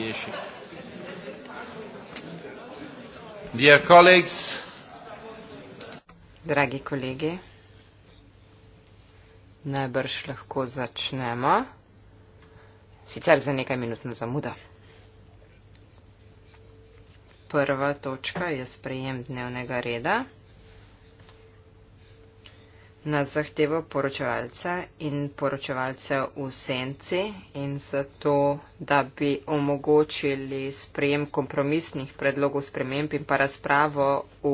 10. Dear colleagues, Dragi kolegi, najbrž lahko začnemo, sicer za nekaj minutno zamudo. Prva točka je sprejem dnevnega reda na zahtevo poročevalca in poročevalce v senci in zato, da bi omogočili sprejem kompromisnih predlogov sprememb in pa razpravo v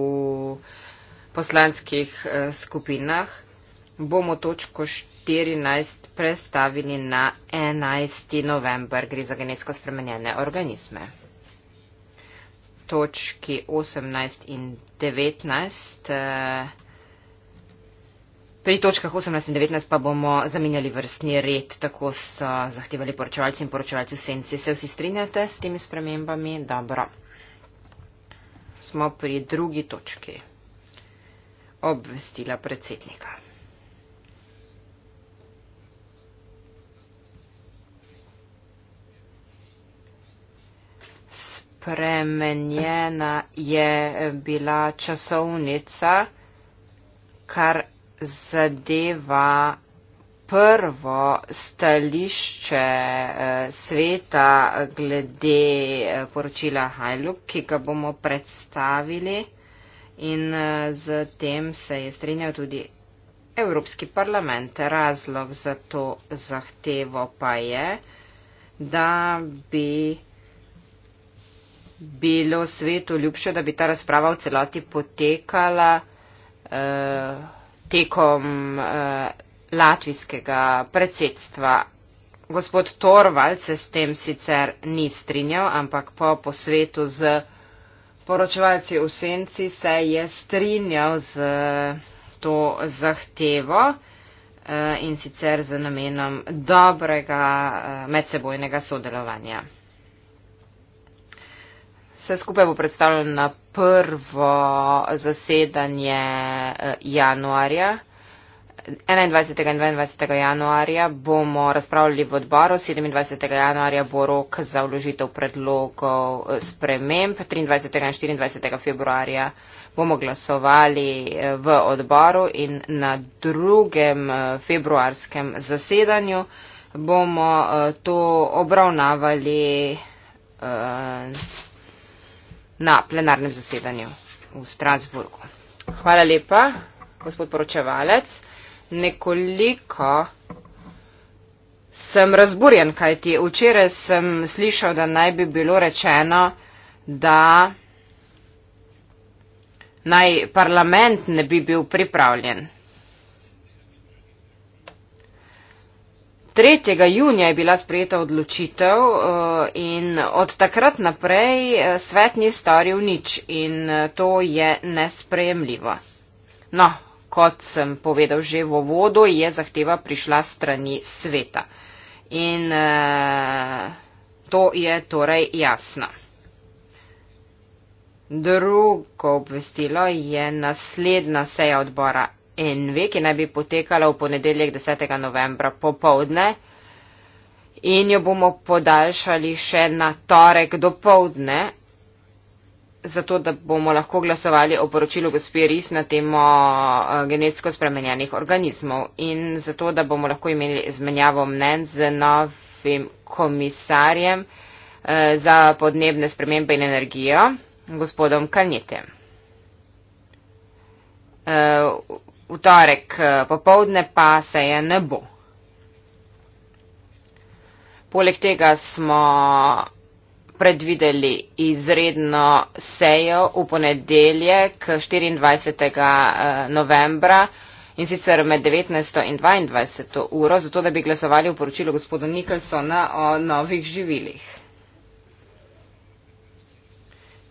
poslanskih eh, skupinah, bomo točko 14 prestavili na 11. november, gre za genetsko spremenjene organizme. Točki 18 in 19. Pri točkah 18 in 19 pa bomo zamenjali vrstni red, tako so zahtevali poročevalci in poročevalci v senci. Se vsi strinjate s temi spremembami? Dobro. Smo pri drugi točki. Obvestila predsednika. Spremenjena je bila časovnica, kar zadeva prvo stališče eh, sveta glede eh, poročila Hajluk, ki ga bomo predstavili in z eh, tem se je strinjal tudi Evropski parlament. Razlog za to zahtevo pa je, da bi bilo svetu ljubše, da bi ta razprava v celoti potekala. Uh, tekom uh, latvijskega predsedstva. Gospod Torvald se s tem sicer ni strinjal, ampak po posvetu z poročevalci v senci se je strinjal z eh, to zahtevo eh, in sicer z namenom dobrega medsebojnega sodelovanja. Vse skupaj bo predstavljeno na prvo zasedanje eh, januarja. 21. in 22. januarja bomo razpravljali v odboru, 27. januarja bo rok za vložitev predlogov eh, sprememb, 23. in 24. februarja bomo glasovali eh, v odboru in na drugem februarskem zasedanju bomo to obravnavali. Uh, na plenarnem zasedanju v Strasburgu. Hvala lepa, gospod poročevalec. Nekoliko sem razburjen, kajti včeraj sem slišal, da naj bi bilo rečeno, da naj parlament ne bi bil pripravljen 3. junija je bila sprejeta odločitev eh, in od takrat naprej eh, svet ni storil nič in eh, to je nesprejemljivo. No, kot sem povedal že v vodu, je zahteva prišla strani sveta. In to je torej jasno. Drugo obvestilo je naslednja seja odbora NV, ki naj bi potekala v ponedeljek 10. novembra popovdne in jo bomo podaljšali še na torek do povdne, zato da bomo lahko glasovali o poročilu gospe Ris na temo eh, genetsko spremenjenih organizmov in zato da bomo lahko imeli izmenjavo mnen z novim komisarjem eh, za podnebne spremembe in energijo, gospodom Kanjetem. Eh, v torek eh, popovdne pa se je ne bo. Poleg tega smo predvideli izredno sejo v ponedeljek 24. Eh, novembra in sicer med 19. in 22. uro, zato da bi glasovali v poročilu gospodu Nikolsona o novih živilih.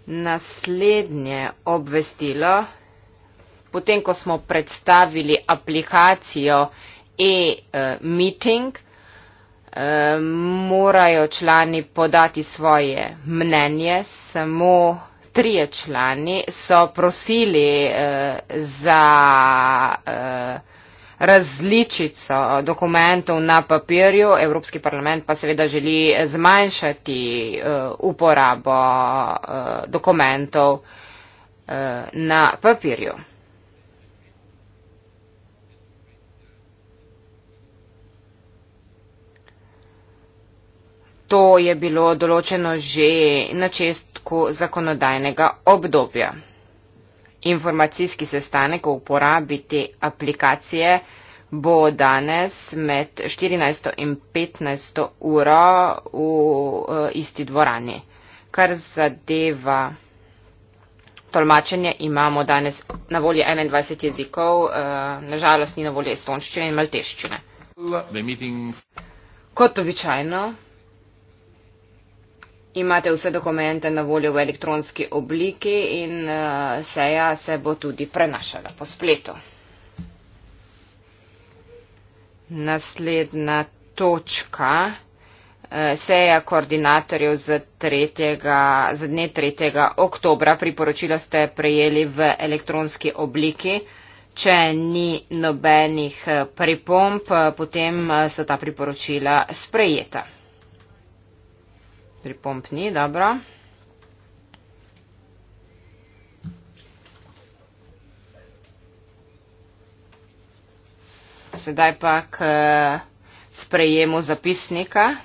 Naslednje obvestilo potem ko smo predstavili aplikacijo e-meeting, e, morajo člani podati svoje mnenje, samo trije člani so prosili e, za e, različico dokumentov na papirju, Evropski parlament pa seveda želi zmanjšati uporabo dokumentov na papirju. To je bilo določeno že na čestku zakonodajnega obdobja. Informacijski sestanek o uporabi te aplikacije bo danes med 14. in 15. uro v eh, isti dvorani. Kar zadeva tolmačenje, imamo danes na voljo 21 jezikov, eh, nažalost ni na voljo estonščine in malteščine. Kot običajno. Imate vse dokumente na voljo v elektronski obliki in uh, seja se bo tudi prenašala po spletu. Naslednja točka. Eh, seja koordinatorjev z, tretjega, z dne 3. oktobra priporočila ste prejeli v elektronski obliki. Če ni nobenih eh, pripomp, potem so ta priporočila sprejeta pripomp ni, dobro. Sedaj pa k eh, sprejemu zapisnika.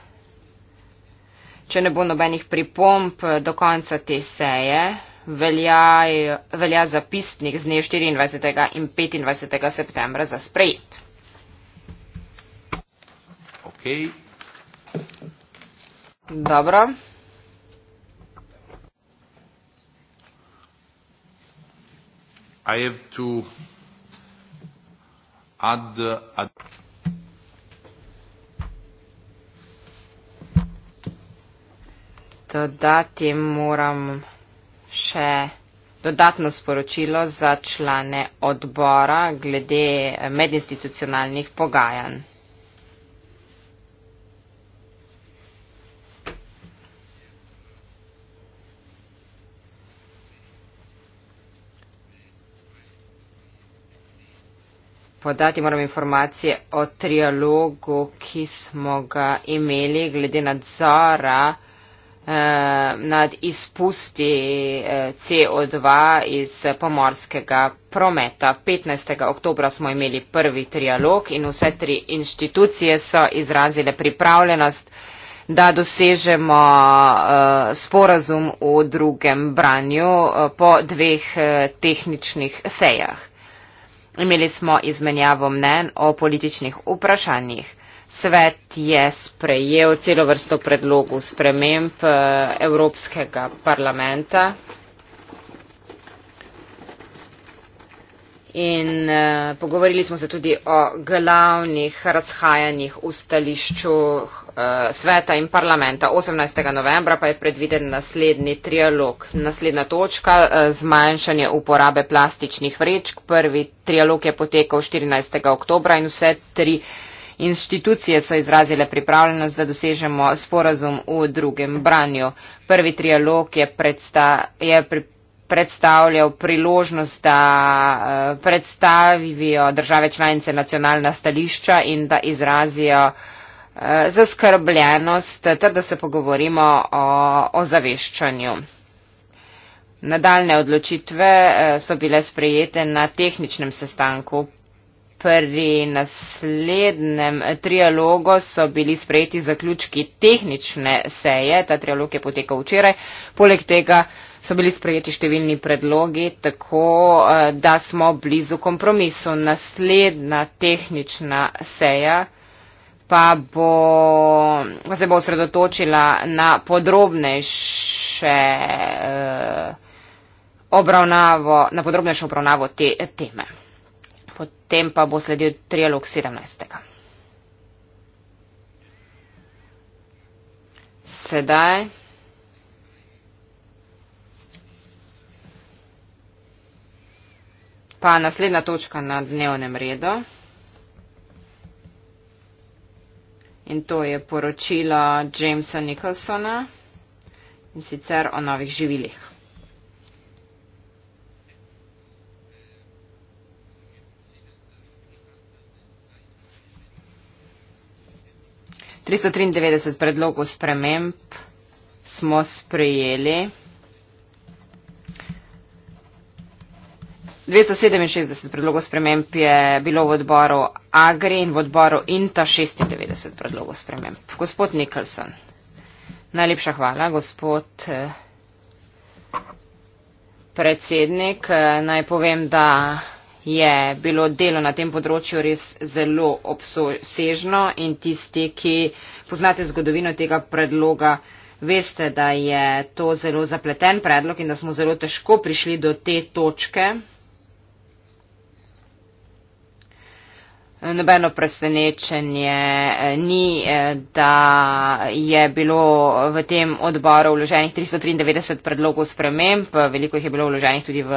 Če ne bo nobenih pripomp eh, do konca te seje, veljaj, velja zapisnik z dne 24. in 25. septembra za sprejet. Okay. Dobro. I have to add, uh, add. Dodati moram še dodatno sporočilo za člane odbora glede medinstitucionalnih pogajanj. podati moram informacije o trialogu, ki smo ga imeli glede nadzora eh, nad izpusti eh, CO2 iz pomorskega prometa. 15. oktobra smo imeli prvi trialog in vse tri inštitucije so izrazile pripravljenost, da dosežemo eh, sporazum v drugem branju po dveh tehničnih sejah. Imeli smo izmenjavo mnen o političnih vprašanjih. Svet je sprejel celo vrsto predlogov sprememb eh, Evropskega parlamenta. In uh, pogovorili smo se tudi o glavnih razhajanjih v stališču uh, sveta in parlamenta. 18. novembra pa je predviden naslednji trialog. Naslednja točka uh, – zmanjšanje uporabe plastičnih vrečk. Prvi trialog je potekal 14. oktobra in vse tri institucije so izrazile pripravljenost, da dosežemo sporazum v drugem branju. Prvi trialog je, predsta, je pripravljen predstavljal priložnost, da eh, predstavijo države članice nacionalna stališča in da izrazijo eh, zaskrbljenost ter da se pogovorimo o, o zaveščanju. Nadaljne odločitve eh, so bile sprejete na tehničnem sestanku. Pri naslednjem trialogu so bili sprejeti zaključki tehnične seje. Ta trialog je potekal včeraj. Poleg tega so bili sprejeti številni predlogi, tako eh, da smo blizu kompromisu. Naslednja tehnična seja pa, bo, pa se bo osredotočila na podrobnejše eh, obravnavo, na podrobnejšo obravnavo te teme. Potem pa bo sledil trialog 17. Sedaj. Pa naslednja točka na dnevnem redu. In to je poročilo Jamesa Nicholsona in sicer o novih živilih. Tristo triindevetdeset predlogov sprememb smo sprejeli. 267 predlogov sprememb je bilo v odboru Agri in v odboru INTA 96 predlogov sprememb. Gospod Nikolson, najlepša hvala. Gospod eh, predsednik, eh, naj povem, da je bilo delo na tem področju res zelo obsežno in tisti, ki poznate zgodovino tega predloga, veste, da je to zelo zapleten predlog in da smo zelo težko prišli do te točke Nobeno presenečenje eh, ni, eh, da je bilo v tem odboru vloženih 393 predlogov sprememb, veliko jih je bilo vloženih tudi v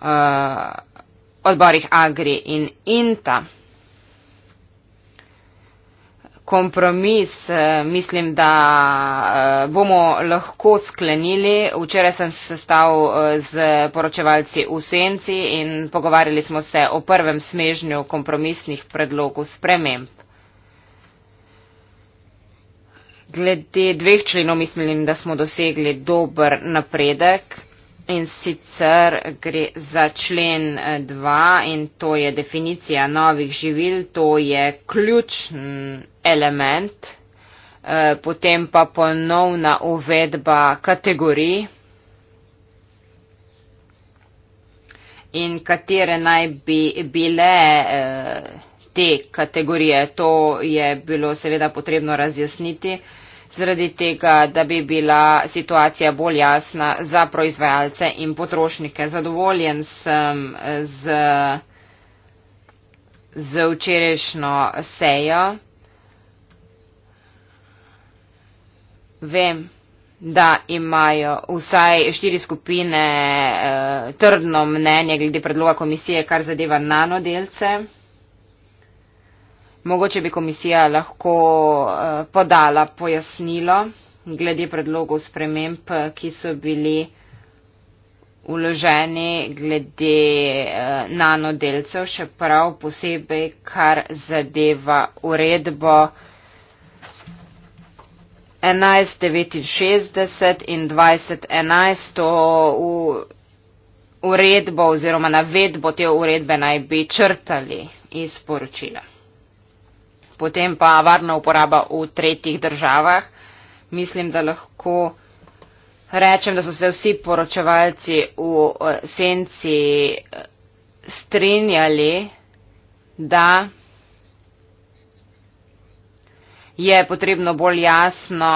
uh, odborih Agri in Inta kompromis eh, mislim, da eh, bomo lahko sklenili. Včeraj sem se stal eh, z poročevalci v senci in pogovarjali smo se o prvem smežnju kompromisnih predlogov sprememb. Glede dveh členov mislim, da smo dosegli dober napredek. In sicer gre za člen 2 eh, in to je definicija novih živil, to je ključen element, eh, potem pa ponovna uvedba kategorij in katere naj bi bile eh, te kategorije. To je bilo seveda potrebno razjasniti zaradi tega, da bi bila situacija bolj jasna za proizvajalce in potrošnike. Zadovoljen sem z, z včerajšnjo sejo. Vem, da imajo vsaj štiri skupine eh, trdno mnenje glede predloga komisije, kar zadeva nanodelce. Mogoče bi komisija lahko eh, podala pojasnilo glede predlogov sprememb, eh, ki so bili uloženi glede eh, nanodelcev, še prav posebej, kar zadeva uredbo 11.69 in 20.11. Uredbo oziroma navedbo te uredbe naj bi črtali iz poročila potem pa varna uporaba v tretjih državah. Mislim, da lahko rečem, da so se vsi poročevalci v eh, senci eh, strinjali, da je potrebno bolj jasno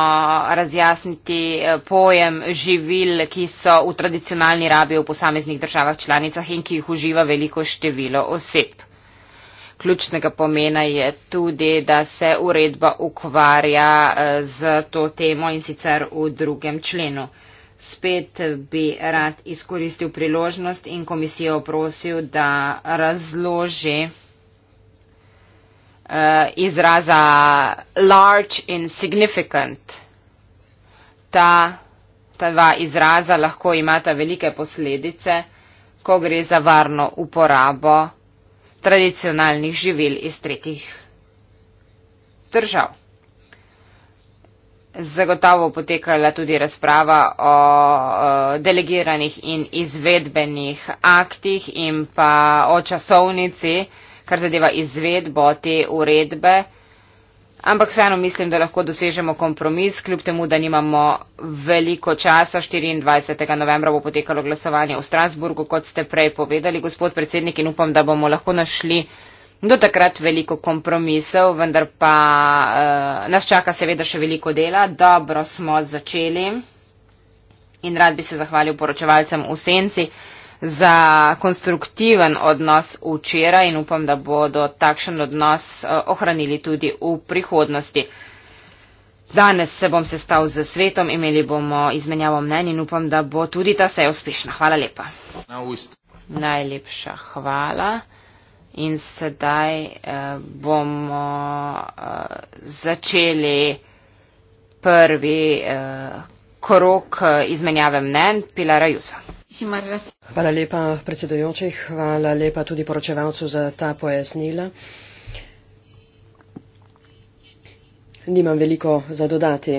razjasniti eh, pojem živil, ki so v tradicionalni rabi v posameznih državah članicah in ki jih uživa veliko število oseb ključnega pomena je tudi, da se uredba ukvarja z eh, to temo in sicer v drugem členu. Spet bi rad izkoristil priložnost in komisijo prosil, da razloži eh, izraza large in significant. Ta, ta dva izraza lahko imata velike posledice, ko gre za varno uporabo tradicionalnih živil iz tretjih držav. Zagotovo potekala tudi razprava o delegiranih in izvedbenih aktih in pa o časovnici, kar zadeva izvedbo te uredbe. Ampak vseeno mislim, da lahko dosežemo kompromis, kljub temu, da nimamo veliko časa. 24. novembra bo potekalo glasovanje v Strasburgu, kot ste prej povedali, gospod predsednik, in upam, da bomo lahko našli do takrat veliko kompromisov, vendar pa eh, nas čaka seveda še veliko dela. Dobro smo začeli in rad bi se zahvalil poročevalcem v senci za konstruktiven odnos včeraj in upam, da bodo takšen odnos eh, ohranili tudi v prihodnosti. Danes se bom sestal z svetom, imeli bomo izmenjavo mnenj in upam, da bo tudi ta seja uspešna. Hvala lepa. Na Najlepša hvala. In sedaj eh, bomo eh, začeli prvi eh, krok eh, izmenjave mnenj Pilara Jusa. Hvala lepa predsedujoči, hvala lepa tudi poročevalcu za ta pojasnila. Nimam veliko za dodati.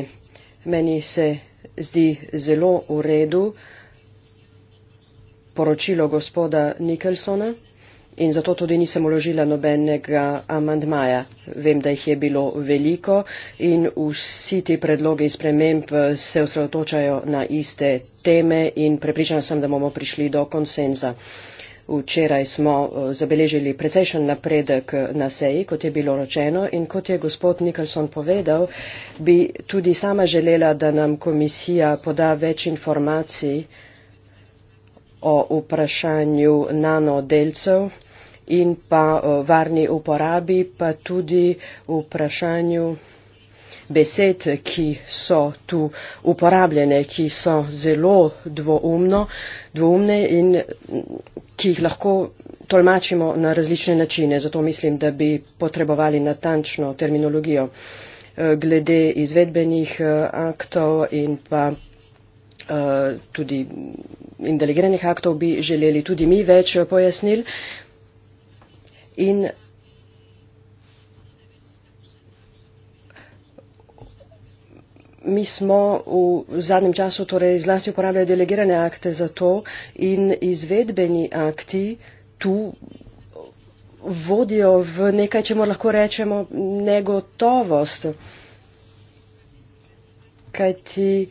Meni se zdi zelo v redu poročilo gospoda Nikelsona in zato tudi nisem uložila nobenega amandmaja. Vem, da jih je bilo veliko in vsi ti predlogi in sprememb se osredotočajo na iste teme in prepričana sem, da bomo prišli do konsenza. Včeraj smo eh, zabeležili precejšen napredek na seji, kot je bilo ročeno in kot je gospod Nikolson povedal, bi tudi sama želela, da nam komisija poda več informacij o vprašanju nanodelcev in pa varni uporabi, pa tudi v vprašanju besed, ki so tu uporabljene, ki so zelo dvoumno, dvoumne in mm, ki jih lahko tolmačimo na različne načine. Zato mislim, da bi potrebovali natančno terminologijo e, glede izvedbenih e, aktov in pa e, tudi indeligiranih aktov bi želeli tudi mi več pojasnil in mi smo v zadnjem času torej zlasti uporabljali delegirane akte za to in izvedbeni akti tu vodijo v nekaj, čemu lahko rečemo, negotovost. Kajti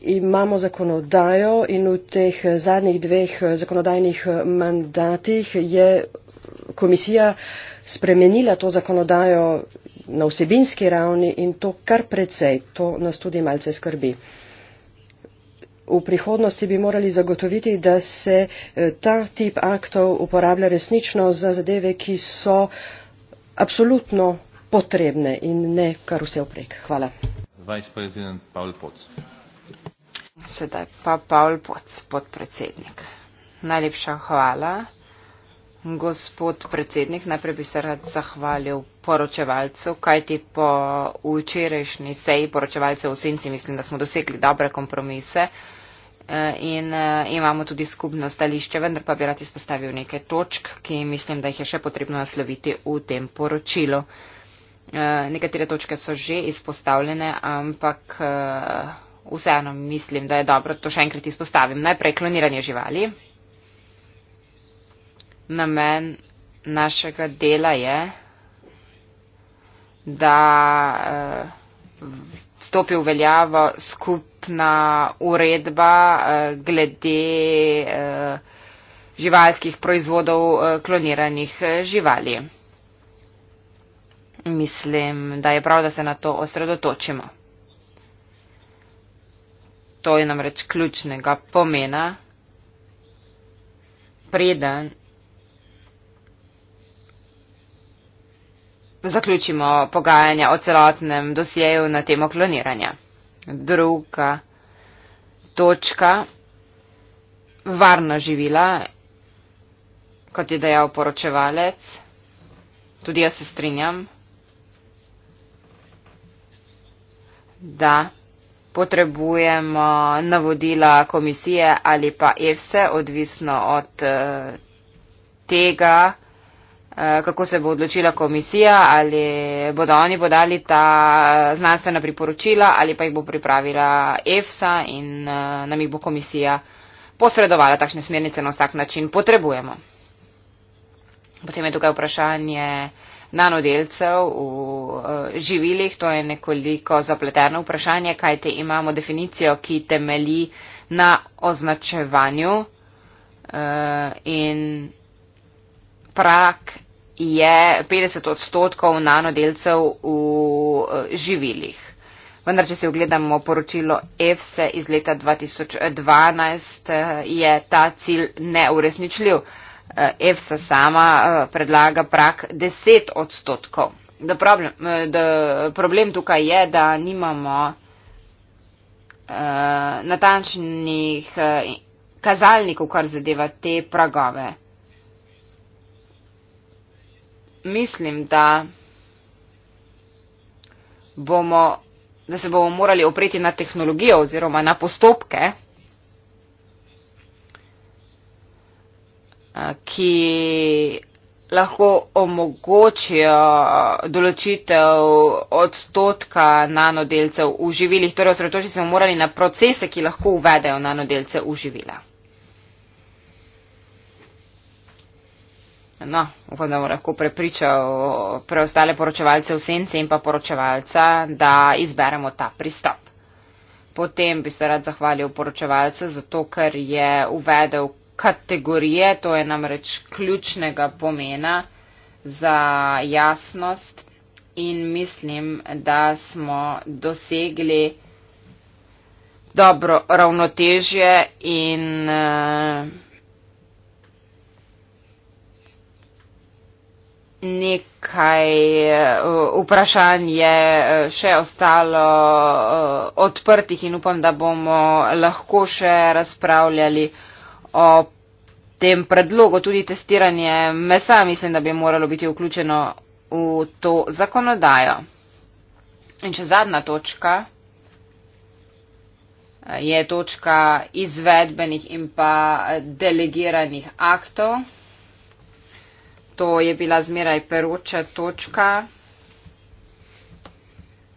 imamo zakonodajo in v teh zadnjih dveh zakonodajnih mandatih je komisija spremenila to zakonodajo na vsebinski ravni in to kar precej, to nas tudi malce skrbi. V prihodnosti bi morali zagotoviti, da se eh, ta tip aktov uporablja resnično za zadeve, ki so absolutno potrebne in ne kar vse oprek. Hvala. Sedaj pa Paul Poc, podpredsednik. Najlepša hvala. Gospod predsednik, najprej bi se rad zahvalil poročevalcu, kajti po včerajšnji seji poročevalcev v senci mislim, da smo dosegli dobre kompromise eh, in eh, imamo tudi skupno stališče, vendar pa bi rad izpostavil nekaj točk, ki mislim, da jih je še potrebno nasloviti v tem poročilu. Eh, nekatere točke so že izpostavljene, ampak vseeno mislim, da je dobro to še enkrat izpostavim. Najprej kloniranje živali namen našega dela je, da vstopi eh, v veljavo skupna uredba eh, glede eh, živalskih proizvodov kloniranih živali. Mislim, da je prav, da se na to osredotočimo. To je namreč ključnega pomena, preden zaključimo pogajanja o celotnem dosjeju na temo kloniranja. Druga točka. Varna živila, kot je dejal poročevalec. Tudi jaz se strinjam, da potrebujemo navodila komisije ali pa EFSE, odvisno od eh, tega, Eh, kako se bo odločila komisija, ali bodo oni podali ta eh, znanstvena priporočila, ali pa jih bo pripravila EFSA in eh, nam jih bo komisija posredovala takšne smernice na vsak način potrebujemo. Potem je tukaj vprašanje nanodelcev v živilih, to je nekoliko zapleteno vprašanje, kaj te imamo definicijo, ki temelji na označevanju in prak je 50 odstotkov nanodelcev v eh, živilih. Vendar, če se ogledamo poročilo EFSE iz leta 2012, eh, eh, je ta cilj neuresničljiv. EFSA e sama predlaga prak 10 odstotkov. The problem, the problem tukaj je, da nimamo natančnih kazalnikov, kar zadeva te pragove mislim, da, bomo, da se bomo morali opreti na tehnologijo oziroma na postopke, eh, ki lahko omogočijo določitev odstotka nanodelcev v živilih. Torej, osredotočiti se bomo morali na procese, ki lahko uvedejo nanodelce v živila. No, upam, da bomo lahko prepričal preostale poročevalce v senci in pa poročevalca, da izberemo ta pristop. Potem bi se rad zahvalil poročevalcu zato, ker je uvedel kategorije, to je namreč ključnega pomena za jasnost in mislim, da smo dosegli dobro ravnotežje in. Uh, nekaj eh, vprašanj je eh, še ostalo eh, odprtih in upam, da bomo lahko še razpravljali o tem predlogu. Tudi testiranje mesa mislim, da bi moralo biti vključeno v to zakonodajo. In še zadnja točka je točka izvedbenih in pa delegiranih aktov. To je bila zmeraj peruča točka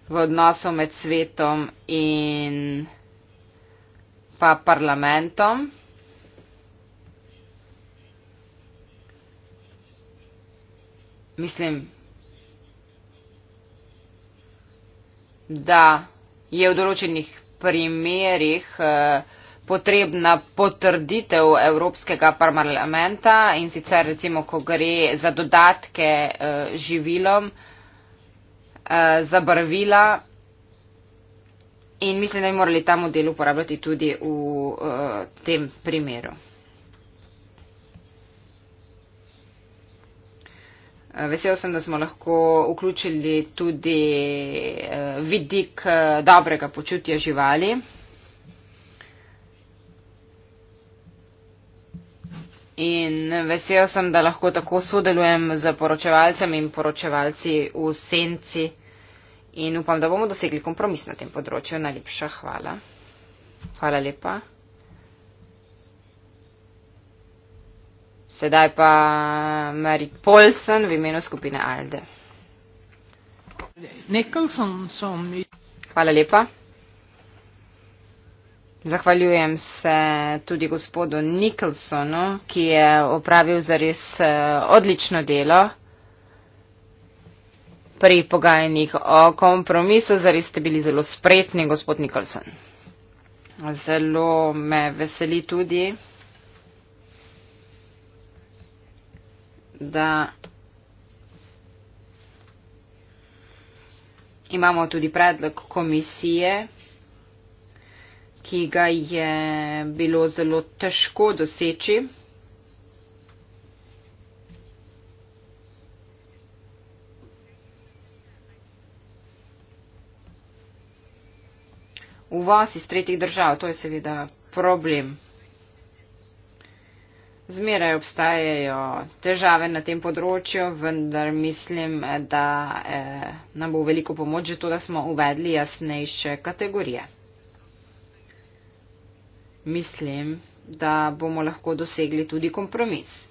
v odnosu med svetom in pa parlamentom. Mislim, da je v določenih primerih eh, potrebna potrditev Evropskega parlamenta in sicer recimo, ko gre za dodatke eh, živilom, eh, za barvila. In mislim, da bi morali ta model uporabljati tudi v eh, tem primeru. Vesel sem, da smo lahko vključili tudi vidik dobrega počutja živali. In vesel sem, da lahko tako sodelujem z poročevalcem in poročevalci v senci. In upam, da bomo dosegli kompromis na tem področju. Najlepša hvala. Hvala lepa. Sedaj pa Marit Polsen v imenu skupine Alde. Hvala lepa. Zahvaljujem se tudi gospodu Nicholsonu, ki je opravil zares eh, odlično delo pri pogajanjih o kompromisu. Zares ste bili zelo spretni, gospod Nicholson. Zelo me veseli tudi, da imamo tudi predlog komisije ki ga je bilo zelo težko doseči. Uvoz iz tretjih držav, to je seveda problem. Zmeraj obstajajo težave na tem področju, vendar mislim, da eh, nam bo veliko pomoč že to, da smo uvedli jasnejše kategorije mislim, da bomo lahko dosegli tudi kompromis.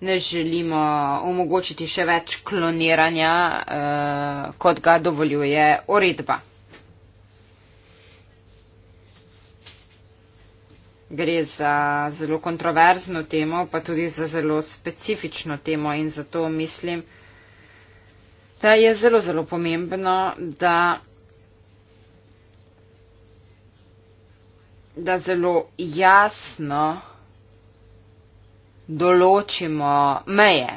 Ne želimo omogočiti še več kloniranja, eh, kot ga dovoljuje uredba. Gre za zelo kontroverzno temo, pa tudi za zelo specifično temo in zato mislim, da da je zelo, zelo pomembno, da, da zelo jasno določimo meje.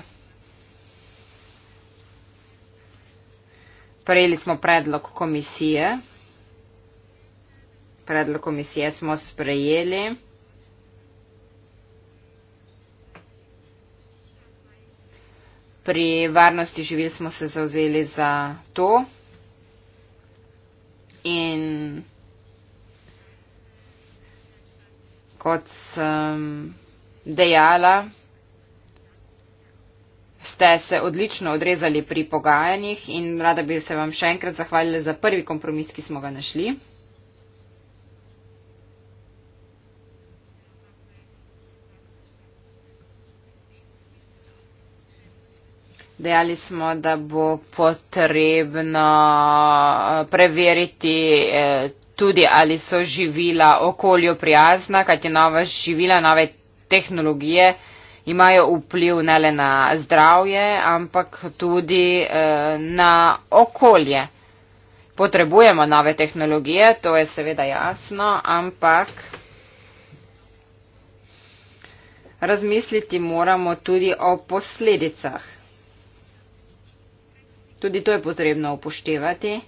Prejeli smo predlog komisije. Predlog komisije smo sprejeli. Pri varnosti živil smo se zauzeli za to in kot sem dejala, ste se odlično odrezali pri pogajanjih in rada bi se vam še enkrat zahvalila za prvi kompromis, ki smo ga našli. Dejali smo, da bo potrebno eh, preveriti eh, tudi, ali so živila okolju prijazna, kajti nova živila, nove tehnologije imajo vpliv ne le na zdravje, ampak tudi eh, na okolje. Potrebujemo nove tehnologije, to je seveda jasno, ampak. Razmisliti moramo tudi o posledicah. Tudi to je potrebno upoštevati.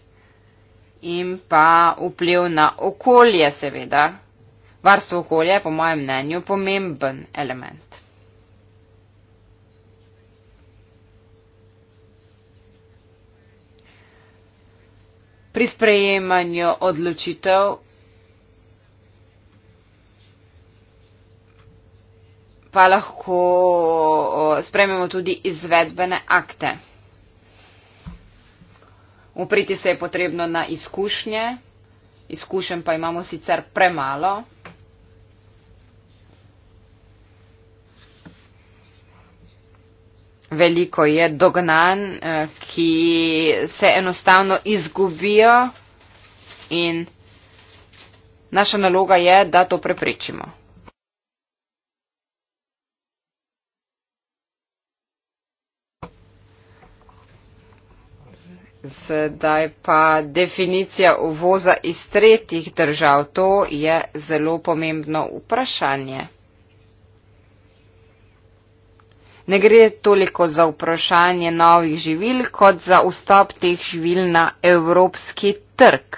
In pa vpliv na okolje, seveda. Varstvo okolja je po mojem mnenju pomemben element. Pri sprejemanju odločitev pa lahko sprejmemo tudi izvedbene akte. Upriti se je potrebno na izkušnje, izkušenj pa imamo sicer premalo. Veliko je dognan, eh, ki se enostavno izgubijo in naša naloga je, da to preprečimo. Sedaj pa definicija uvoza iz tretjih držav. To je zelo pomembno vprašanje. Ne gre toliko za vprašanje novih živil, kot za vstop teh živil na evropski trg.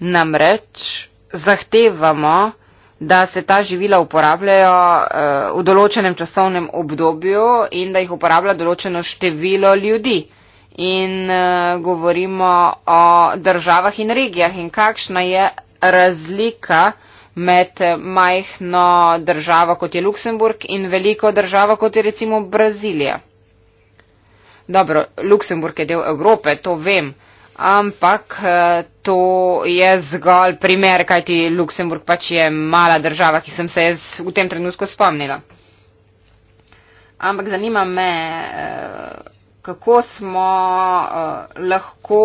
Namreč zahtevamo, da se ta živila uporabljajo uh, v določenem časovnem obdobju in da jih uporablja določeno število ljudi in uh, govorimo o državah in regijah in kakšna je razlika med majhno državo, kot je Luksemburg, in veliko državo, kot je recimo Brazilija. Dobro, Luksemburg je del Evrope, to vem, ampak eh, to je zgolj primer, kajti Luksemburg pač je mala država, ki sem se jaz v tem trenutku spomnila. Ampak zanima me. Uh, kako smo uh, lahko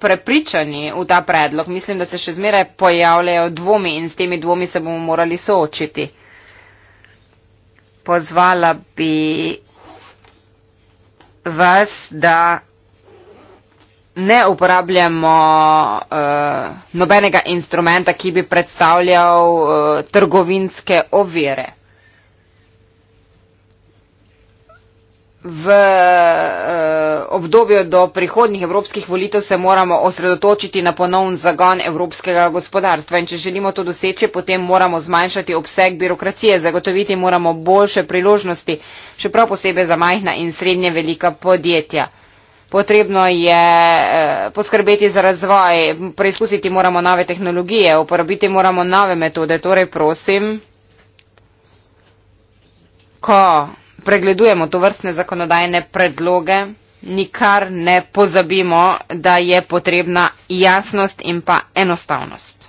prepričani v ta predlog. Mislim, da se še zmeraj pojavljajo dvomi in s temi dvomi se bomo morali soočiti. Pozvala bi vas, da ne uporabljamo uh, nobenega instrumenta, ki bi predstavljal uh, trgovinske ovire. v eh, obdobju do prihodnih evropskih volitev se moramo osredotočiti na ponovn zagon evropskega gospodarstva. In če želimo to doseči, potem moramo zmanjšati obseg birokracije, zagotoviti moramo boljše priložnosti, še prav posebej za majhna in srednje velika podjetja. Potrebno je eh, poskrbeti za razvoj, preizkusiti moramo nove tehnologije, uporabiti moramo nove metode. Torej, prosim, ko pregledujemo to vrstne zakonodajne predloge, nikar ne pozabimo, da je potrebna jasnost in pa enostavnost.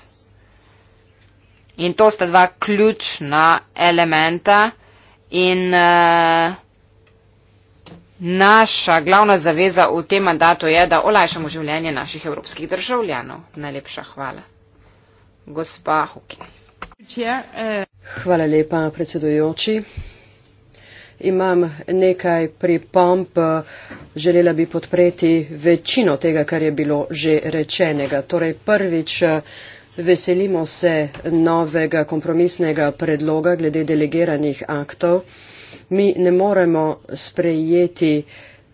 In to sta dva ključna elementa in uh, naša glavna zaveza v tem mandatu je, da olajšamo življenje naših evropskih državljanov. Najlepša hvala. Gospa Huki. Eh. Hvala lepa, predsedujoči imam nekaj pripomp. Želela bi podpreti večino tega, kar je bilo že rečenega. Torej, prvič, veselimo se novega kompromisnega predloga glede delegiranih aktov. Mi ne moremo sprejeti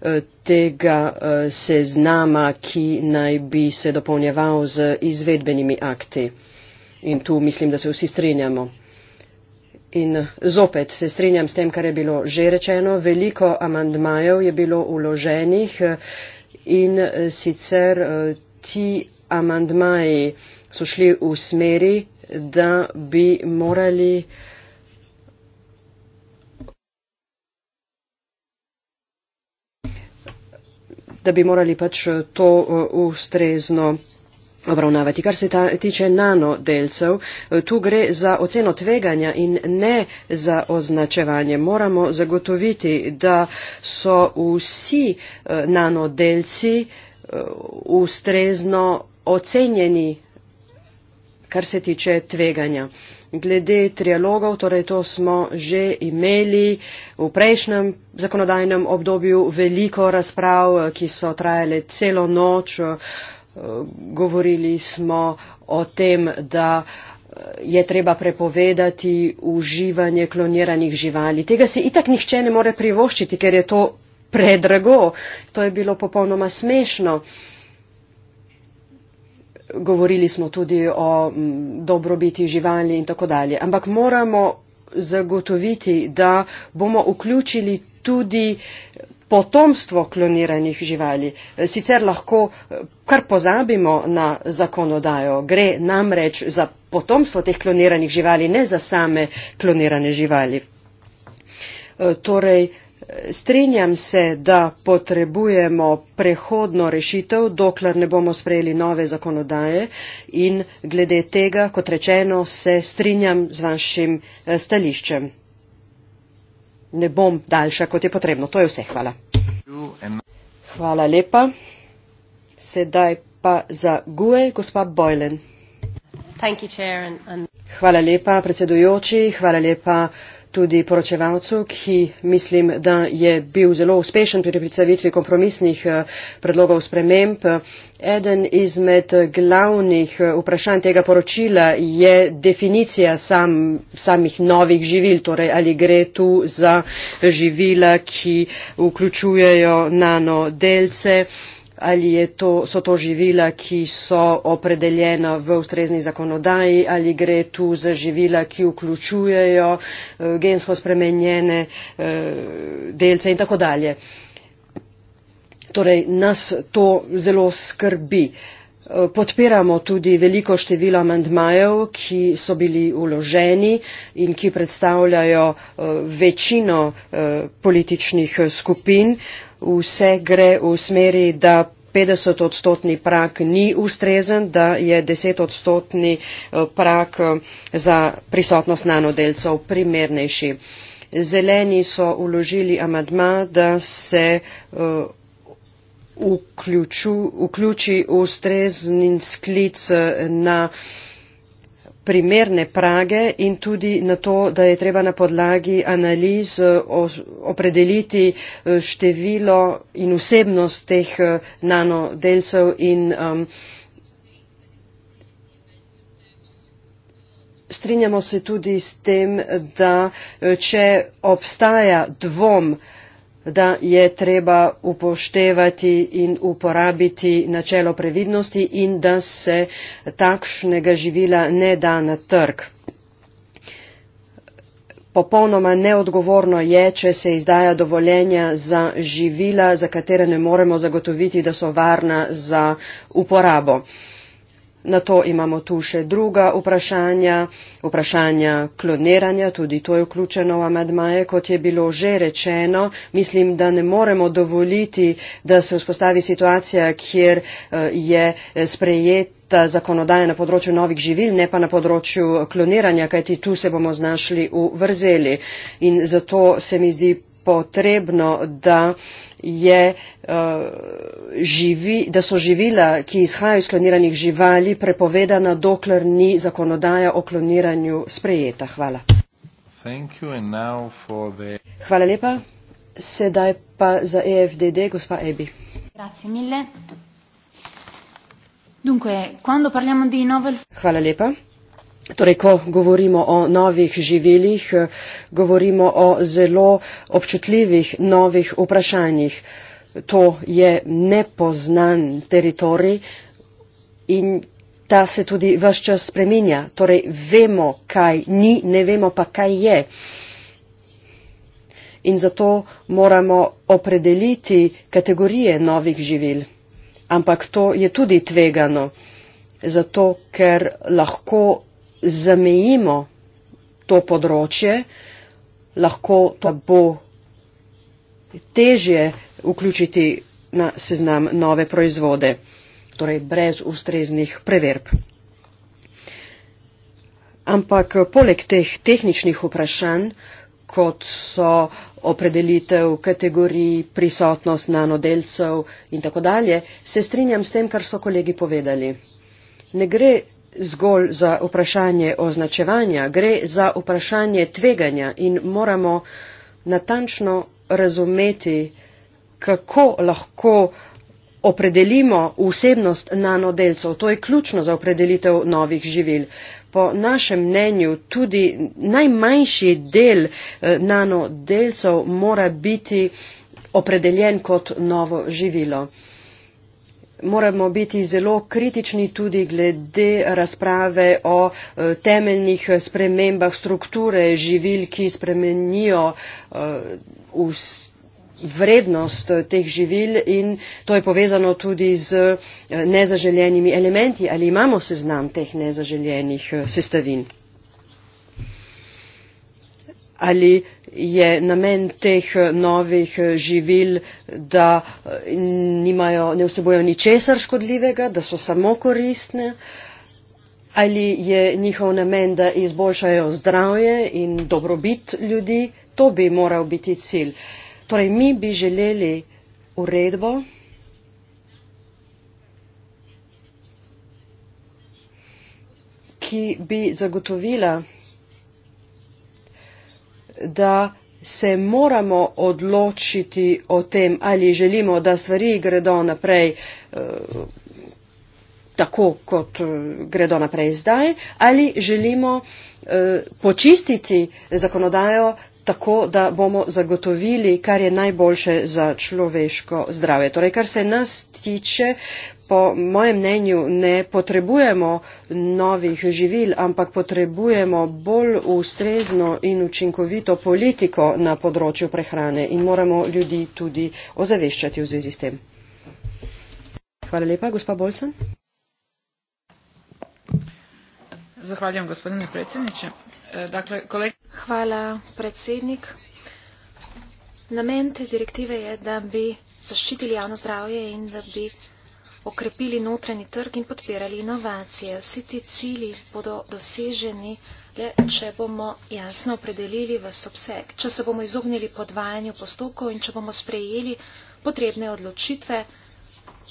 eh, tega eh, seznama, ki naj bi se dopolnjeval z izvedbenimi akti. In tu mislim, da se vsi strinjamo. In zopet se strinjam s tem, kar je bilo že rečeno. Veliko amandmajev je bilo uloženih eh, in eh, sicer eh, ti amandmaji so šli v smeri, da bi morali. da bi morali pač to ustrezno obravnavati. Kar se ta, tiče nanodelcev, eh, tu gre za oceno tveganja in ne za označevanje. Moramo zagotoviti, da so vsi eh, nanodelci eh, ustrezno ocenjeni, kar se tiče tveganja. Glede trialogov, torej to smo že imeli v prejšnjem zakonodajnem obdobju veliko razprav, ki so trajale celo noč govorili smo o tem, da je treba prepovedati uživanje kloniranih živali. Tega si itak nihče ne more privoščiti, ker je to predrago. To je bilo popolnoma smešno. Govorili smo tudi o dobrobiti živali in tako dalje. Ampak moramo zagotoviti, da bomo vključili tudi potomstvo kloniranih živali. E, sicer lahko e, kar pozabimo na zakonodajo, gre namreč za potomstvo teh kloniranih živali, ne za same klonirane živali. E, torej, strinjam se, da potrebujemo prehodno rešitev, dokler ne bomo sprejeli nove zakonodaje in glede tega, kot rečeno, se strinjam z vašim stališčem ne bom daljša, kot je potrebno. To je vse. Hvala. Hvala lepa. Sedaj pa za GUE, gospa Boylen. Hvala lepa, predsedujoči. Hvala lepa tudi poročevalcu, ki mislim, da je bil zelo uspešen pri predstavitvi kompromisnih eh, predlogov sprememb. Eden izmed glavnih eh, vprašanj tega poročila je definicija sam, samih novih živil, torej ali gre tu za živila, ki vključujejo nanodelce ali to, so to živila, ki so opredeljena v ustrezni zakonodaji, ali gre tu za živila, ki vključujejo eh, gensko spremenjene eh, delce in tako dalje. Torej, nas to zelo skrbi. Eh, podpiramo tudi veliko število amendmajev, ki so bili uloženi in ki predstavljajo večino političnih skupin vse gre v smeri, da 50-odstotni prak ni ustrezen, da je 10-odstotni eh, prak eh, za prisotnost nanodelcev primernejši. Zeleni so uložili amadma, da se uh, vključu, vključi ustrezni sklic na uh, primerne prage in tudi na to, da je treba na podlagi analiz eh, opredeliti eh, število in vsebnost teh eh, nanodelcev in um, strinjamo se tudi s tem, da če obstaja dvom, da je treba upoštevati in uporabiti načelo previdnosti in da se takšnega živila ne da na trg. Popolnoma neodgovorno je, če se izdaja dovoljenja za živila, za katere ne moremo zagotoviti, da so varna za uporabo. Uh, Na to imamo tu še druga vprašanja, vprašanja kloniranja, tudi to je vključeno v amadmaje, kot je bilo že rečeno. Mislim, da ne moremo dovoliti, da se vzpostavi situacija, kjer eh, je eh, sprejeta zakonodaja na področju novih živil, ne pa na področju kloniranja, kajti tu se bomo znašli v vrzeli. In zato se mi zdi potrebno, da, je, eh, živi, da so živila, ki izhajajo iz kloniranih živali, prepovedana, dokler ni zakonodaja o kloniranju sprejeta. Hvala. The... Hvala lepa. Sedaj pa za EFDD, gospa Ebi. Dunque, quando parliamo di novel... Hvala lepa torej ko govorimo o novih živilih eh, govorimo o zelo občutljivih novih vprašanjih to je nepoznan teritorij in ta se tudi vse čas spreminja torej vemo kaj ni ne vemo pa kaj je in zato moramo opredeliti kategorije novih živil ampak to je tudi tvegano zato ker lahko zamejimo to področje, lahko to bo težje vključiti na seznam nove proizvode, torej brez ustreznih preverb. Ampak poleg teh tehničnih vprašanj, kot so opredelitev kategorij, prisotnost nanodelcev in tako dalje, se strinjam s tem, kar so kolegi povedali. Ne gre zgolj za vprašanje označevanja, gre za vprašanje tveganja in moramo natančno razumeti, kako lahko opredelimo vsebnost nanodelcev. To je ključno za opredelitev novih živil. Po našem mnenju tudi najmanjši del eh, nanodelcev mora biti opredeljen kot novo živilo moramo biti zelo kritični tudi glede razprave o e, temeljnih e, spremembah strukture živil, ki spremenijo e, vrednost teh živil in to je povezano tudi z nezaželjenimi elementi. Ali imamo seznam teh nezaželjenih sestavin? ali je namen teh eh, novih eh, živil, da eh, nimajo, ne vsebojo ničesar škodljivega, da so samo koristne, ali je njihov namen, da izboljšajo zdravje in dobrobit ljudi, to bi moral biti cilj. Torej, mi bi želeli uredbo, ki bi zagotovila da se moramo odločiti o tem, ali želimo, da stvari gredo naprej eh, tako, kot eh, gredo naprej zdaj, ali želimo eh, počistiti zakonodajo, tako, da bomo zagotovili, kar je najboljše za človeško zdravje. Torej, kar se nas tiče, po mojem mnenju, ne potrebujemo novih živil, ampak potrebujemo bolj ustrezno in učinkovito politiko na področju prehrane in moramo ljudi tudi ozaveščati v zvezi s tem. Hvala lepa, gospa Bolcen. Zahvaljujem, gospodine predsjedniče. Eh, Hvala, predsednik. Namen te direktive je, da bi zaščitili javno zdravje in da bi okrepili notranji trg in podpirali inovacije. Vsi ti cilji bodo doseženi, le če bomo jasno opredelili v obseg, če se bomo izognili podvajanju postopkov in če bomo sprejeli potrebne odločitve,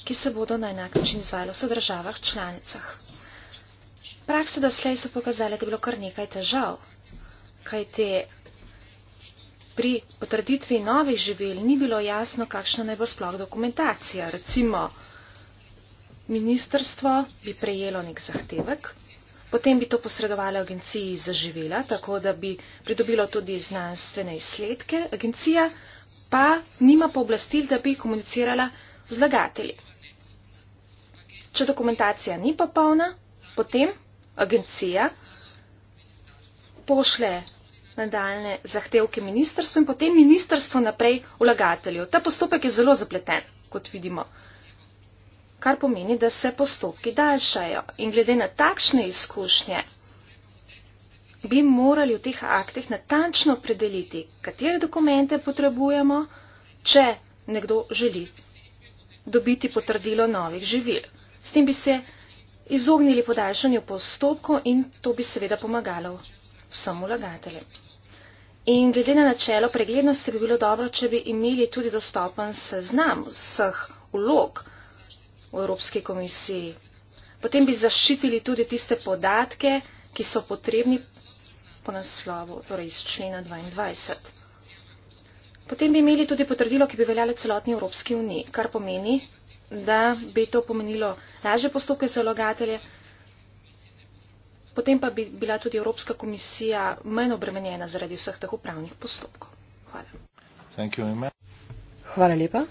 ki se bodo na enak način izvajale v vseh državah članicah. Prakse doslej so pokazale, da je bilo kar nekaj težav, kaj te pri potrditvi novih živel ni bilo jasno, kakšna naj bo sploh dokumentacija. Recimo, ministrstvo bi prejelo nek zahtevek, potem bi to posredovalo agenciji za živela, tako da bi pridobilo tudi znanstvene izsledke, agencija pa nima pooblastil, da bi komunicirala z lagatelji. Če dokumentacija ni popolna, potem agencija pošle nadaljne zahtevke ministrstva in potem ministrstvo naprej vlagateljev. Ta postopek je zelo zapleten, kot vidimo, kar pomeni, da se postopki daljšajo. In glede na takšne izkušnje bi morali v teh aktih natančno predeliti, katere dokumente potrebujemo, če nekdo želi dobiti potrdilo novih živil. S tem bi se izognili podaljšanju postopkov in to bi seveda pomagalo vsem vlagateljem. In glede na načelo preglednosti bi bilo dobro, če bi imeli tudi dostopen seznam vseh vlog v Evropski komisiji. Potem bi zaščitili tudi tiste podatke, ki so potrebni po naslovu, torej iz člena 22. Potem bi imeli tudi potrdilo, ki bi veljalo celotni Evropski uniji, kar pomeni, da bi to pomenilo lažje postopke za vlagatelje. Potem pa bi bila tudi Evropska komisija manj obremenjena zaradi vseh teh upravnih postopkov. Hvala. Hvala lepa.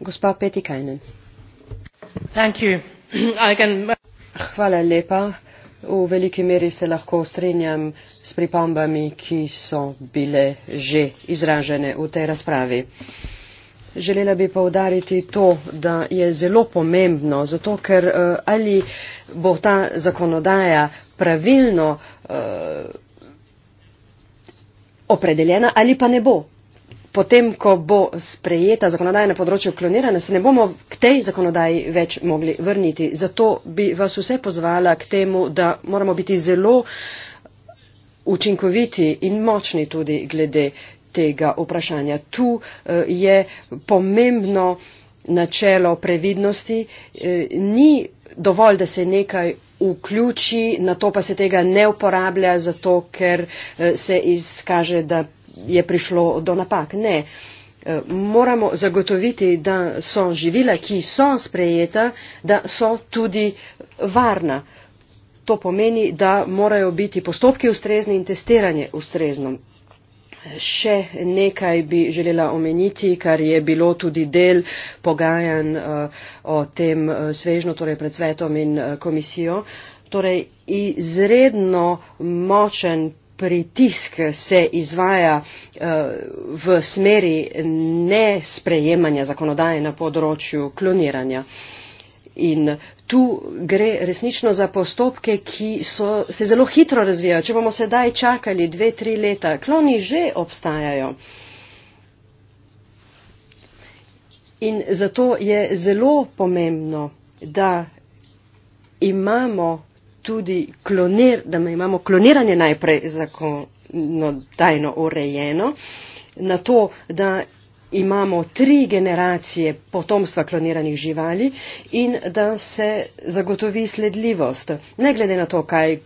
Gospa Petikajnen. Hvala lepa. V veliki meri se lahko strinjam s pripombami, ki so bile že izražene v tej razpravi. Želela bi povdariti to, da je zelo pomembno, zato ker eh, ali bo ta zakonodaja pravilno uh, opredeljena ali pa ne bo potem, ko bo sprejeta zakonodaja na področju kloniranja, se ne bomo k tej zakonodaji več mogli vrniti. Zato bi vas vse pozvala k temu, da moramo biti zelo učinkoviti in močni tudi glede tega vprašanja. Tu eh, je pomembno načelo previdnosti. Eh, ni dovolj, da se nekaj vključi, na to pa se tega ne uporablja, zato ker eh, se izkaže, da je prišlo do napak. Ne, e, moramo zagotoviti, da so živila, ki so sprejeta, da so tudi varna. To pomeni, da morajo biti postopki ustrezni in testiranje ustrezno. Še nekaj bi želela omeniti, kar je bilo tudi del pogajanj e, o tem e, svežno, torej pred svetom in komisijo. Torej, izredno močen pritisk se izvaja eh, v smeri nesprejemanja zakonodaje na področju kloniranja. In tu gre resnično za postopke, ki so, se zelo hitro razvijajo. Če bomo sedaj čakali dve, tri leta, kloni že obstajajo. In zato je zelo pomembno, da imamo tudi klonir, da imamo kloniranje najprej zakonodajno urejeno, na to, da imamo tri generacije potomstva kloniranih živali in da se zagotovi sledljivost. Ne glede na to, kaj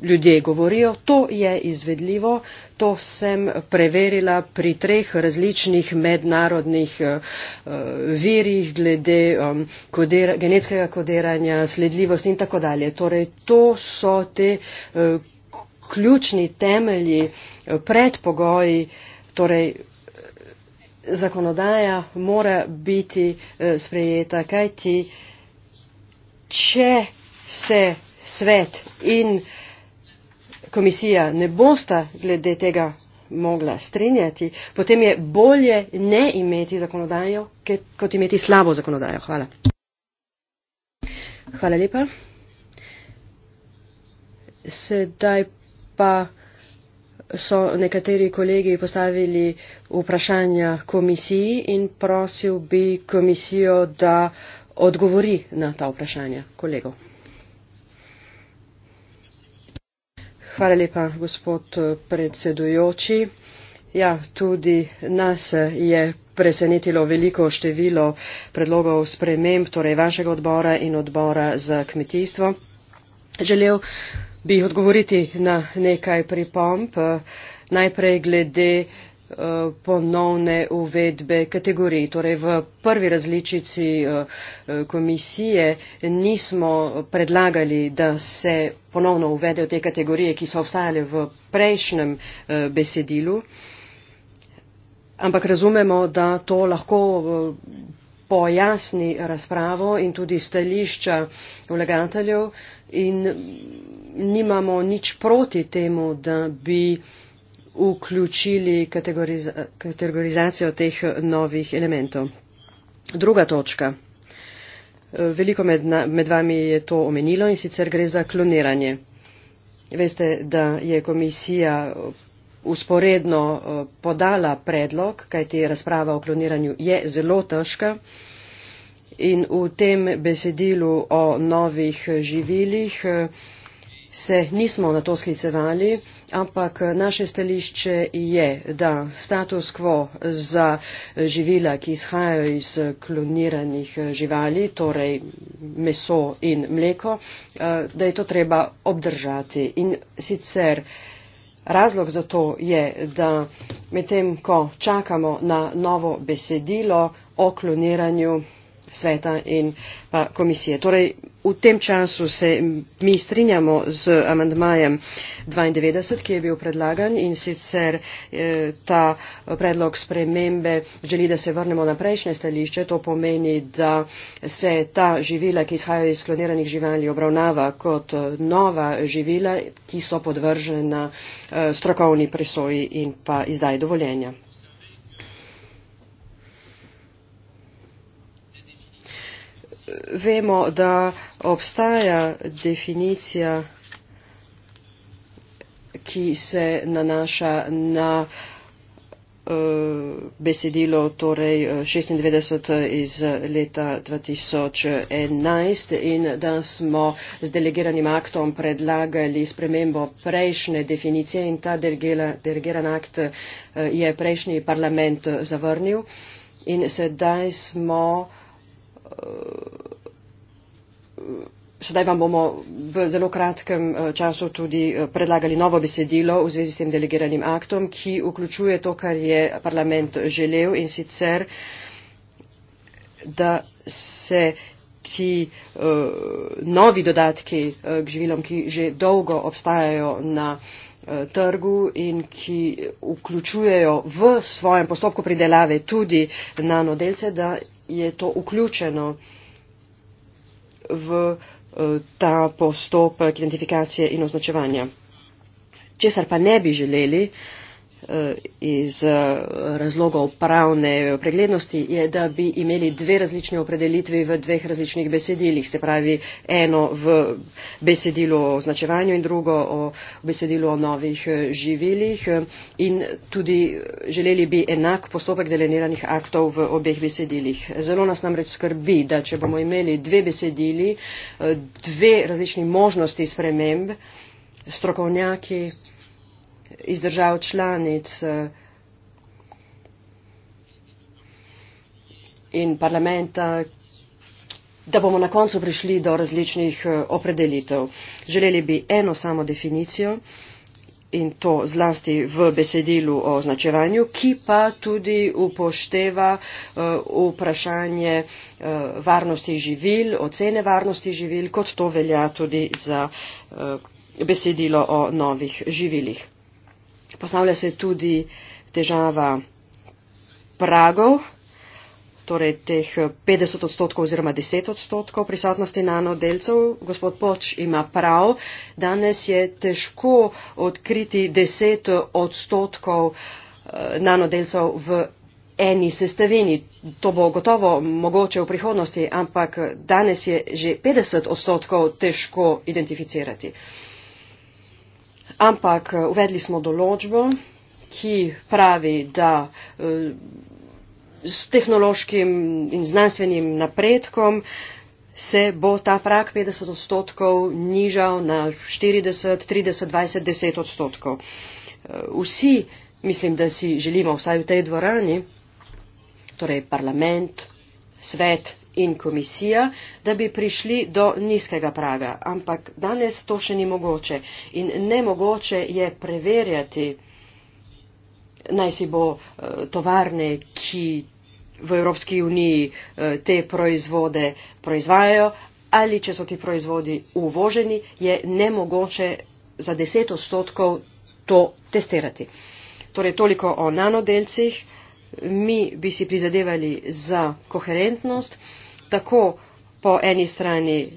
ljudje govorijo, to je izvedljivo, to sem preverila pri treh različnih mednarodnih eh, virih glede um, kodera, genetskega kodiranja, sledljivosti in tako dalje. Torej, to so te eh, ključni temelji, eh, predpogoji, torej zakonodaja mora biti sprejeta, kajti če se svet in uh, komisija ne bosta glede tega mogla strinjati, potem je bolje ne imeti zakonodajo, kot imeti slabo zakonodajo. Hvala. Hvala lepa. Sedaj pa so nekateri kolegi postavili vprašanja komisiji in prosil bi komisijo, da odgovori na ta vprašanja kolegov. Hvala lepa, gospod eh, predsedujoči. Ja, tudi nas eh, je presenetilo veliko število predlogov sprememb, torej vašega odbora in odbora za kmetijstvo. Želel bi odgovoriti na nekaj pripomp. Eh, najprej glede Eh, ponovne uvedbe kategorij. Torej v prvi različici eh, komisije nismo predlagali, da se ponovno uvedejo te kategorije, ki so obstajale v prejšnjem eh, besedilu, ampak razumemo, da to lahko pojasni razpravo in tudi stališča vlagateljev in mm, nimamo nič proti temu, da bi vključili kategoriz kategorizacijo teh novih elementov. Druga točka. Veliko med, med vami je to omenilo in sicer gre za kloniranje. Veste, da je komisija usporedno podala predlog, kajti razprava o kloniranju je zelo težka in v tem besedilu o novih živilih se nismo na to sklicevali, ampak eh, naše stališče je, da status quo za eh, živila, ki izhajajo iz eh, kloniranih živali, torej meso in mleko, da je to treba obdržati. In sicer razlog za to je, da medtem, ko čakamo na novo besedilo o kloniranju sveta in komisije. Torej, v tem času se mi strinjamo z amandmajem dvaindevetdeset ki je bil predlagan in sicer eh, ta predlog spremembe želi da se vrnemo na prejšnje stališče to pomeni da se ta živila ki izhajajo iz kloniranih živali obravnava kot eh, nova živila ki so podvržena eh, strokovni presoji in pa izdaji dovoljenja. vemo da obstaja definicija ki se nanaša na eh, besedilo torej 96 eh, iz leta 2011 in da smo z delegiranim aktom predlagali spremembo prejšnje definicije in ta delegiran akt eh, je prejšnji parlament zavrnil in sedaj smo uh, Eh, sedaj vam bomo v zelo kratkem eh, času tudi eh, predlagali novo besedilo v zvezi s tem delegiranim aktom, ki vključuje to, kar je parlament želel in sicer, da se ti uh, novi dodatki uh, k živilom, ki že dolgo obstajajo na uh, trgu in ki vključujejo v svojem postopku pridelave tudi nanodelce, da je to vključeno v eh, ta postopek identifikacije in označevanja. Česar pa ne bi želeli, uh, Eh, iz eh, razlogov pravne preglednosti, je, da bi imeli dve različne opredelitvi v dveh različnih besedilih, se pravi eno v besedilu o označevanju in drugo o besedilu o novih eh, živilih in tudi želeli bi enak postopek deleniranih aktov v obeh besedilih. Zelo nas namreč skrbi, da če bomo imeli dve besedili, dve različni možnosti sprememb, strokovnjaki, iz držav članic eh, in parlamenta, da bomo na koncu prišli do različnih eh, opredelitev. Želeli bi eno samo definicijo in to zlasti v besedilu o označevanju, ki pa tudi upošteva uh, vprašanje uh, varnosti živil, ocene varnosti živil, kot to velja tudi za uh, besedilo o novih živilih. Postavlja se tudi težava pragov, torej teh 50 odstotkov oziroma 10 odstotkov prisotnosti nanodelcev. Gospod Poč ima prav, danes je težko odkriti 10 odstotkov eh, nanodelcev v eni sestavini. To bo gotovo mogoče v prihodnosti, ampak danes je že 50 odstotkov težko identificirati ampak eh, uvedli smo določbo, ki pravi, da eh, s tehnološkim in znanstvenim napredkom se bo ta prak 50 odstotkov nižal na 40, 30, 20, 10 odstotkov. Eh, vsi, mislim, da si želimo vsaj v tej dvorani, torej parlament, svet, in komisija, da bi prišli do nizkega praga. Ampak danes to še ni mogoče in nemogoče je preverjati, naj si bo eh, tovarne, ki v Evropski uniji eh, te proizvode proizvajajo ali če so ti proizvodi uvoženi, je nemogoče za deset odstotkov to testirati. Torej, toliko o nanodelcih mi bi si prizadevali za koherentnost, tako po eni strani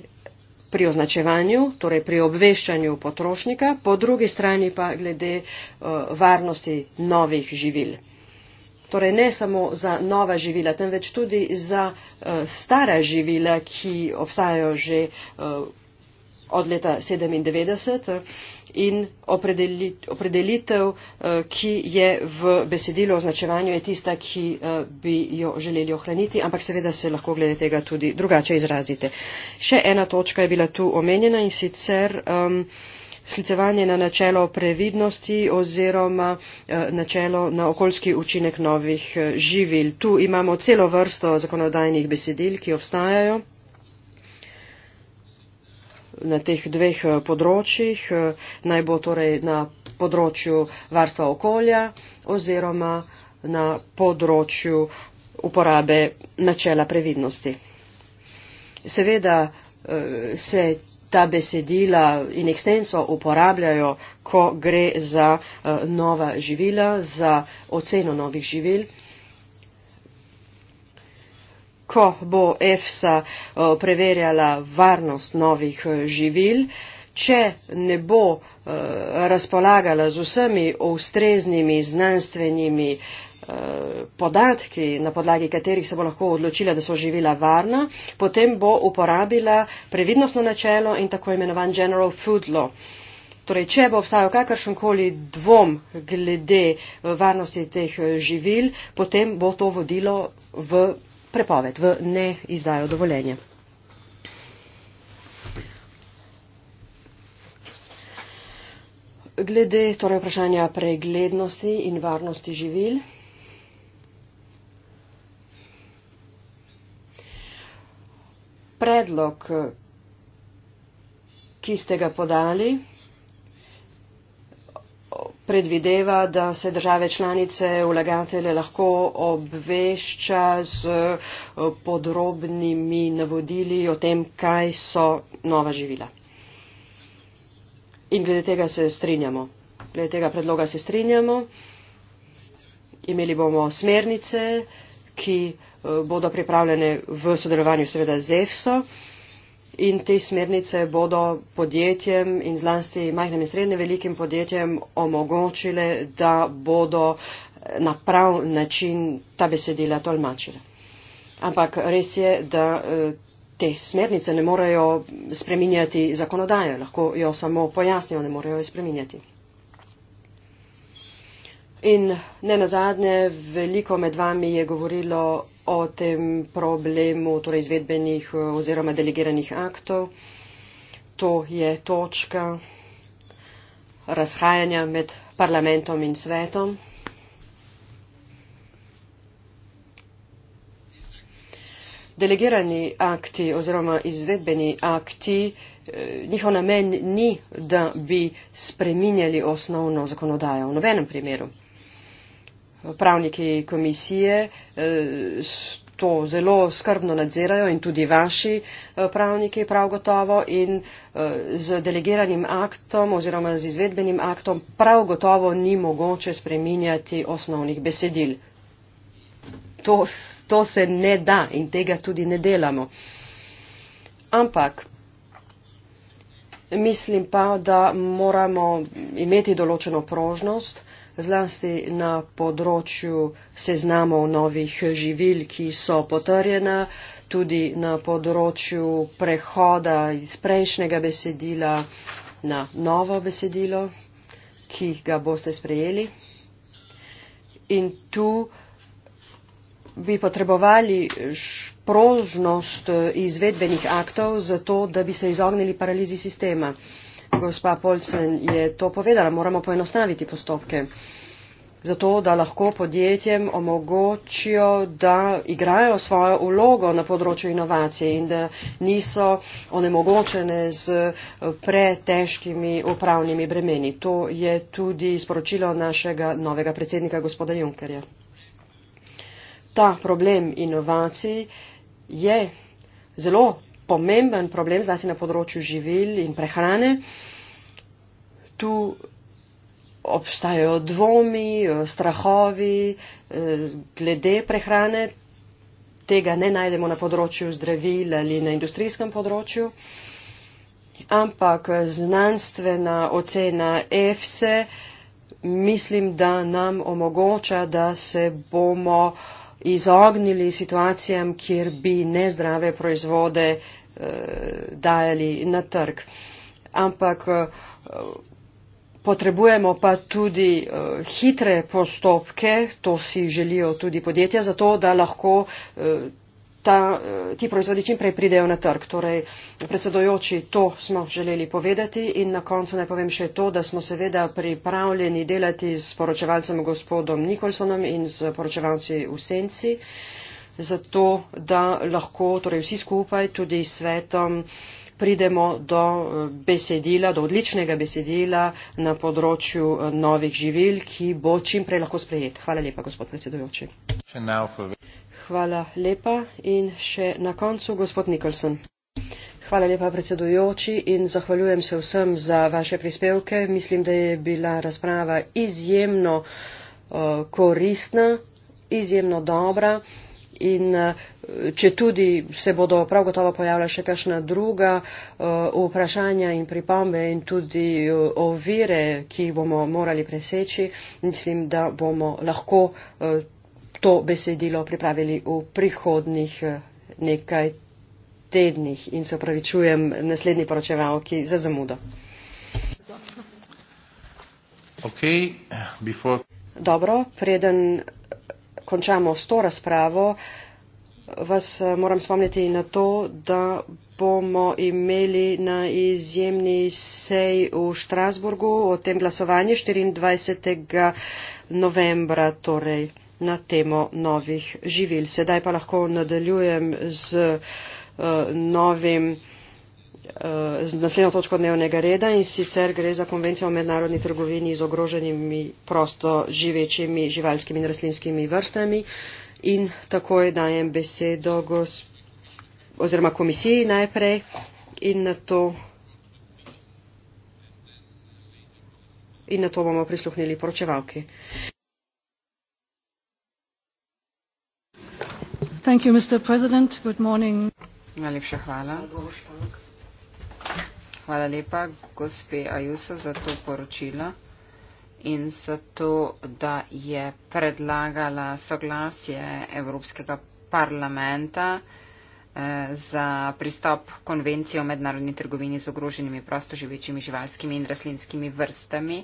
pri označevanju, torej pri obveščanju potrošnika, po drugi strani pa glede uh, varnosti novih živil. Torej ne samo za nova živila, temveč tudi za uh, stara živila, ki obstajajo že uh, od leta 1997 in opredelitev eh, ki je v besedilu označevanju je tista ki eh, bi jo želeli ohraniti ampak seveda se lahko glede tega tudi drugače izrazite. Še ena točka je bila tu omenjena in sicer um, sklicevanje na načelo previdnosti oziroma eh, načelo na okoljski učinek novih živil. Tu imamo celo vrsto zakonodajnih besedil, ki obstajajo na teh dveh eh, področjih, eh, naj bo torej na področju varstva okolja oziroma na področju uporabe načela previdnosti. Seveda eh, se ta besedila in ekstenco uporabljajo, ko gre za nova živila, za oceno novih živil ko bo EFSA preverjala varnost novih e, živil, če ne bo e, razpolagala z vsemi ustreznimi znanstvenimi e, podatki, na podlagi katerih se bo lahko odločila, da so živila varna, potem bo uporabila previdnostno načelo in tako imenovan General Food Law. Torej, če bo obstajal kakršenkoli dvom glede varnosti teh živil, potem bo to vodilo v prepoved v ne izdajo dovoljenja. Glede torej vprašanja preglednosti in varnosti živil. Predlog, ki ste ga podali, predvideva da se države članice vlagatelje lahko obvešča z eh, podrobnimi navodili o tem, kaj so nova živila. In glede tega se strinjamo. Glede tega predloga se strinjamo. Imeli bomo smernice, ki eh, bodo pripravljene v sodelovanju seveda z EFSO in te smernice bodo podjetjem in zlasti majhnim in srednje velikim podjetjem omogočile, da bodo eh, na prav način ta besedila tolmačile. Ampak res je, da eh, te smernice ne morejo spreminjati zakonodaje, lahko jo samo pojasnijo, ne morejo jo spreminjati. In ne nazadnje, veliko med vami je govorilo o tem problemu torej izvedbenih eh, oziroma delegiranih aktov. To je točka razhajanja med parlamentom in svetom. Delegirani akti oziroma izvedbeni akti, eh, njihov namen ni, da bi spreminjali osnovno zakonodajo v nobenem primeru pravniki komisije eh, to zelo skrbno nadzirajo in tudi vaši eh, pravniki prav gotovo in eh, z delegiranim aktom oziroma z izvedbenim aktom prav gotovo ni mogoče spreminjati osnovnih besedil. To, to se ne da in tega tudi ne delamo. Ampak mislim pa, da moramo imeti določeno prožnost zlasti na področju seznamov novih živil, ki so potrjena, tudi na področju prehoda iz prejšnjega besedila na novo besedilo, ki ga boste sprejeli. In tu bi potrebovali prožnost izvedbenih aktov za to, da bi se izognili paralizi sistema gospa Polsen je to povedala, moramo poenostaviti postopke. Zato, da lahko podjetjem omogočijo, da igrajo svojo ulogo na področju inovacije in da niso onemogočene z eh, pretežkimi upravnimi bremeni. To je tudi sporočilo našega novega predsednika gospoda Junkerja. Ta problem inovacij je zelo pomemben problem, zlasti na področju živil in prehrane. Tu obstajajo dvomi, eh, strahovi eh, glede prehrane. Tega ne najdemo na področju zdravil ali na industrijskem področju. Ampak eh, znanstvena ocena EFSE mislim, da nam omogoča, da se bomo izognili situacijam, kjer bi nezdrave proizvode eh, dajali na trg. Ampak eh, Potrebujemo pa tudi uh, hitre postopke, to si želijo tudi podjetja, zato da lahko uh, ta, eh, ti proizvodi čim prej pridejo na trg. Torej, predsedojoči, to smo želeli povedati in na koncu naj povem še to, da smo seveda pripravljeni delati s poročevalcem gospodom Nikolsonom in s poročevalci v Senci, zato da lahko torej vsi skupaj tudi s svetom pridemo do eh, besedila, do odličnega besedila na področju eh, novih živil, ki bo čim prej lahko sprejet. Hvala lepa, gospod predsedujoči. Hvala lepa. In še na koncu, gospod Nikolson. Hvala lepa, predsedujoči, in zahvaljujem se vsem za vaše prispevke. Mislim, da je bila razprava izjemno eh, koristna, izjemno dobra in eh, če tudi se bodo prav gotovo pojavila še kakšna druga eh, vprašanja in pripombe in tudi ovire, ki jih bomo morali preseči, mislim, da bomo lahko to besedilo pripravili v prihodnih eh, nekaj tednih in se opravičujem naslednji poročevalki za zamudo. Okay, before... Dobro, preden eh, končamo s to razpravo, vas eh, moram spomniti na to, da bomo imeli na izjemni sej v Štrasburgu o tem glasovanju 24. novembra. Torej na temo novih živil. Sedaj pa lahko nadaljujem z uh, novim eh, z naslednjo točko dnevnega reda in sicer gre za konvencijo o mednarodni trgovini z ogroženimi prosto živečimi živalskimi in rastlinskimi vrstami in takoj dajem besedo gos oziroma komisiji najprej in na to in na to bomo prisluhnili poročevalki. Najlepša hvala. Hvala lepa gospe Ajuso za to poročilo in za to, da je predlagala soglasje Evropskega parlamenta eh, za pristop konvencije o mednarodni trgovini z ogroženimi prostoživečimi živalskimi in rastlinskimi vrstami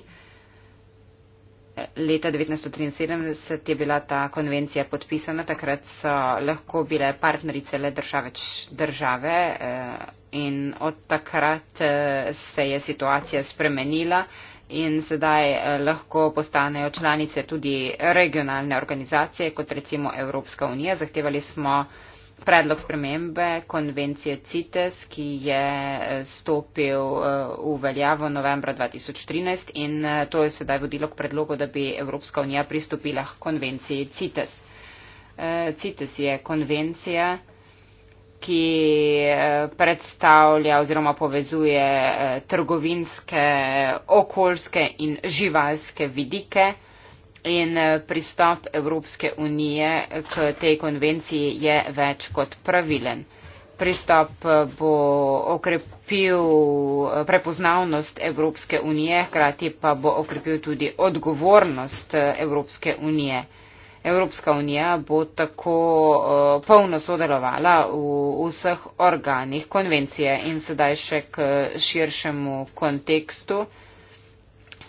leta 1973 je bila ta konvencija podpisana, takrat so lahko bile partnerice le države, države eh, in od takrat eh, se je situacija spremenila in sedaj eh, lahko postanejo članice tudi regionalne organizacije, kot recimo Evropska unija. Zahtevali smo predlog spremembe konvencije CITES, ki je eh, stopil eh, v veljavo novembra 2013 in eh, to je sedaj vodilo k predlogu, da bi Evropska unija pristopila k konvenciji CITES. CITES je konvencija, ki predstavlja oziroma povezuje trgovinske, okoljske in živalske vidike. In eh, pristop Evropske unije k tej konvenciji je več kot pravilen. Pristop eh, bo okrepil eh, prepoznavnost Evropske unije, hkrati pa bo okrepil tudi odgovornost Evropske unije. Evropska unija bo tako polno sodelovala v vseh organih konvencije in sedaj še k širšemu kontekstu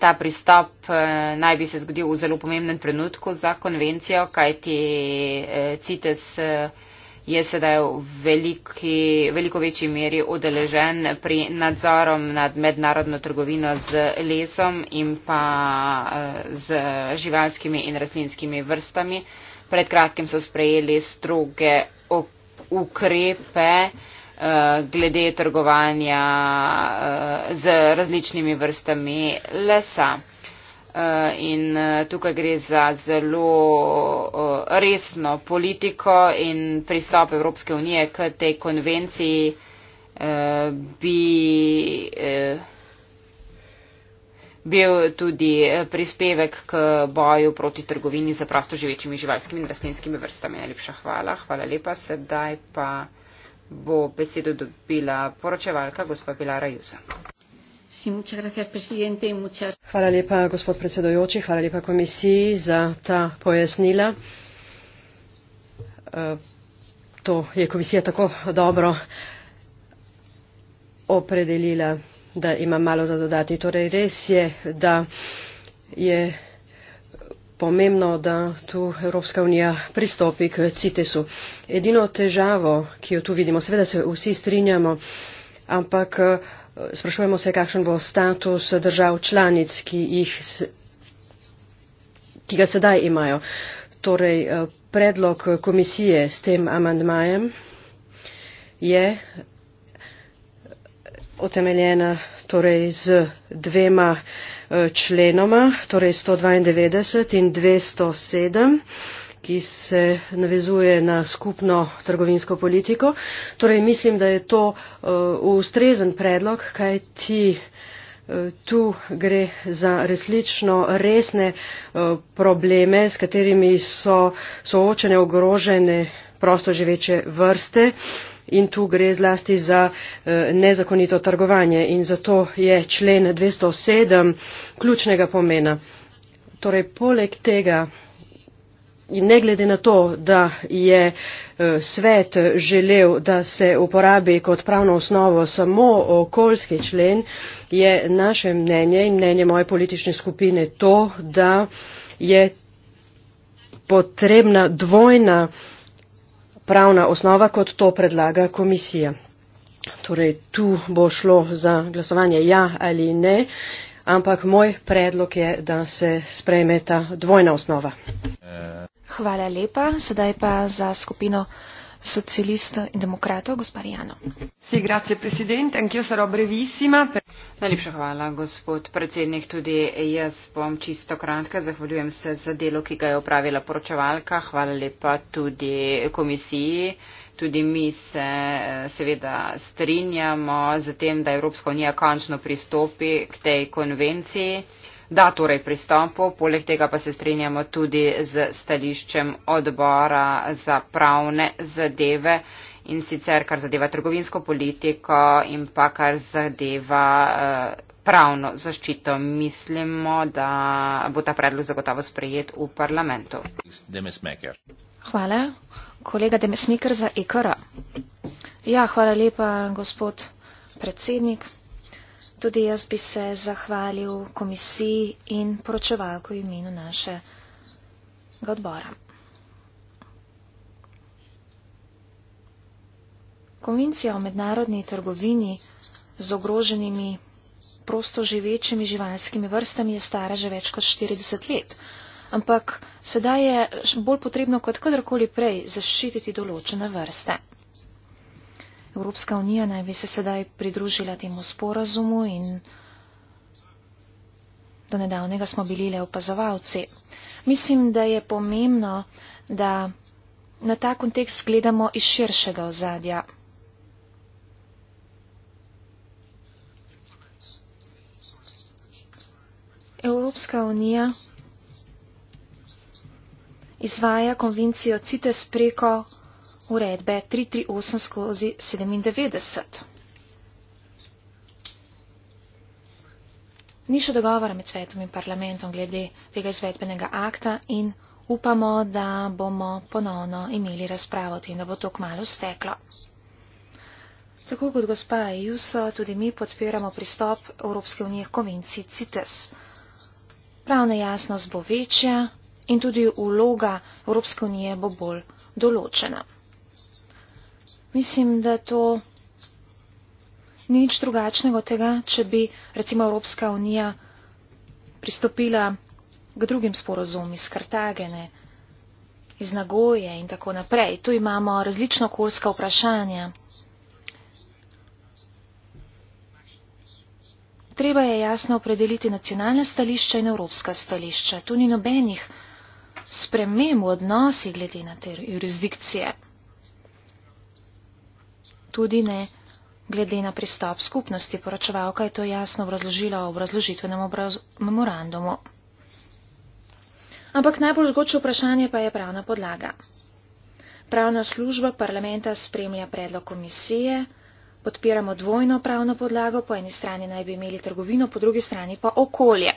ta pristop eh, naj bi se zgodil v zelo pomembnem trenutku za konvencijo, kajti eh, CITES eh, je sedaj v veliki, veliko večji meri udeležen pri nadzorom nad mednarodno trgovino z lesom in pa z živalskimi in rastlinskimi vrstami. Pred kratkim so sprejeli stroge ukrepe. Eh, glede trgovanja eh, z različnimi vrstami lesa. Eh, in tukaj gre za zelo resno politiko in pristop Evropske unije k tej konvenciji bi bil tudi prispevek k boju proti trgovini za prosto živečimi živalskimi in rastlinskimi vrstami. Najlepša hvala. Hvala lepa. Sedaj pa bo besedo dobila poročevalka gospa Pilara Juza. Hvala lepa, gospod predsedojoči, hvala lepa komisiji za ta pojasnila. Eh, to je komisija tako dobro opredelila, da ima malo za dodati. Torej res je, da je pomembno, da tu Evropska unija pristopi k CITESu. Edino težavo, ki jo tu vidimo, seveda se vsi strinjamo, ampak eh, sprašujemo se, kakšen bo status držav članic, ki, jih, ki ga sedaj imajo. Torej, eh, predlog komisije s tem amandmajem je utemeljena eh, torej, z dvema Eh, členoma torej sto dvaindevetdeset in dvesto sedem ki se navezuje na skupno trgovinsko politiko torej mislim da je to uh, ustrezen predlog kaj ti eh, Tu gre za resnično resne probleme, s katerimi so soočene ogrožene prosto živeče vrste in tu gre zlasti za eh, nezakonito trgovanje in zato je člen 207 ključnega pomena. Torej, poleg tega in ne glede na to, da je eh, svet želel, da se uporabi kot pravno osnovo samo okoljski člen, je naše mnenje in mnenje moje politične skupine to, da je potrebna dvojna pravna osnova, kot to predlaga komisija. Torej, tu bo šlo za glasovanje ja ali ne, ampak moj predlog je, da se sprejme ta dvojna osnova. Hvala lepa. Sedaj pa za skupino socialistov in demokratov, gospod Jano. Si, grazie, Najlepša hvala, gospod predsednik. Tudi jaz bom čisto kratka. Zahvaljujem se za delo, ki ga je opravila poročevalka. Hvala lepa tudi komisiji. Tudi mi se eh, seveda strinjamo z tem, da Evropska unija končno pristopi k tej konvenciji. Da, torej pristopu. Poleg tega pa se strinjamo tudi z stališčem odbora za pravne zadeve in sicer kar zadeva trgovinsko politiko in pa kar zadeva eh, pravno zaščito. Mislimo, da bo ta predlog zagotovo sprejet v parlamentu. Hvala. Kolega Demesmiker za IKR. E ja, hvala lepa, gospod predsednik. Tudi jaz bi se zahvalil komisiji in poročevalko v imenu našega odbora. Konvencija o mednarodni trgovini z ogroženimi prosto živečimi živalskimi vrstami je stara že več kot 40 let. Ampak sedaj je bolj potrebno kot kadarkoli prej zaščititi določene vrste. Evropska unija naj bi se sedaj pridružila temu sporazumu in do nedavnega smo bili le opazovalci. Mislim, da je pomembno, da na ta kontekst gledamo iz širšega ozadja. Evropska unija izvaja konvencijo CITES preko uredbe 338 skozi 97. Ni še dogovora med svetom in parlamentom glede tega izvedbenega akta in upamo, da bomo ponovno imeli razpravo o tem, da bo to kmalo steklo. Tako kot gospa Juso, tudi mi podpiramo pristop Evropske unije k konvenciji CITES pravna jasnost bo večja in tudi vloga Evropske unije bo bolj določena. Mislim, da to ni nič drugačnega od tega, če bi recimo Evropska unija pristopila k drugim sporozumom iz Kartagene, iz Nagoje in tako naprej. Tu imamo različno okoljska vprašanja. Treba je jasno opredeliti nacionalna stališča in evropska stališča. Tu ni nobenih sprememb v odnosi glede na te jurisdikcije. Tudi ne glede na pristop skupnosti. Poračevalka je to jasno obrazložila v obrazložitvenem obraz memorandumu. Ampak najbolj zgoče vprašanje pa je pravna podlaga. Pravna služba parlamenta spremlja predlog komisije podpiramo dvojno pravno podlago, po eni strani naj bi imeli trgovino, po drugi strani pa okolje.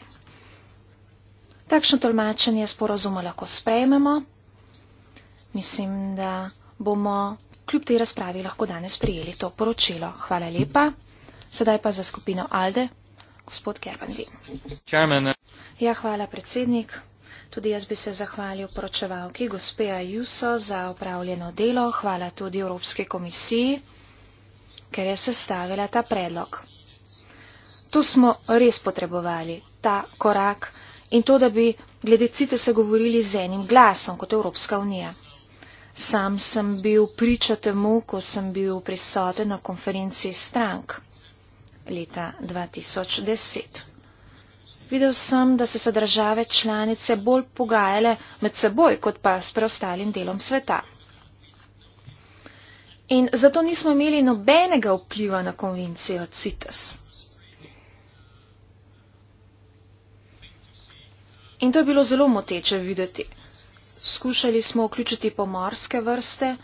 Takšno tolmačenje sporozuma lahko sprejmemo. Mislim, da bomo kljub tej razpravi lahko danes prijeli to poročilo. Hvala lepa. Sedaj pa za skupino Alde, gospod Kerbandi. Uh, ja, hvala predsednik. Tudi jaz bi se zahvalil poročevalki gospe Ajuso za upravljeno delo. Hvala tudi Evropske komisiji ker je sestavila ta predlog. Tu smo res potrebovali ta korak in to, da bi glede CITES govorili z enim glasom kot Evropska unija. Sam sem bil priča temu, ko sem bil prisoten na konferenci strank leta 2010. Videl sem, da so se države članice bolj pogajale med seboj, kot pa s preostalim delom sveta in zato nismo imeli nobenega vpliva na konvencijo CITES. In to je bilo zelo moteče videti. Skušali smo vključiti pomorske vrste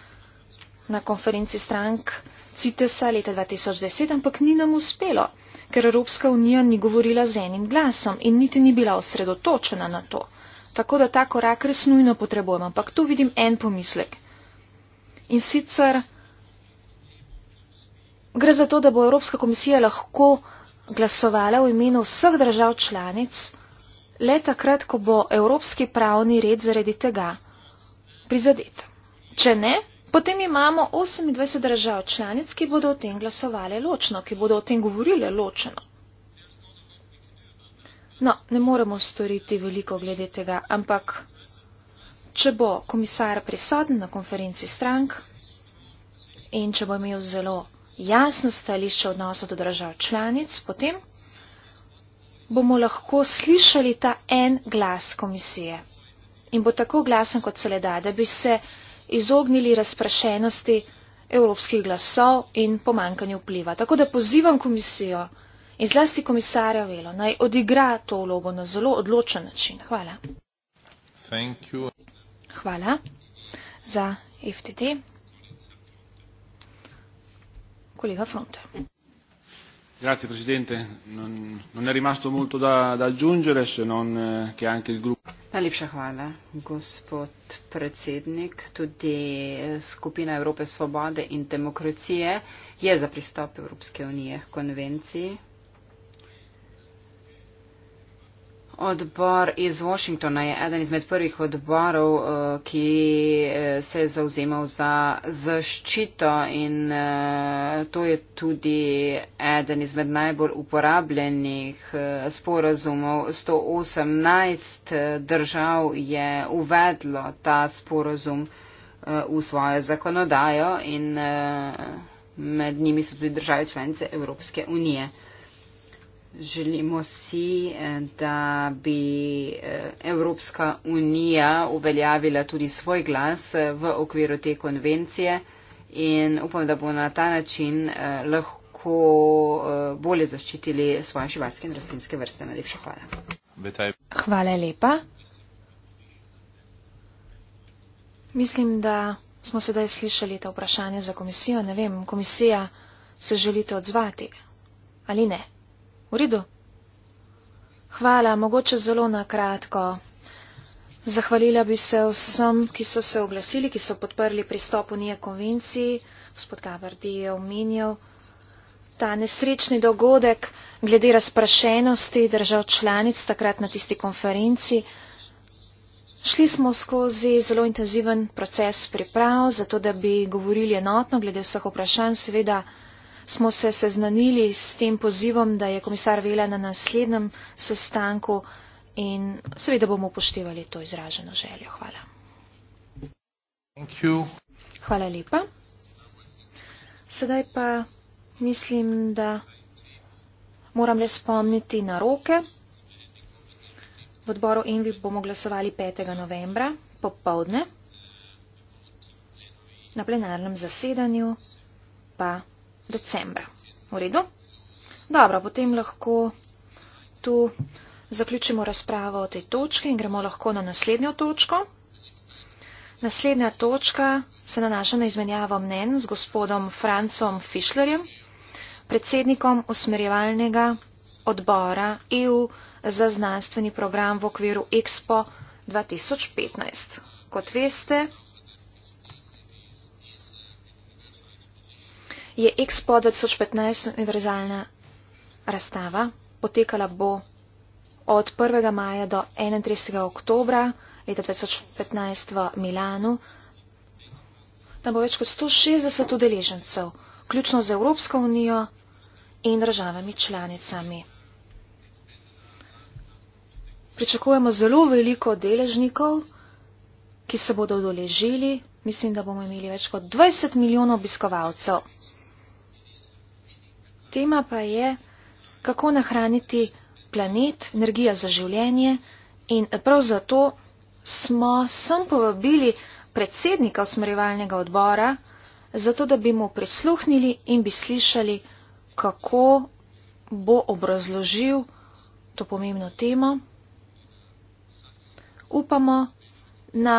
na konferenci strank CITES-a leta 2010, ampak ni nam uspelo, ker Evropska unija ni govorila z enim glasom in niti ni bila osredotočena na to. Tako da ta korak res nujno potrebujemo, ampak tu vidim en pomislek. In sicer Gre za to, da bo Evropska komisija lahko glasovala v imenu vseh držav članic le takrat, ko bo evropski pravni red zaradi tega prizadet. Če ne, potem imamo 28 držav članic, ki bodo o tem glasovali ločno, ki bodo o tem govorili ločeno. No, ne moremo storiti veliko glede tega, ampak če bo komisar prisoten na konferenci strank in če bo imel zelo jasno stališče odnosa do držav članic, potem bomo lahko slišali ta en glas komisije in bo tako glasen, kot se le da, da bi se izognili razprašenosti evropskih glasov in pomankanju vpliva. Tako da pozivam komisijo in zlasti komisarja Velo, naj odigra to vlogo na zelo odločen način. Hvala. Hvala za FTT grazie presidente non, non è rimasto molto da, da aggiungere se non eh, che anche il gruppo Najlepša hvala, gospod predsednik. Tudi eh, skupina Evrope svobode in demokracije je za pristop Evropske unije k konvenciji Odbor iz Washingtona je eden izmed prvih odborov, eh, ki eh, se je zauzemal za zaščito in eh, to je tudi eden izmed najbolj uporabljenih sporazumov. 118 držav je uvedlo ta sporazum v svojo zakonodajo in med njimi so tudi države članice Evropske unije. Želimo si, eh, da bi eh, Evropska unija uveljavila tudi svoj glas eh, v okviru te konvencije in upam, da bo na ta način lahko bolje zaščitili svoje živalske in rastlinske vrste. Najlepša hvala. Hvala lepa. Mislim, da smo sedaj slišali to vprašanje za komisijo. Ne vem, komisija se želite odzvati ali ne. V redu. Hvala, mogoče zelo na kratko. Zahvalila bi se vsem, ki so se oglasili, ki so podprli pristop v nije konvenciji. Gospod Gavardi je omenjal ta nesrečni dogodek glede razprašenosti držav članic takrat na tisti konferenci. Šli smo skozi zelo intenziven proces priprav, zato da bi govorili enotno glede vseh vprašanj, seveda smo se seznanili s tem pozivom, da je komisar Vela na naslednjem sestanku in seveda bomo upoštevali to izraženo željo. Hvala. Hvala lepa. Sedaj pa mislim, da moram le spomniti na roke. V odboru Envi bomo glasovali 5. novembra popovdne, na plenarnem zasedanju pa decembra. V redu? Dobro, potem lahko tu zaključimo razpravo o tej točki in gremo lahko na naslednjo točko. Naslednja točka se nanaša na izmenjavo mnen z gospodom Francom Fischlerjem, predsednikom usmerjevalnega odbora EU za znanstveni program v okviru Expo 2015. Kot veste, je Expo 2015 univerzalna razstava. Potekala bo od 1. maja do 31. oktobra leta 2015 v Milanu. Tam bo več kot 160 udeležencev, ključno z Evropsko unijo in državami članicami. Pričakujemo zelo veliko deležnikov, ki se bodo udeležili. Mislim, da bomo imeli več kot 20 milijonov obiskovalcev tema pa je, kako nahraniti planet, energija za življenje in prav zato smo sem povabili predsednika usmerjevalnega odbora, zato da bi mu prisluhnili in bi slišali, kako bo obrazložil to pomembno temo. Upamo na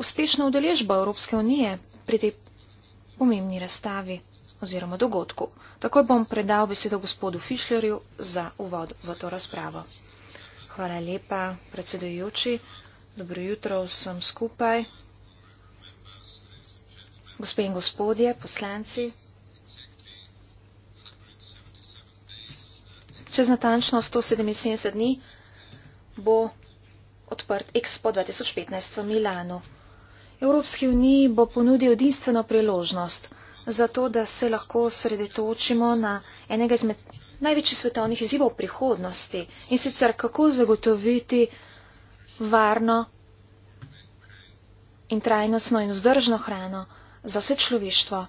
uspešno udeležbo Evropske unije pri tej pomembni razstavi oziroma dogodku. Takoj bom predal besedo gospodu Fišlerju za uvod v to razpravo. Hvala lepa, predsedujoči. Dobro jutro vsem skupaj. Gospe in gospodje, poslanci. Čez natančno 177 dni bo odprt Expo 2015 v Milanu. Evropski uniji bo ponudil edinstveno priložnost zato da se lahko sredetočimo na enega izmed največjih svetovnih izzivov prihodnosti in sicer kako zagotoviti varno in trajnostno in vzdržno hrano za vse človeštvo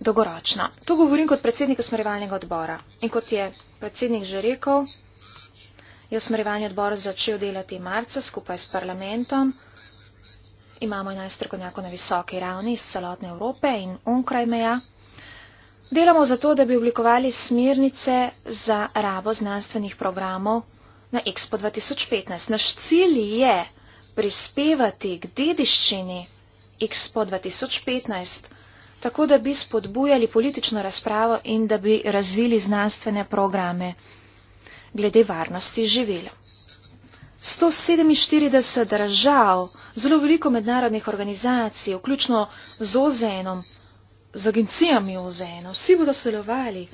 dolgoročno. To govorim kot predsednik usmerjevalnega odbora in kot je predsednik že rekel, je usmerjevalni odbor začel delati marca skupaj s parlamentom. Imamo 11 strokovnjakov na visoki ravni iz celotne Evrope in onkraj meja. Delamo zato, da bi oblikovali smernice za rabo znanstvenih programov na Expo 2015. Naš cilj je prispevati k dediščini Expo 2015, tako da bi spodbujali politično razpravo in da bi razvili znanstvene programe glede varnosti živelja. 147 držav, zelo veliko mednarodnih organizacij, vključno z OZN-om, z agencijami OZN-om, vsi bodo sodelovali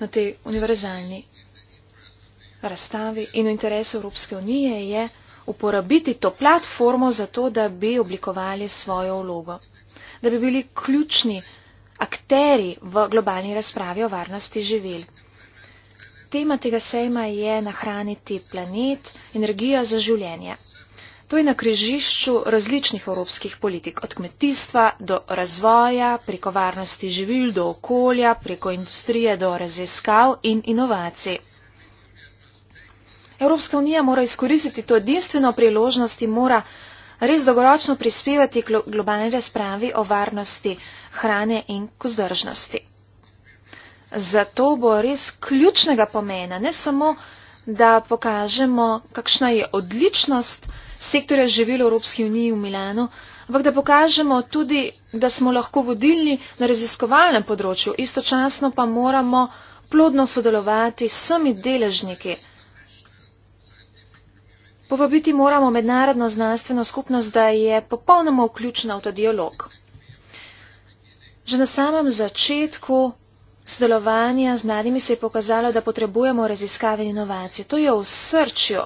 na tej univerzalni razstavi in v interesu Evropske unije je uporabiti to platformo za to, da bi oblikovali svojo vlogo, da bi bili ključni akteri v globalni razpravi o varnosti živil. Tema tega sejma je nahraniti planet, energija za življenje. To je na križišču različnih evropskih politik, od kmetijstva do razvoja, preko varnosti živil do okolja, preko industrije do raziskav in inovacij. Evropska unija mora izkoristiti to edinstveno priložnost in mora res dolgoročno prispevati k globalni razpravi o varnosti hrane in kozdržnosti. Zato bo res ključnega pomena, ne samo, da pokažemo, kakšna je odličnost sektorja živil v Evropski uniji v Milano, ampak da pokažemo tudi, da smo lahko vodilni na raziskovalnem področju, istočasno pa moramo plodno sodelovati s vsemi deležniki. Povabiti moramo mednarodno znanstveno skupnost, da je popolnoma vključena v ta dialog. Že na samem začetku sodelovanja z mladimi se je pokazalo, da potrebujemo raziskave in inovacije. To je v srčju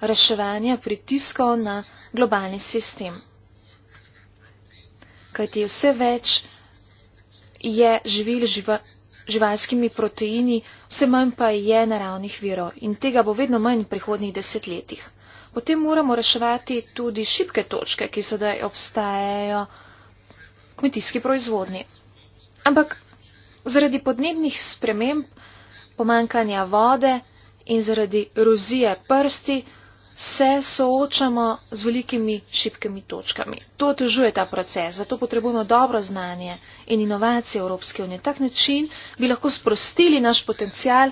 reševanja pritiskov na globalni sistem. Kajti vse več je živil živa, živalskimi proteini, vse manj pa je naravnih virov in tega bo vedno manj v prihodnjih desetletjih. Potem moramo reševati tudi šibke točke, ki sedaj obstajajo kmetijski proizvodni. Ampak Zaradi podnebnih sprememb, pomankanja vode in zaradi rozije prsti se soočamo z velikimi šipkimi točkami. To otežuje ta proces, zato potrebujemo dobro znanje in inovacije Evropske unije. Tak način bi lahko sprostili naš potencial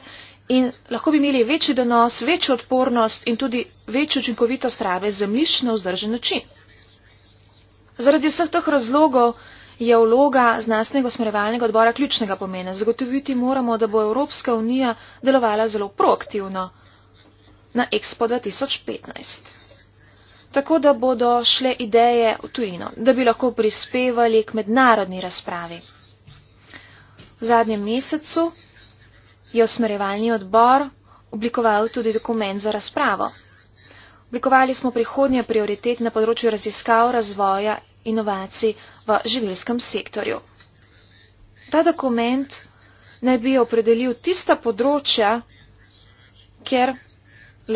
in lahko bi imeli večji donos, večjo odpornost in tudi večjo učinkovitost rabe zemljišč na vzdržen način. Zaradi vseh teh razlogov je vloga znanstvenega usmerjevalnega odbora ključnega pomena. Zagotoviti moramo, da bo Evropska unija delovala zelo proaktivno na Expo 2015. Tako da bodo šle ideje v tujino, da bi lahko prispevali k mednarodni razpravi. V zadnjem mesecu je usmerjevalni odbor oblikoval tudi dokument za razpravo. Oblikovali smo prihodnje prioritete na področju raziskav, razvoja inovacij v življenskem sektorju. Ta dokument naj bi opredelil tista področja, kjer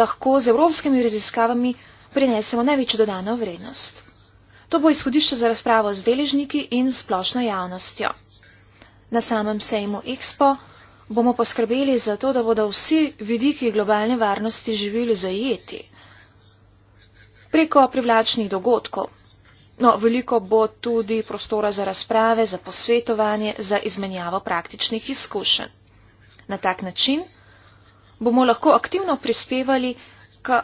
lahko z evropskimi raziskavami prinesemo največjo dodano vrednost. To bo izhodišče za razpravo z deležniki in splošno javnostjo. Na samem sejmu Expo bomo poskrbeli za to, da bodo vsi vidiki globalne varnosti živili zajeti preko privlačnih dogodkov. No, veliko bo tudi prostora za razprave, za posvetovanje, za izmenjavo praktičnih izkušenj. Na tak način bomo lahko aktivno prispevali k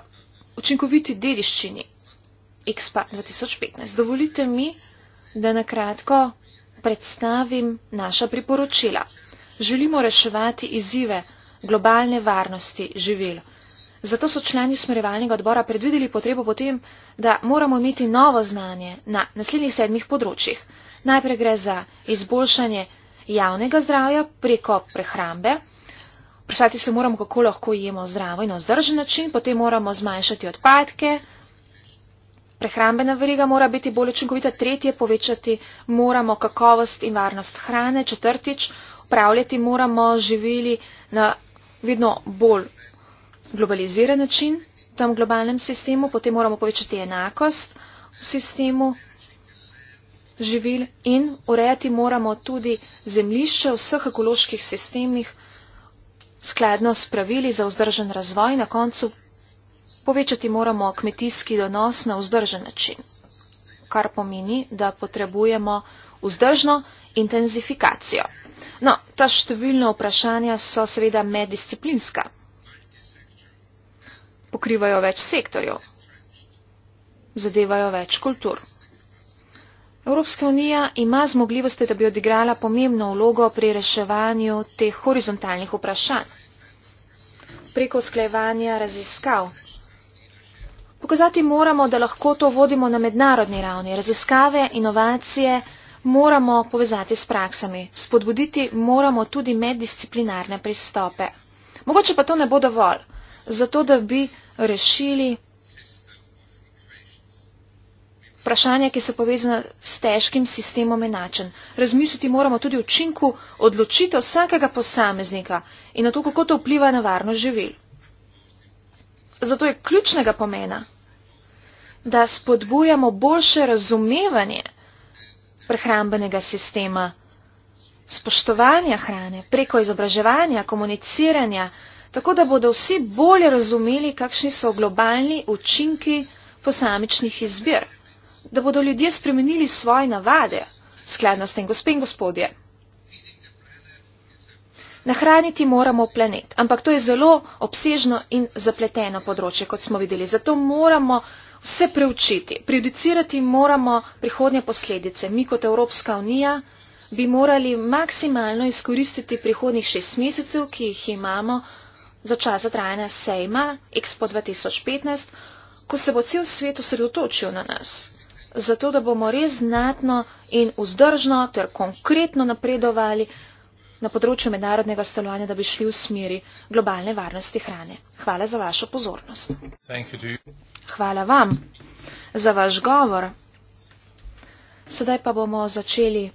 učinkoviti dediščini EXPA 2015. Dovolite mi, da na kratko predstavim naša priporočila. Želimo reševati izzive globalne varnosti živelo. Zato so člani usmerjevalnega odbora predvideli potrebo potem, da moramo imeti novo znanje na naslednjih sedmih področjih. Najprej gre za izboljšanje javnega zdravja preko prehrambe. Vprašati se moramo, kako lahko jemo zdravo in na vzdržen način, potem moramo zmanjšati odpadke. Prehrambena veriga mora biti bolj učinkovita, tretje povečati moramo kakovost in varnost hrane, četrtič upravljati moramo živili na vedno bolj globaliziran način v tem globalnem sistemu, potem moramo povečati enakost v sistemu živil in urejati moramo tudi zemlišče v vseh ekoloških sistemih skladno s pravili za vzdržen razvoj. Na koncu povečati moramo kmetijski donos na vzdržen način, kar pomeni, da potrebujemo vzdržno intenzifikacijo. No, ta številna vprašanja so seveda meddisciplinska pokrivajo več sektorjev, zadevajo več kultur. Evropska unija ima zmogljivosti, da bi odigrala pomembno vlogo pri reševanju teh horizontalnih vprašanj preko sklejevanja raziskav. Pokazati moramo, da lahko to vodimo na mednarodni ravni. Raziskave, inovacije moramo povezati s praksami. Spodbuditi moramo tudi meddisciplinarne pristope. Mogoče pa to ne bo dovolj zato da bi rešili vprašanja, ki so povezane s težkim sistemom enačen. Razmisliti moramo tudi o učinku odločitev vsakega posameznika in na to, kako to vpliva na varno živel. Zato je ključnega pomena, da spodbujamo boljše razumevanje prehrambenega sistema, spoštovanja hrane preko izobraževanja, komuniciranja, tako da bodo vsi bolje razumeli, kakšni so globalni učinki posamičnih izbir, da bodo ljudje spremenili svoje navade, skladno s tem gospe in gospodje. Nahraniti moramo planet, ampak to je zelo obsežno in zapleteno področje, kot smo videli. Zato moramo vse preučiti, prejudicirati moramo prihodnje posledice. Mi kot Evropska unija bi morali maksimalno izkoristiti prihodnih šest mesecev, ki jih imamo za časa trajanja sejma Expo 2015, ko se bo cel svet osredotočil na nas, zato da bomo res znatno in vzdržno ter konkretno napredovali na področju mednarodnega stolovanja, da bi šli v smeri globalne varnosti hrane. Hvala za vašo pozornost. Hvala vam za vaš govor. Sedaj pa bomo začeli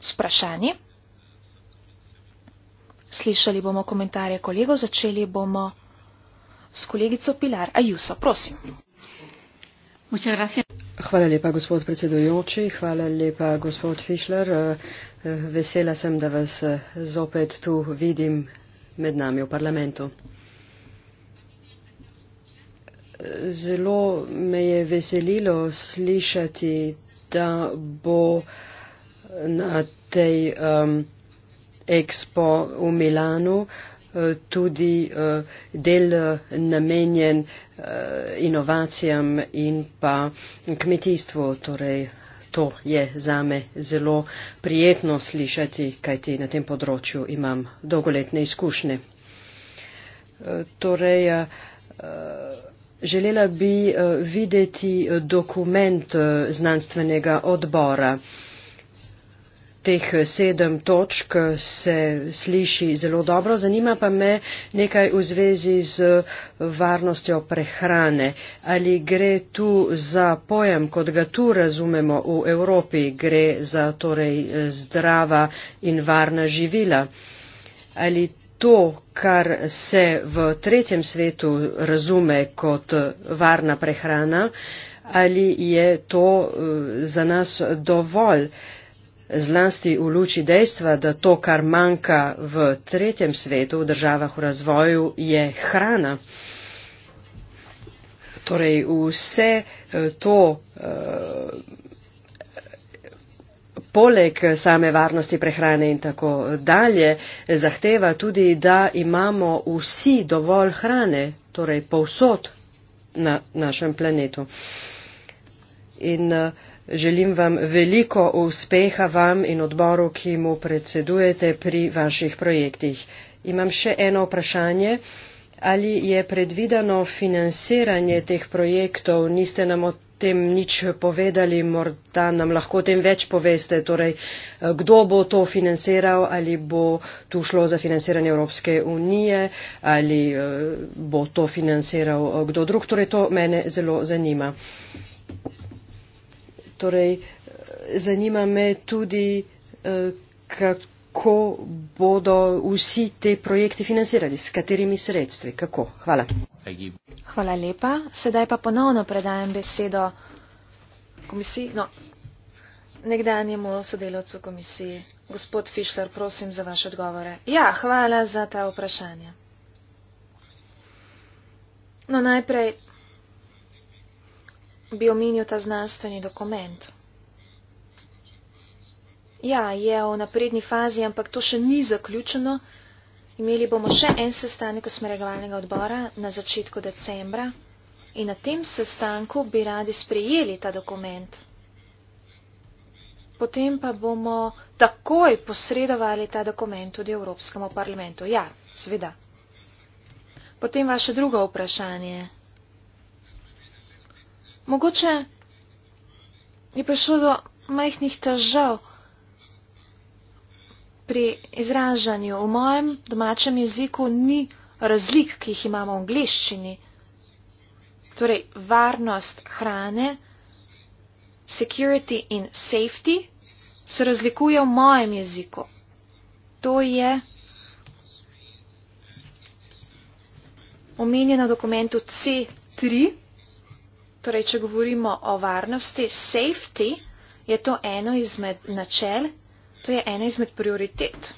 s vprašanji. Slišali bomo komentarje kolegov, začeli bomo s kolegico Pilar Ajuso. Prosim. Hvala lepa, gospod predsedujoči, hvala lepa, gospod Fišler. Vesela sem, da vas zopet tu vidim med nami v parlamentu. Zelo me je veselilo slišati, da bo na tej. Um, Expo v Milanu eh, tudi eh, del eh, namenjen inovacijam in pa kmetijstvu. Torej, to je zame zelo prijetno slišati, kajti na tem področju imam dolgoletne izkušnje. Torej, želela bi videti dokument znanstvenega odbora teh eh, sedem točk eh, se sliši zelo dobro. Zanima pa me nekaj v zvezi z eh, varnostjo prehrane. Ali gre tu za pojem, kot ga tu razumemo v Evropi, gre za torej zdrava in varna živila? Ali to, kar se v tretjem svetu razume kot varna prehrana, ali je to za nas dovolj? zlasti v luči dejstva, da to, kar manjka v tretjem svetu, v državah v razvoju, je hrana. Torej, vse eh, to, eh, poleg same varnosti prehrane in tako dalje, zahteva tudi, da imamo vsi dovolj hrane, torej povsod na našem planetu. In uh, Želim vam veliko uspeha vam in odboru, ki mu predsedujete pri vaših projektih. Imam še eno vprašanje. Ali je predvideno financiranje teh projektov? Niste nam o tem nič povedali, morda nam lahko o tem več poveste. Torej, kdo bo to financiral, ali bo tu šlo za financiranje Evropske unije, ali eh, bo to financiral eh, kdo drug? Torej, to mene zelo zanima. Uh, Torej, zanima me tudi, eh, kako bodo vsi te projekte financirali, s katerimi sredstvi, kako. Hvala. Hvala lepa. Sedaj pa ponovno predajam besedo komisiji, no, nekdanjemu sodelovcu komisiji. Gospod Fišler, prosim za vaše odgovore. Ja, hvala za ta vprašanja. No, najprej bi omenil ta znanstveni dokument. Ja, je v napredni fazi, ampak to še ni zaključeno. Imeli bomo še en sestanek usmerjevalnega odbora na začetku decembra in na tem sestanku bi radi sprejeli ta dokument. Potem pa bomo takoj posredovali ta dokument tudi Evropskemu parlamentu. Ja, sveda. Potem vaše drugo vprašanje. Mogoče je prišlo do majhnih težav pri izražanju. V mojem domačem jeziku ni razlik, ki jih imamo v angliščini. Torej, varnost hrane, security in safety se razlikuje v mojem jeziku. To je omenjeno v dokumentu C3. Torej, če govorimo o varnosti, safety je to eno izmed načel, to je ena izmed prioritet.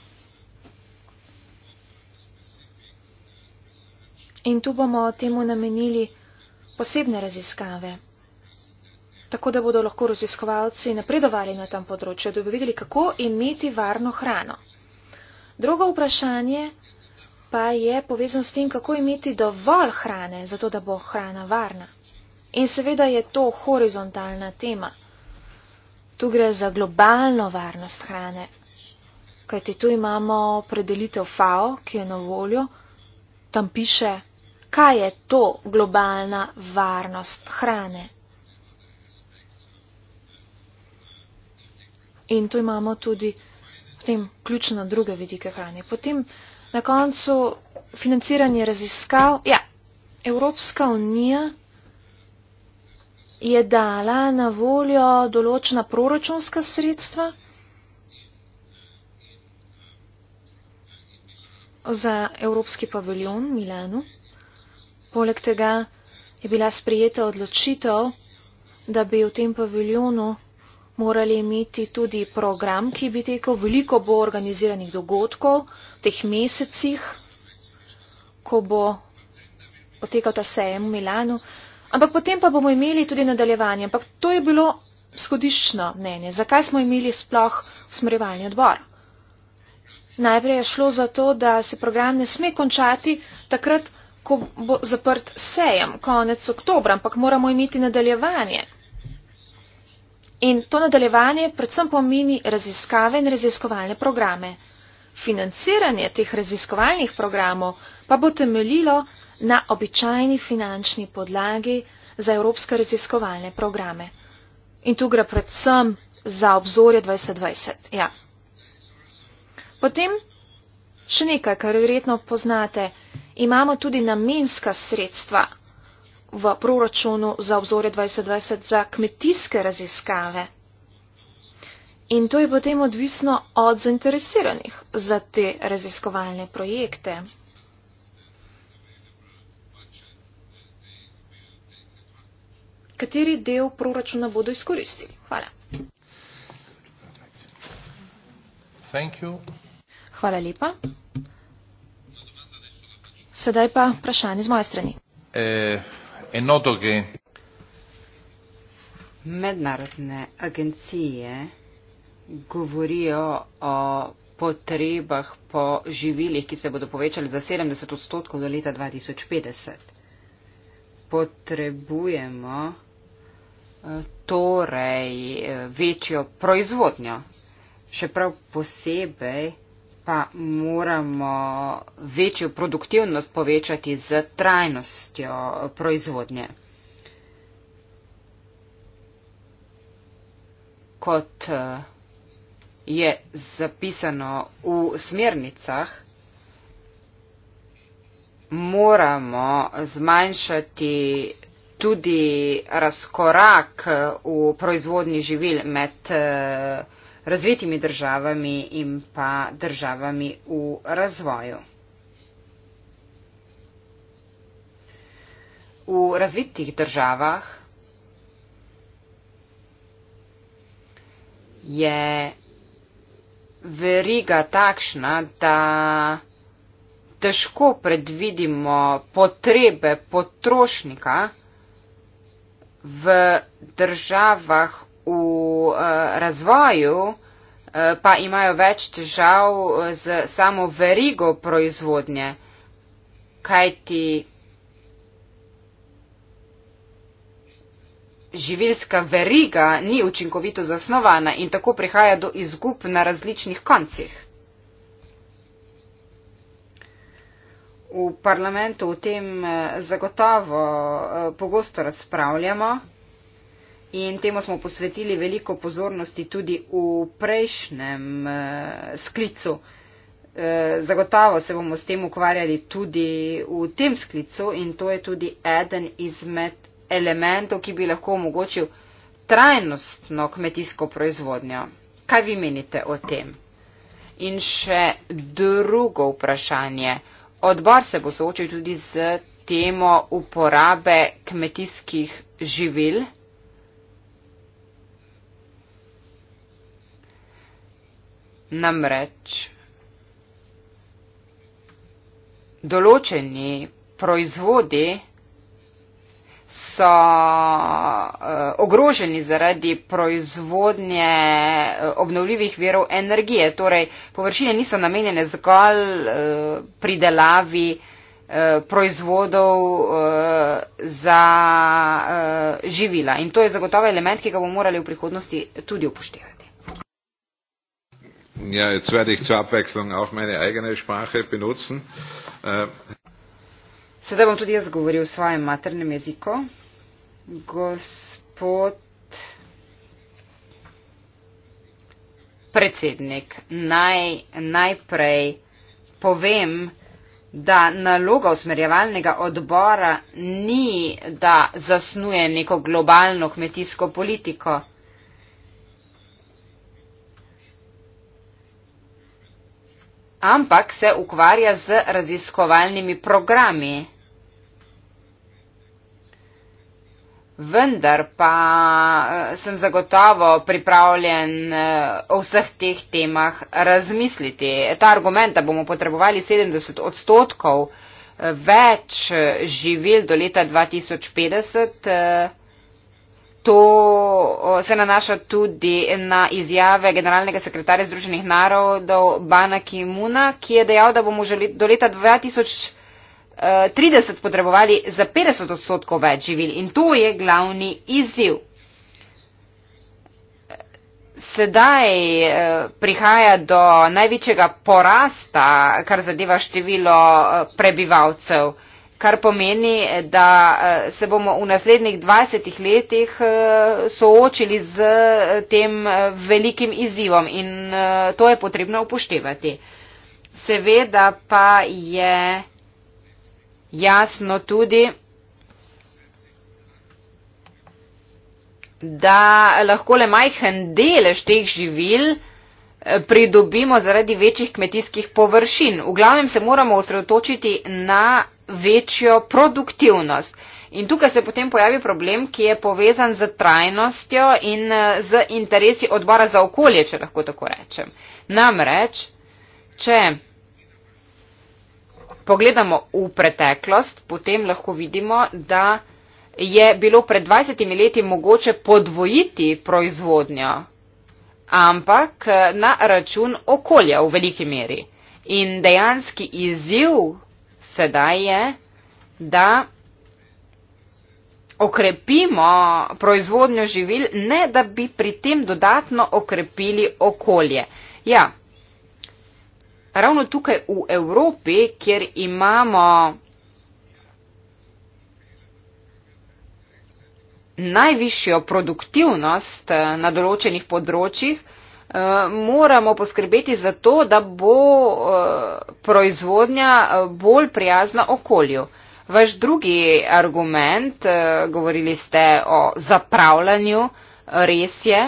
In tu bomo temu namenili posebne raziskave, tako da bodo lahko raziskovalci napredovali na tem področju, da bi videli, kako imeti varno hrano. Drugo vprašanje pa je povezano s tem, kako imeti dovolj hrane, zato da bo hrana varna. In seveda je to horizontalna tema. Tu gre za globalno varnost hrane, kajti tu imamo predelitev FAO, ki je na voljo, tam piše, kaj je to globalna varnost hrane. In tu imamo tudi potem ključno druge vidike hrane. Potem na koncu financiranje raziskav. Ja, Evropska unija je dala na voljo določena proračunska sredstva za Evropski paviljon v Milanu. Poleg tega je bila sprijeta odločitev, da bi v tem paviljonu morali imeti tudi program, ki bi tekel veliko bo organiziranih dogodkov v teh mesecih, ko bo potekal ta sejem v Milanu. Ampak potem pa bomo imeli tudi nadaljevanje. Ampak to je bilo skodiščno mnenje. Zakaj smo imeli sploh usmerjevalni odbor? Najprej je šlo za to, da se program ne sme končati takrat, ko bo zaprt sejem, konec oktobra, ampak moramo imeti nadaljevanje. In to nadaljevanje predvsem pomeni raziskave in raziskovalne programe. Financiranje teh raziskovalnih programov pa bo temeljilo na običajni finančni podlagi za evropske raziskovalne programe. In tu gre predvsem za obzorje 2020. Ja. Potem še nekaj, kar verjetno poznate, imamo tudi namenska sredstva v proračunu za obzorje 2020 za kmetijske raziskave. In to je potem odvisno od zainteresiranih za te raziskovalne projekte. kateri del proračuna bodo izkoristili. Hvala. Hvala lepa. Sedaj pa vprašanje z moje strani. Eh, Mednarodne agencije govorijo o potrebah po živilih, ki se bodo povečali za 70 odstotkov do leta 2050. Potrebujemo torej eh, večjo proizvodnjo. Še prav posebej pa moramo večjo produktivnost povečati z trajnostjo proizvodnje. Kot eh, je zapisano v smernicah, moramo zmanjšati tudi razkorak eh, v proizvodni živil med eh, razvitimi državami in pa državami v razvoju. V razvitih državah je veriga takšna, da težko predvidimo potrebe potrošnika, v državah v eh, razvoju eh, pa imajo več težav eh, z samo verigo proizvodnje, kajti živilska veriga ni učinkovito zasnovana in tako prihaja do izgub na različnih koncih. v parlamentu o tem eh, zagotovo eh, pogosto razpravljamo in temu smo posvetili veliko pozornosti tudi v prejšnjem eh, sklicu. Zagotovo se bomo s tem ukvarjali tudi v tem sklicu in to je tudi eden izmed elementov, ki bi lahko omogočil trajnostno kmetijsko proizvodnjo. Kaj vi menite o tem? In še drugo vprašanje. Odbor se bo soočil tudi z temo uporabe kmetijskih živil. Namreč določeni proizvodi so uh, ogroženi zaradi proizvodnje eh, obnovljivih verov energije. Torej, površine niso namenjene zgolj uh, pridelavi proizvodov za živila. In to je zagotovo element, ki ga bomo morali v prihodnosti tudi upoštevati. Ja, zdaj bom za abvekslung tudi moje lastne sprache benutzen. Äh, Sedaj bom tudi jaz govoril v svojem maternem jeziku. Gospod predsednik, naj, najprej povem, da naloga usmerjevalnega odbora ni, da zasnuje neko globalno kmetijsko politiko. ampak se ukvarja z raziskovalnimi programi. vendar pa eh, sem zagotovo pripravljen eh, o vseh teh temah razmisliti. Ta argument, da bomo potrebovali 70 odstotkov eh, več živil do leta 2050, To se nanaša tudi na izjave generalnega sekretarja Združenih narodov Bana Kimuna, ki je dejal, da bomo do leta 2050 30 eh, potrebovali za 50 odstotkov več živil in to je glavni izziv. Sedaj eh, prihaja do največjega porasta, kar zadeva število eh, prebivalcev, kar pomeni, da se bomo v naslednjih 20 letih soočili z tem velikim izzivom in to je potrebno upoštevati. Seveda pa je jasno tudi, da lahko le majhen delež teh živil eh, pridobimo zaradi večjih kmetijskih površin. V glavnem se moramo osredotočiti na večjo produktivnost. In tukaj se potem pojavi problem, ki je povezan z trajnostjo in eh, z interesi odbora za okolje, če lahko tako rečem. Namreč, če pogledamo v preteklost, potem lahko vidimo, da je bilo pred 20 leti mogoče podvojiti proizvodnjo, ampak na račun okolja v veliki meri. In dejanski izziv sedaj je, da okrepimo proizvodnjo živil, ne da bi pri tem dodatno okrepili okolje. Ja, ravno tukaj v Evropi, kjer imamo najvišjo produktivnost eh, na določenih področjih, eh, moramo poskrbeti za to, da bo eh, proizvodnja bolj prijazna okolju. Vaš drugi argument, govorili ste o zapravljanju, res je.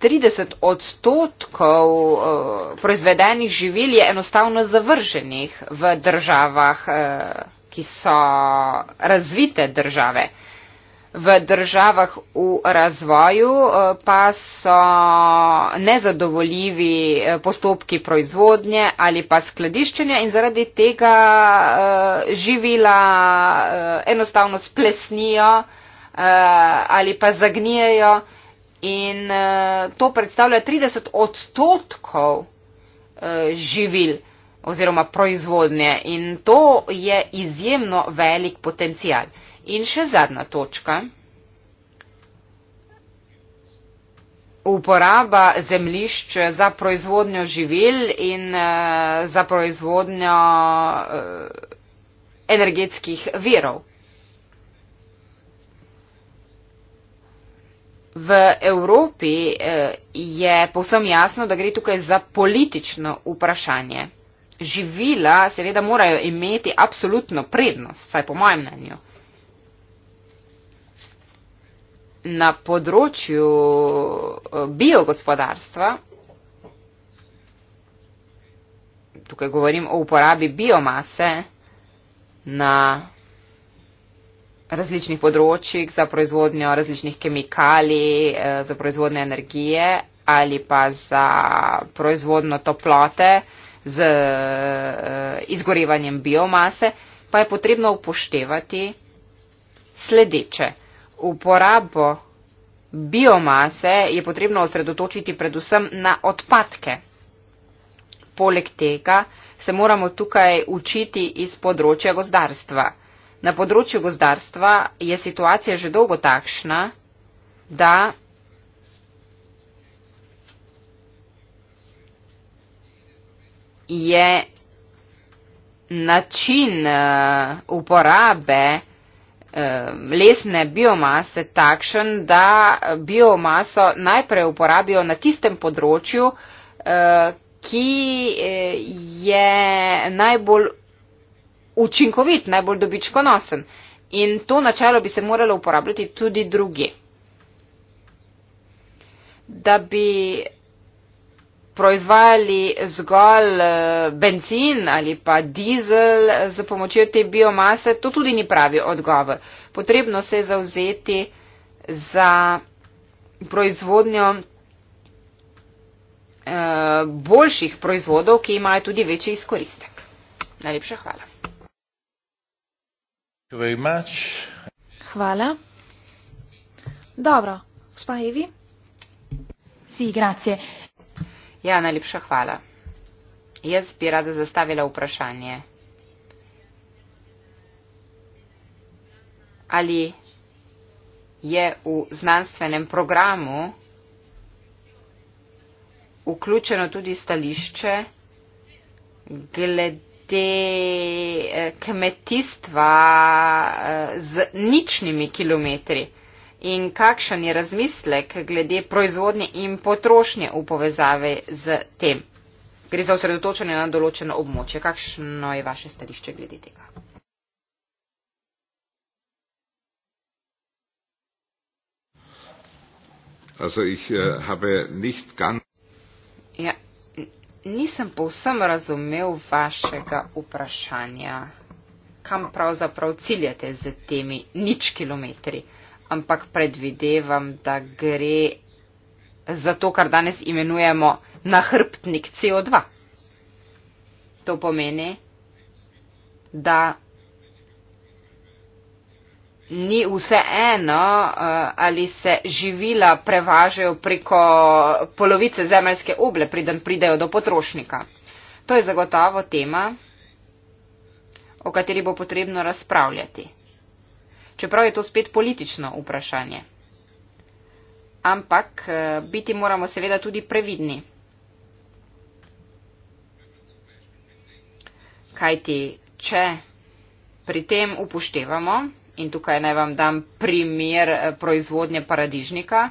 30 odstotkov eh, proizvedenih živil je enostavno zavrženih v državah, eh, ki so razvite države. V državah v razvoju eh, pa so nezadovoljivi postopki proizvodnje ali pa skladiščenja in zaradi tega živila enostavno splesnijo ali pa zagnijajo in eh, to predstavlja 30 odstotkov eh, živil oziroma proizvodnje in to je izjemno velik potencial. In še zadnja točka. Uporaba zemljišč za proizvodnjo živil in eh, za proizvodnjo energetskih virov. V Evropi eh, je povsem jasno, da gre tukaj za politično vprašanje. Živila seveda morajo imeti absolutno prednost, saj po mojem mnenju. Na področju eh, biogospodarstva, tukaj govorim o uporabi biomase na različnih področjih za proizvodnjo različnih kemikalij, eh, za proizvodnjo energije ali pa za proizvodnjo toplote z eh, izgorevanjem biomase, pa je potrebno upoštevati sledeče. Uporabo biomase je potrebno osredotočiti predvsem na odpadke. Poleg tega se moramo tukaj učiti iz področja gozdarstva. Na področju gozdarstva je situacija že dolgo takšna, da je način eh, uporabe eh, lesne biomase takšen, da biomaso najprej uporabijo na tistem področju, eh, ki je najbolj učinkovit, najbolj dobičkonosen. In to načelo bi se moralo uporabljati tudi druge. Da bi proizvajali zgolj eh, benzin ali pa dizel za pomočjo te biomase, to tudi ni pravi odgovor. Potrebno se je zauzeti za proizvodnjo eh, boljših proizvodov, ki imajo tudi večji izkoristek. Najlepša hvala. Hvala. Dobro, gospa Evi. Si, grazie. Ja, najlepša hvala. Jaz bi rada zastavila vprašanje. Ali je v znanstvenem programu vključeno tudi stališče glede te eh, kmetijstva eh, z ničnimi kilometri in kakšen je razmislek glede proizvodnje in potrošnje v povezave z tem. Gre za osredotočanje na določeno območje. Kakšno je vaše stališče glede tega? Also ich äh, habe nicht ganz. Ja, nisem povsem razumel vašega vprašanja, kam pravzaprav ciljate z temi nič kilometri, ampak predvidevam, da gre za to, kar danes imenujemo nahrbtnik CO2. To pomeni, da ni vseeno, eh, ali se živila prevažajo preko polovice zemeljske oble, preden pridejo do potrošnika. To je zagotovo tema, o kateri bo potrebno razpravljati. Čeprav je to spet politično vprašanje. Ampak eh, biti moramo seveda tudi previdni. Kajti, če pri tem upoštevamo, in tukaj naj vam dam primer eh, proizvodnje paradižnika.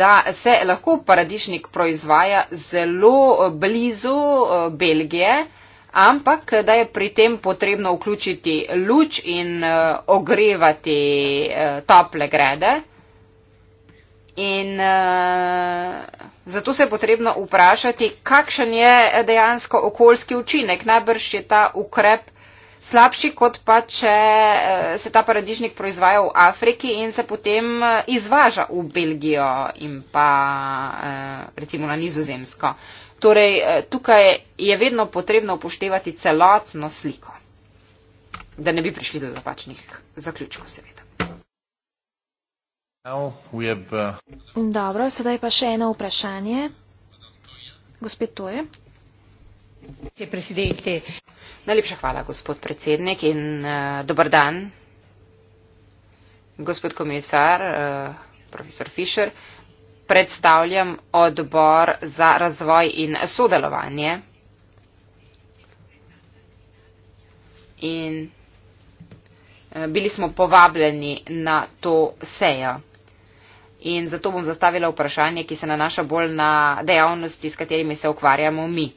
da se lahko paradišnik proizvaja zelo eh, blizu eh, Belgije, ampak da je pri tem potrebno vključiti luč in ogrevati tople grede. In, uh, Zato se je potrebno vprašati, kakšen je dejansko okoljski učinek. Najbrž je ta ukrep slabši, kot pa če eh, se ta paradižnik proizvaja v Afriki in se potem eh, izvaža v Belgijo in pa eh, recimo na nizozemsko. Torej, tukaj je vedno potrebno upoštevati celotno sliko, da ne bi prišli do napačnih zaključkov, seveda. Uh, Dobro, sedaj pa še eno vprašanje. Gospod Toje. Najlepša hvala, gospod predsednik in uh, dober dan, gospod komisar, uh, profesor Fischer. Predstavljam odbor za razvoj in sodelovanje. In uh, bili smo povabljeni na to sejo. In zato bom zastavila vprašanje, ki se nanaša bolj na dejavnosti, s katerimi se ukvarjamo mi.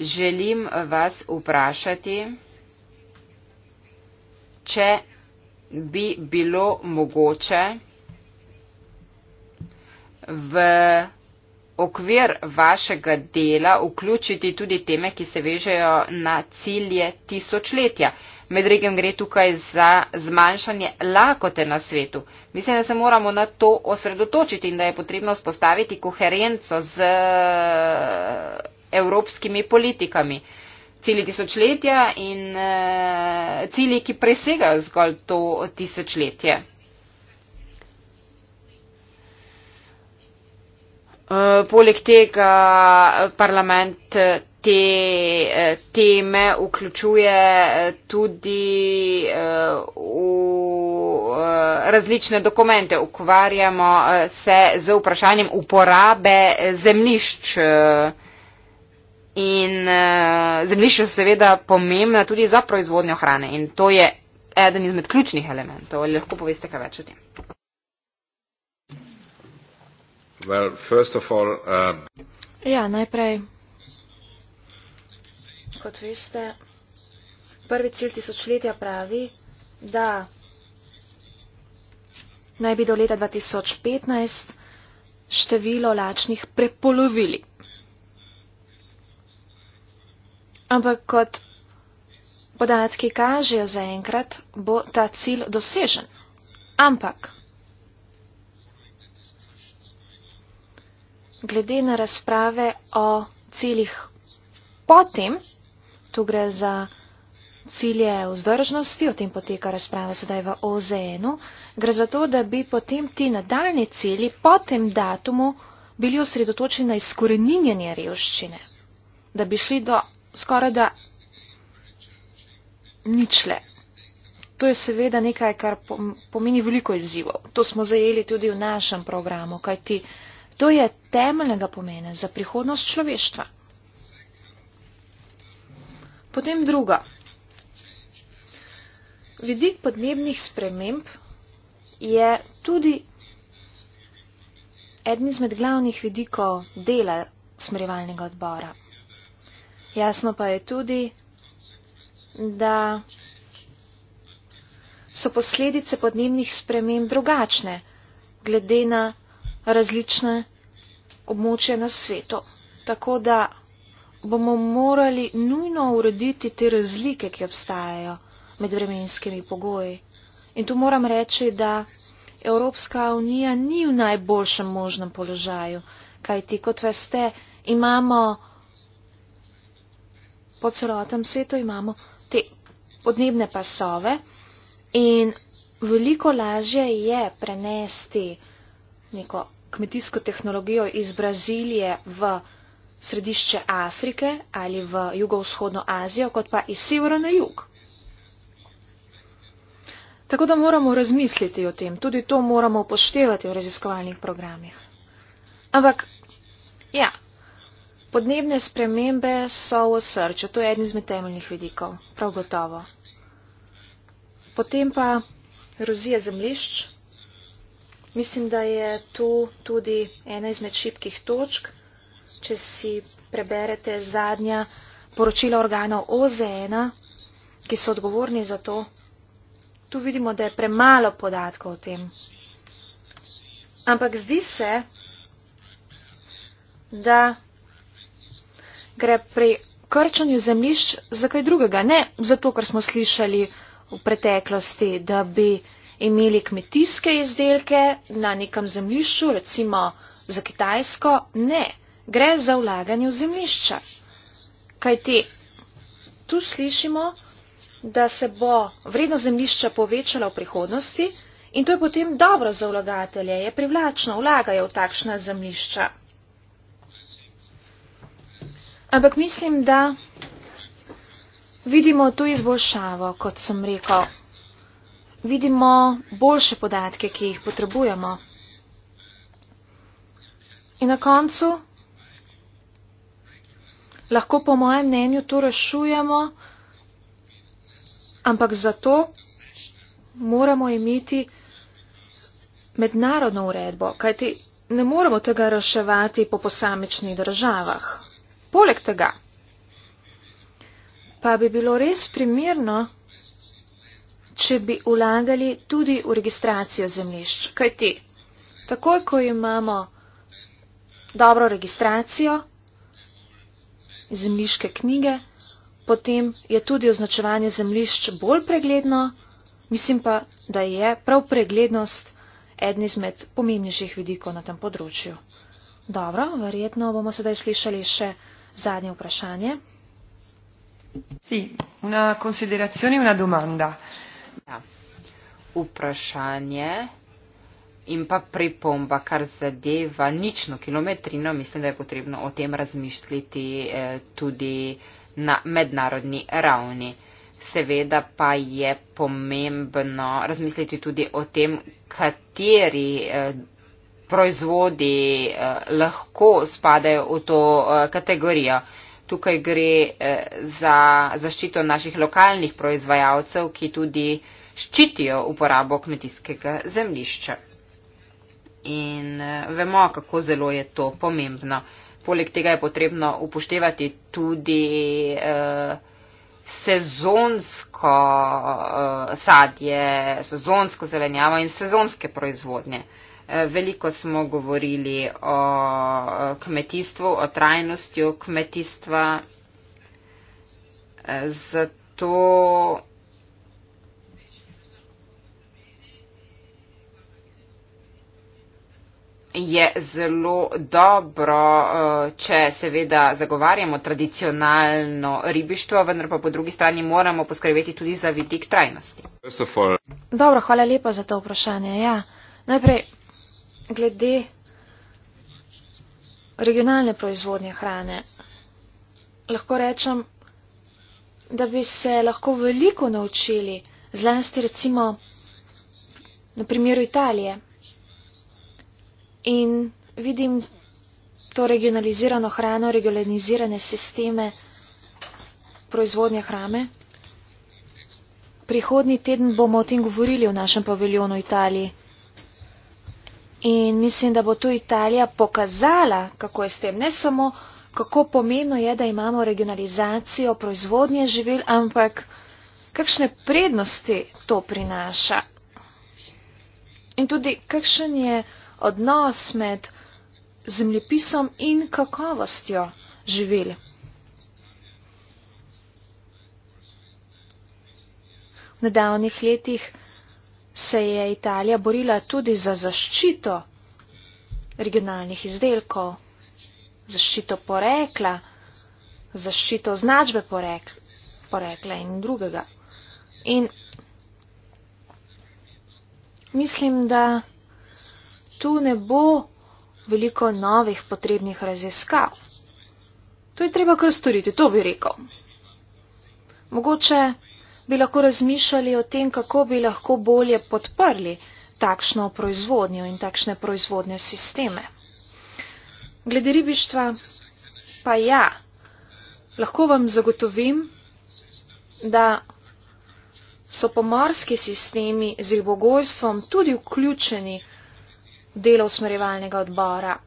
Želim vas vprašati, če bi bilo mogoče v okvir vašega dela vključiti tudi teme, ki se vežejo na cilje tisočletja. Med drugim gre tukaj za zmanjšanje lakote na svetu. Mislim, da se moramo na to osredotočiti in da je potrebno spostaviti koherenco z evropskimi politikami. Cili tisočletja in eh, cili, ki presegajo zgolj to tisočletje. Eh, poleg tega eh, parlament te eh, teme vključuje eh, tudi eh, v različne dokumente. Ukvarjamo se z vprašanjem uporabe zemljišč. In zemljišča so seveda pomembna tudi za proizvodnjo hrane in to je eden izmed ključnih elementov. Ali lahko poveste kaj več o tem? Well, first of all, uh... Ja, najprej kot veste, prvi cilj tisočletja pravi, da naj bi do leta 2015 število lačnih prepolovili. Ampak kot podatki kažejo zaenkrat, bo ta cilj dosežen. Ampak. Glede na razprave o ciljih potem, tu gre za cilje vzdržnosti, o tem poteka razprava sedaj v OZN-u, gre za to, da bi potem ti nadaljni cilji po tem datumu bili osredotočeni na izkoreninjanje revščine, da bi šli do skoraj da ničle. To je seveda nekaj, kar pomeni veliko izzivov. To smo zajeli tudi v našem programu, kajti to je temeljnega pomena za prihodnost človeštva. Potem druga. Vidik podnebnih sprememb je tudi eden izmed glavnih vidikov dela smerevalnega odbora. Jasno pa je tudi, da so posledice podnebnih sprememb drugačne, glede na različne območje na svetu. Tako da bomo morali nujno urediti te razlike, ki obstajajo med vremenskimi pogoji. In tu moram reči, da Evropska unija ni v najboljšem možnem položaju, kajti, kot veste, imamo po celotnem svetu imamo te podnebne pasove in veliko lažje je prenesti neko kmetijsko tehnologijo iz Brazilije v Evropo središče Afrike ali v jugovzhodno Azijo, kot pa iz severa na jug. Tako da moramo razmisliti o tem, tudi to moramo upoštevati v raziskovalnih programih. Ampak, ja, podnebne spremembe so v srču, to je eden izmed temeljnih vidikov, prav gotovo. Potem pa erozija zemlišč. Mislim, da je tu tudi ena izmed šipkih točk če si preberete zadnja poročila organov OZN, ki so odgovorni za to, tu vidimo, da je premalo podatkov o tem. Ampak zdi se, da gre pri krčanju zemljišč za kaj drugega. Ne zato, ker smo slišali v preteklosti, da bi imeli kmetijske izdelke na nekem zemljišču, recimo za Kitajsko. Ne gre za vlaganje v zemljišča. Kaj ti tu slišimo, da se bo vredno zemljišča povečala v prihodnosti in to je potem dobro za vlagatelje, je privlačno, vlagajo v takšna zemljišča. Ampak mislim, da vidimo tu izboljšavo, kot sem rekel. Vidimo boljše podatke, ki jih potrebujemo. In na koncu lahko po mojem mnenju to rešujemo, ampak zato moramo imeti mednarodno uredbo, kajti ne moramo tega reševati po posamičnih državah. Poleg tega pa bi bilo res primirno, če bi ulagali tudi v registracijo zemljišč. Kajti, takoj ko imamo dobro registracijo, zemljiške knjige, potem je tudi označevanje zemljišč bolj pregledno, mislim pa, da je prav preglednost eden izmed pomembnejših vidikov na tem področju. Dobro, verjetno bomo sedaj slišali še zadnje vprašanje. Si, una considerazione, una domanda. Ja. Vprašanje in pa pripomba, kar zadeva nično kilometrino, mislim, da je potrebno o tem razmišljati eh, tudi na mednarodni ravni. Seveda pa je pomembno razmisliti tudi o tem, kateri eh, proizvodi eh, lahko spadajo v to kategorijo. Tukaj gre za zaščito naših lokalnih proizvajalcev, ki tudi ščitijo uporabo kmetijskega zemljišča in eh, vemo, kako zelo je to pomembno. Poleg tega je potrebno upoštevati tudi eh, sezonsko eh, sadje, sezonsko zelenjavo in sezonske proizvodnje. Veliko smo govorili o kmetijstvu, o trajnosti kmetijstva. Zato. je zelo dobro, eh, če seveda zagovarjamo tradicionalno ribištvo, vendar pa po drugi strani moramo poskrbeti tudi za vidik trajnosti. Dobro, hvala lepa za to vprašanje. Ja. Najprej, glede regionalne proizvodnje hrane, lahko rečem, da bi se lahko veliko naučili, zlasti recimo na primeru Italije in vidim to regionalizirano hrano, regionalizirane sisteme proizvodnje hrame. Prihodni teden bomo o tem govorili v našem paviljonu v Italiji. In mislim, da bo tu Italija pokazala, kako je s tem. Ne samo, kako pomembno je, da imamo regionalizacijo proizvodnje živil, ampak kakšne prednosti to prinaša. In tudi, kakšen je odnos med zemljepisom in kakovostjo živel. V nedavnih letih se je Italija borila tudi za zaščito regionalnih izdelkov, zaščito porekla, zaščito označbe porekla in drugega. In mislim, da tu ne bo veliko novih potrebnih raziskav. To je treba kar storiti, to bi rekel. Mogoče bi lahko razmišljali o tem, kako bi lahko bolje podprli takšno proizvodnjo in takšne proizvodne sisteme. Glede ribištva pa ja, lahko vam zagotovim, da so pomorski sistemi z ribogojstvom tudi vključeni v delo usmerjevalnega odbora.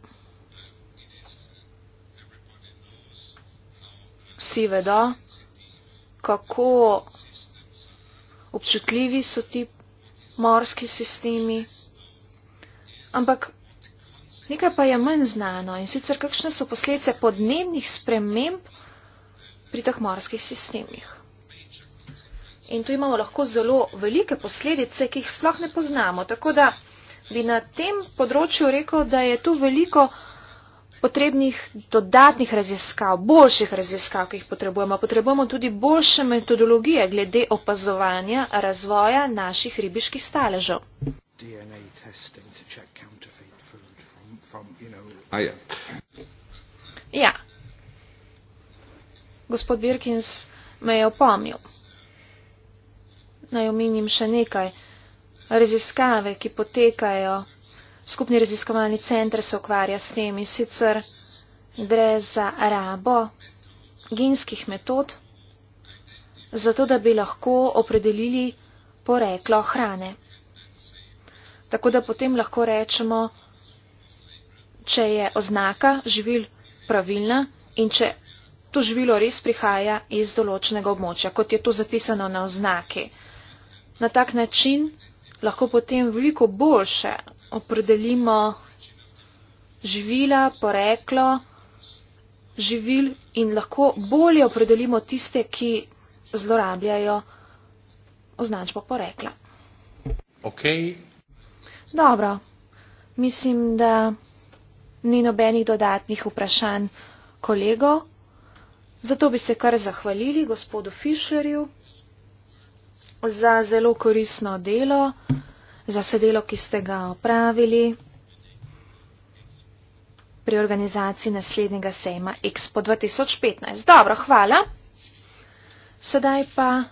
Vsi vedo, kako občutljivi so ti morski sistemi, ampak nekaj pa je manj znano in sicer kakšne so posledice podnebnih sprememb pri teh morskih sistemih. In tu imamo lahko zelo velike posledice, ki jih sploh ne poznamo. Tako da bi na tem področju rekel, da je tu veliko potrebnih dodatnih raziskav, boljših raziskav, ki jih potrebujemo. Potrebujemo tudi boljše metodologije glede opazovanja razvoja naših ribiških staležev. Ah, ja. ja, gospod Birkins me je opomnil. Naj omenim še nekaj raziskave, ki potekajo, skupni raziskovalni center se ukvarja s tem in sicer gre za rabo genskih metod, zato da bi lahko opredelili poreklo hrane. Tako da potem lahko rečemo, če je oznaka živil pravilna in če to živilo res prihaja iz določenega območja, kot je to zapisano na oznaki. Na tak način lahko potem veliko boljše opredelimo živila, poreklo živil in lahko bolje opredelimo tiste, ki zlorabljajo označbo porekla. Ok. Dobro. Mislim, da ni nobenih dodatnih vprašanj kolego. Zato bi se kar zahvalili gospodu Fischerju za zelo korisno delo, za vse delo, ki ste ga opravili pri organizaciji naslednjega sejma Expo 2015. Dobro, hvala. Sedaj pa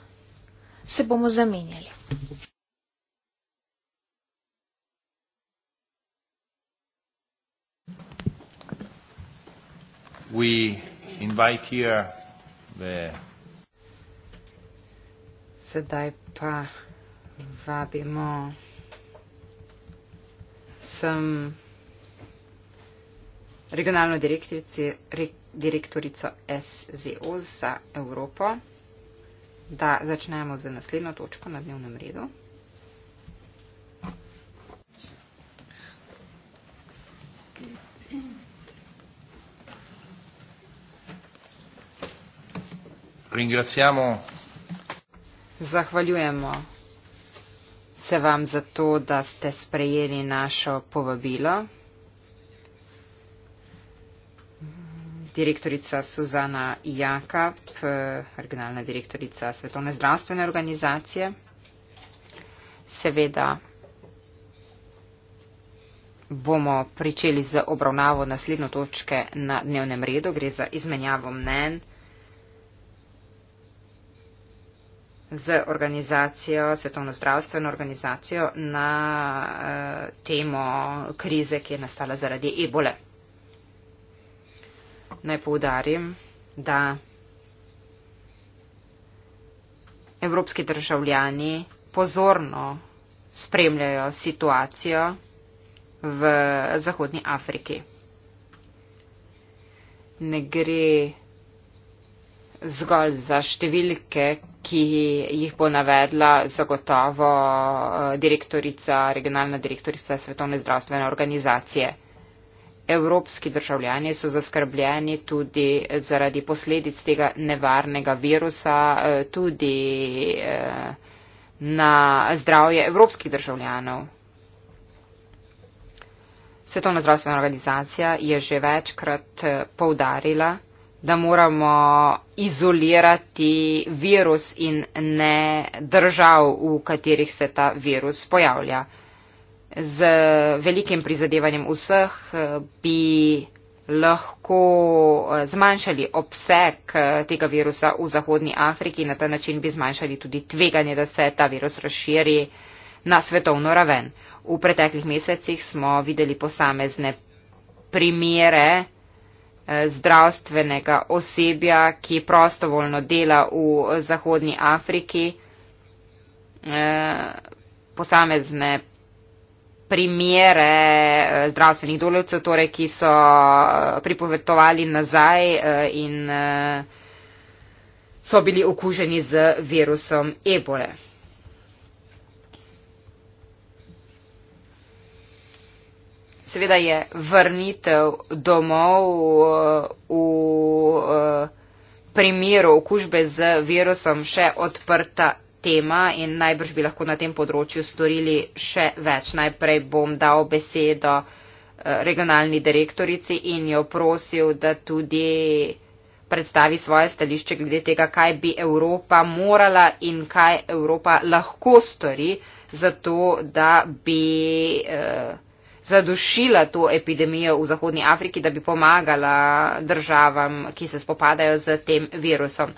se bomo zamenjali. We invite here the sedaj pa vabimo sem regionalno direktorico, re, direktorico SZO za Evropo, da začnemo z naslednjo točko na dnevnem redu. Ringraziamo Zahvaljujemo se vam za to, da ste sprejeli našo povabilo. Direktorica Suzana Jakab, originalna direktorica Svetovne zdravstvene organizacije. Seveda bomo pričeli z obravnavo naslednjo točke na dnevnem redu. Gre za izmenjavo mnen. z organizacijo, svetovno zdravstveno organizacijo na uh, temo krize, ki je nastala zaradi ebole. Naj poudarim, da evropski državljani pozorno spremljajo situacijo v Zahodnji Afriki. Ne gre zgolj za številke, ki jih bo navedla zagotovo eh, direktorica, regionalna direktorica Svetovne zdravstvene organizacije. Evropski državljani so zaskrbljeni tudi zaradi posledic tega nevarnega virusa, eh, tudi eh, na zdravje evropskih državljanov. Svetovna zdravstvena organizacija je že večkrat poudarila, da moramo izolirati virus in ne držav, v katerih se ta virus pojavlja. Z velikim prizadevanjem vseh eh, bi lahko eh, zmanjšali obseg eh, tega virusa v Zahodnji Afriki in na ta način bi zmanjšali tudi tveganje, da se ta virus razširi na svetovno raven. V preteklih mesecih smo videli posamezne primere, zdravstvenega osebja, ki prostovoljno dela v Zahodnji Afriki. E, posamezne primere e, zdravstvenih dolovcev, torej, ki so e, pripovedovali nazaj in so bili okuženi z virusom ebole. seveda je vrnitev domov eh, v eh, primeru okužbe z virusom še odprta tema in najbrž bi lahko na tem področju storili še več. Najprej bom dal besedo eh, regionalni direktorici in jo prosil, da tudi predstavi svoje stališče glede tega, kaj bi Evropa morala in kaj Evropa lahko stori, zato da bi eh, zadušila to epidemijo v Zahodnji Afriki, da bi pomagala državam, ki se spopadajo z tem virusom.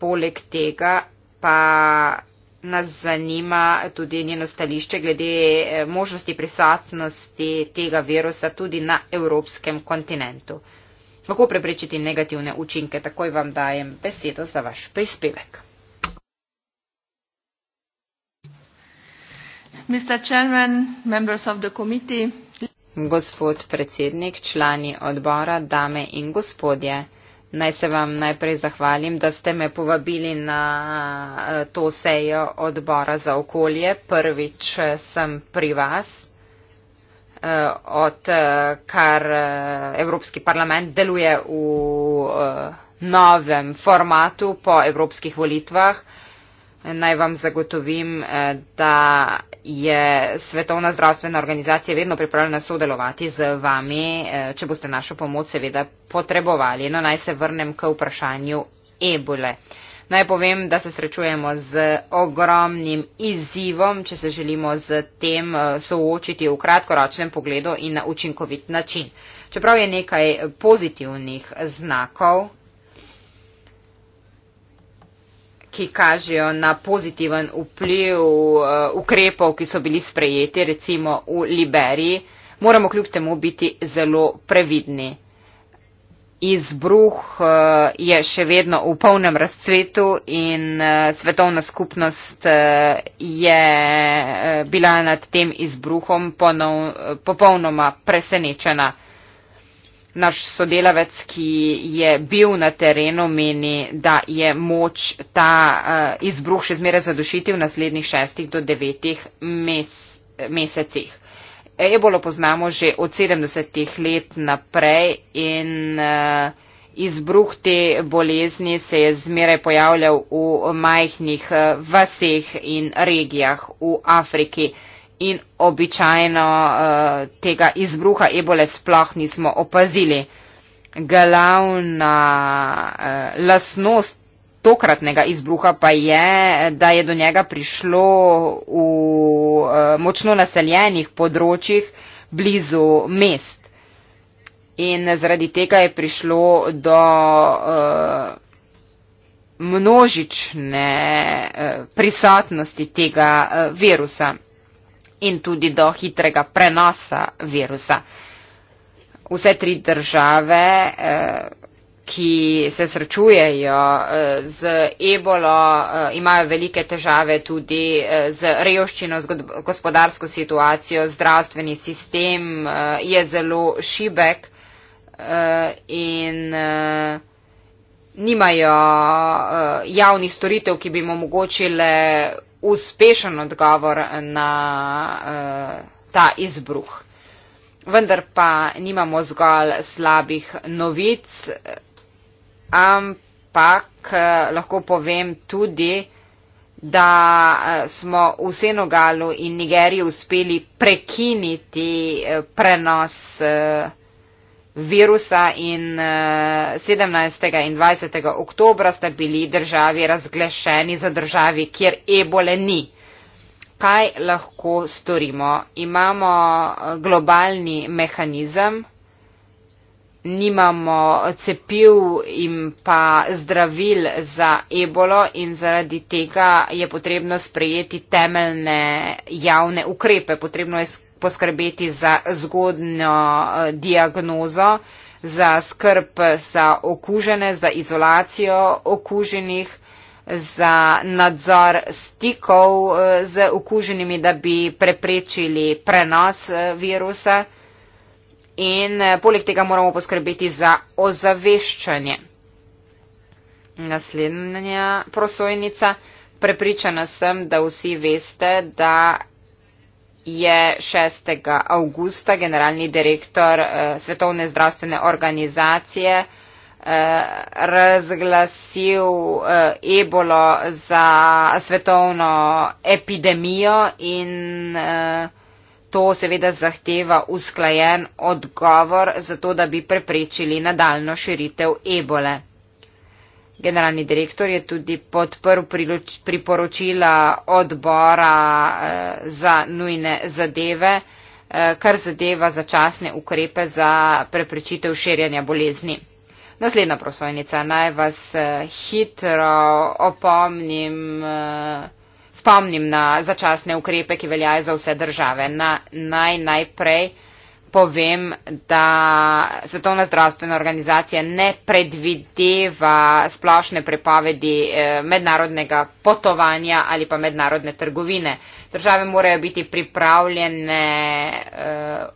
Poleg tega pa nas zanima tudi njeno stališče glede eh, možnosti prisotnosti tega virusa tudi na evropskem kontinentu. Kako preprečiti negativne učinke? Takoj vam dajem besedo za vaš prispevek. gospod predsednik, člani odbora, dame in gospodje. Naj se vam najprej zahvalim, da ste me povabili na eh, to sejo odbora za okolje. Prvič eh, sem pri vas, eh, odkar Evropski parlament deluje v novem formatu po evropskih volitvah naj vam zagotovim, eh, da je Svetovna zdravstvena organizacija vedno pripravljena sodelovati z vami, eh, če boste našo pomoč seveda potrebovali. No, naj se vrnem k vprašanju ebole. Naj povem, da se srečujemo z ogromnim izzivom, če se želimo z tem eh, soočiti v kratkoročnem pogledu in na učinkovit način. Čeprav je nekaj pozitivnih znakov, ki kažejo na pozitiven vpliv eh, ukrepov, ki so bili sprejeti recimo v Liberiji, moramo kljub temu biti zelo previdni. Izbruh eh, je še vedno v polnem razcvetu in eh, svetovna skupnost je bila nad tem izbruhom ponov, popolnoma presenečena. Naš sodelavec, ki je bil na terenu, meni, da je moč ta uh, izbruh še zmeraj zadušiti v naslednjih šestih do devetih mes, mesecih. Ebolo poznamo že od 70-ih let naprej in uh, izbruh te bolezni se je zmeraj pojavljal v majhnih uh, vaseh in regijah v Afriki. Uh, in običajno uh, tega izbruha ebole sploh nismo opazili. Glavna uh, eh, lasnost tokratnega izbruha pa je, da je do njega prišlo v uh, močno naseljenih področjih blizu mest. In zaradi tega je prišlo do uh, množične uh, prisotnosti tega uh, virusa in tudi do hitrega prenosa virusa. Vse tri države, eh, ki se srečujejo eh, z ebolo, eh, imajo velike težave tudi z revščino, z gospodarsko situacijo, zdravstveni sistem je zelo šibek in nimajo javnih storitev, ki bi jim omogočile uspešen odgovor na uh, ta izbruh. Vendar pa nimamo zgolj slabih novic, ampak uh, lahko povem tudi, da eh, smo v Senegalu in Nigeriji uspeli prekiniti prenos uh, virusa in 17. Eh, in 20. oktobra sta bili državi razglešeni za državi, kjer ebole ni. Kaj lahko storimo? Imamo eh, globalni mehanizem, nimamo cepiv in pa zdravil za ebolo in zaradi tega je potrebno sprejeti temeljne javne ukrepe. Potrebno je poskrbeti za zgodnjo eh, diagnozo, za skrb za okužene, za izolacijo okuženih, za nadzor stikov eh, z okuženimi, da bi preprečili prenos eh, virusa. In poleg tega moramo poskrbeti za ozaveščanje. Naslednja prosojnica. Prepričana sem, da vsi veste, da je 6. avgusta generalni direktor eh, Svetovne zdravstvene organizacije eh, razglasil eh, ebolo za svetovno epidemijo in to seveda zahteva usklajen odgovor za to, da bi preprečili nadaljno širitev ebole. Generalni direktor je tudi podprl priporočila odbora eh, za nujne zadeve, eh, kar zadeva začasne ukrepe za preprečitev širjanja bolezni. Naslednja prosojnica. Naj vas eh, hitro opomnim, spomnim na začasne ukrepe, ki veljajo za vse države. Na, naj najprej povem, da Svetovna zdravstvena organizacija ne predvideva splošne prepovedi eh, mednarodnega potovanja ali pa mednarodne trgovine. Države morajo biti pripravljene uh,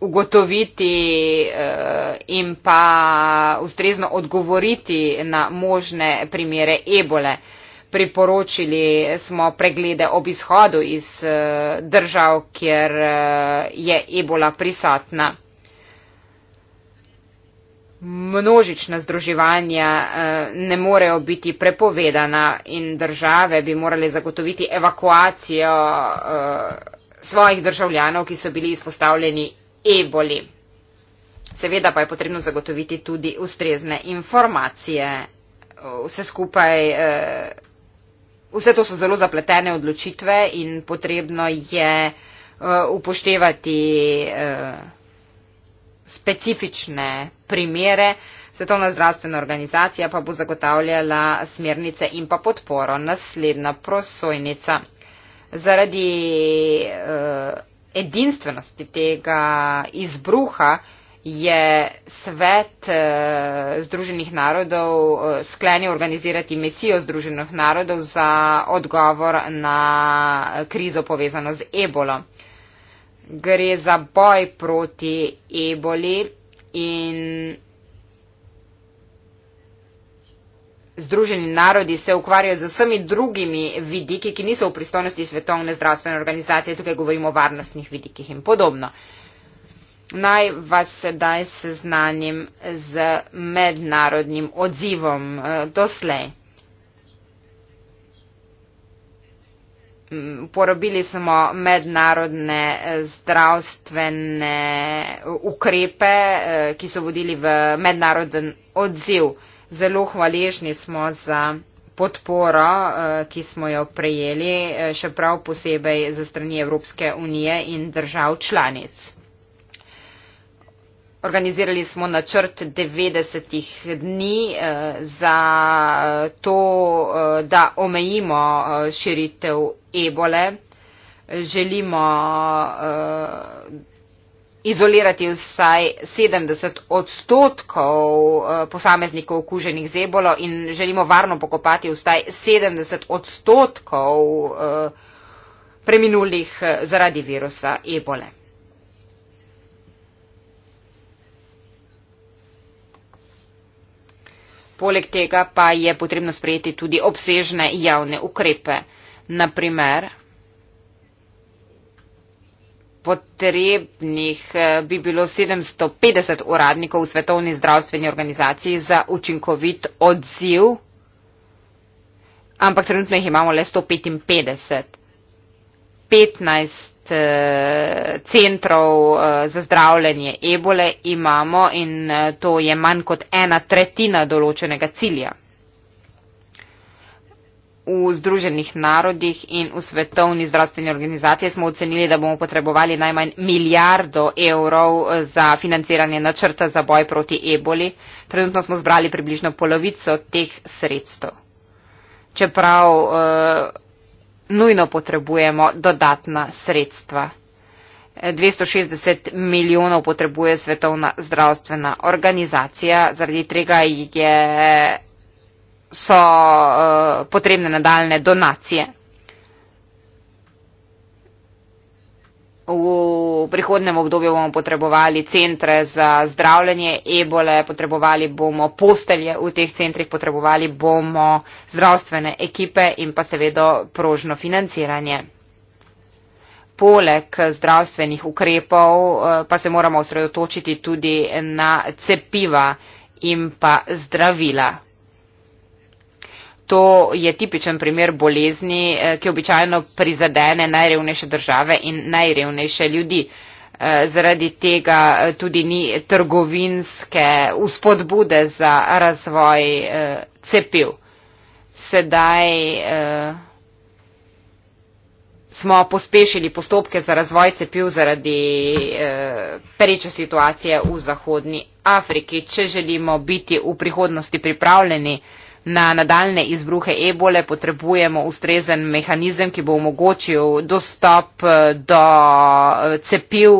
ugotoviti uh, in pa ustrezno odgovoriti na možne primere ebole. Uh, priporočili smo preglede ob izhodu iz eh, držav, kjer eh, je ebola prisotna. Množična združevanja eh, ne morejo biti prepovedana in države bi morali zagotoviti evakuacijo svojih državljanov, ki so bili izpostavljeni eboli. Seveda pa je potrebno zagotoviti tudi ustrezne informacije. Vse skupaj eh, vse to so zelo zapletene odločitve in potrebno je eh, upoštevati eh, specifične primere. Svetovna zdravstvena organizacija pa bo zagotavljala smernice in pa podporo. Naslednja prosojnica. Zaradi eh, edinstvenosti tega izbruha je svet eh, Združenih narodov eh, sklenil organizirati misijo Združenih narodov za odgovor na krizo povezano z ebolo. Gre za boj proti eboli in Združeni narodi se ukvarjajo z vsemi drugimi vidiki, ki niso v pristojnosti svetovne zdravstvene organizacije, tukaj govorimo o varnostnih vidikih in podobno. Naj vas sedaj seznanim z mednarodnim odzivom eh, doslej. Mm, porobili smo mednarodne eh, zdravstvene eh, ukrepe, ki so vodili v mednaroden odziv. Zelo hvaležni smo za podporo, ki smo jo prejeli, še prav posebej za strani Evropske unije in držav članic. Organizirali smo načrt 90 dni eh, za eh, to, eh, da omejimo širitev ebole. Želimo izolirati vsaj 70 odstotkov posameznikov okuženih z ebolo in želimo varno pokopati vsaj 70 odstotkov preminulih zaradi virusa ebole. Poleg tega pa je potrebno sprejeti tudi obsežne javne ukrepe. Naprimer, potrebnih eh, bi bilo 750 uradnikov v Svetovni zdravstveni organizaciji za učinkovit odziv, ampak trenutno jih imamo le 155. 15 Eh, centrov eh, za zdravljenje ebole imamo in eh, to je manj kot ena tretjina določenega cilja. V Združenih narodih in v Svetovni zdravstveni organizaciji smo ocenili, da bomo potrebovali najmanj milijardo evrov za financiranje načrta za boj proti eboli. Trenutno smo zbrali približno polovico teh sredstev. Čeprav uh, nujno potrebujemo dodatna sredstva. 260 milijonov potrebuje Svetovna zdravstvena organizacija, zaradi tega je, so uh, potrebne nadaljne donacije. V prihodnem obdobju bomo potrebovali centre za zdravljanje ebole, potrebovali bomo postelje v teh centrih, potrebovali bomo zdravstvene ekipe in pa seveda prožno financiranje. Poleg zdravstvenih ukrepov eh, pa se moramo osredotočiti tudi na cepiva in pa zdravila. To je tipičen primer bolezni, eh, ki običajno prizadene najrevnejše države in najrevnejše ljudi. Eh, zaradi tega eh, tudi ni trgovinske uspodbude za razvoj cepiv. Sedaj smo pospešili postopke za razvoj cepiv zaradi pereče situacije v Zahodni Afriki. Če želimo biti v prihodnosti pripravljeni, Na nadaljne izbruhe ebole potrebujemo ustrezen mehanizem, ki bo omogočil dostop eh, do eh, cepiv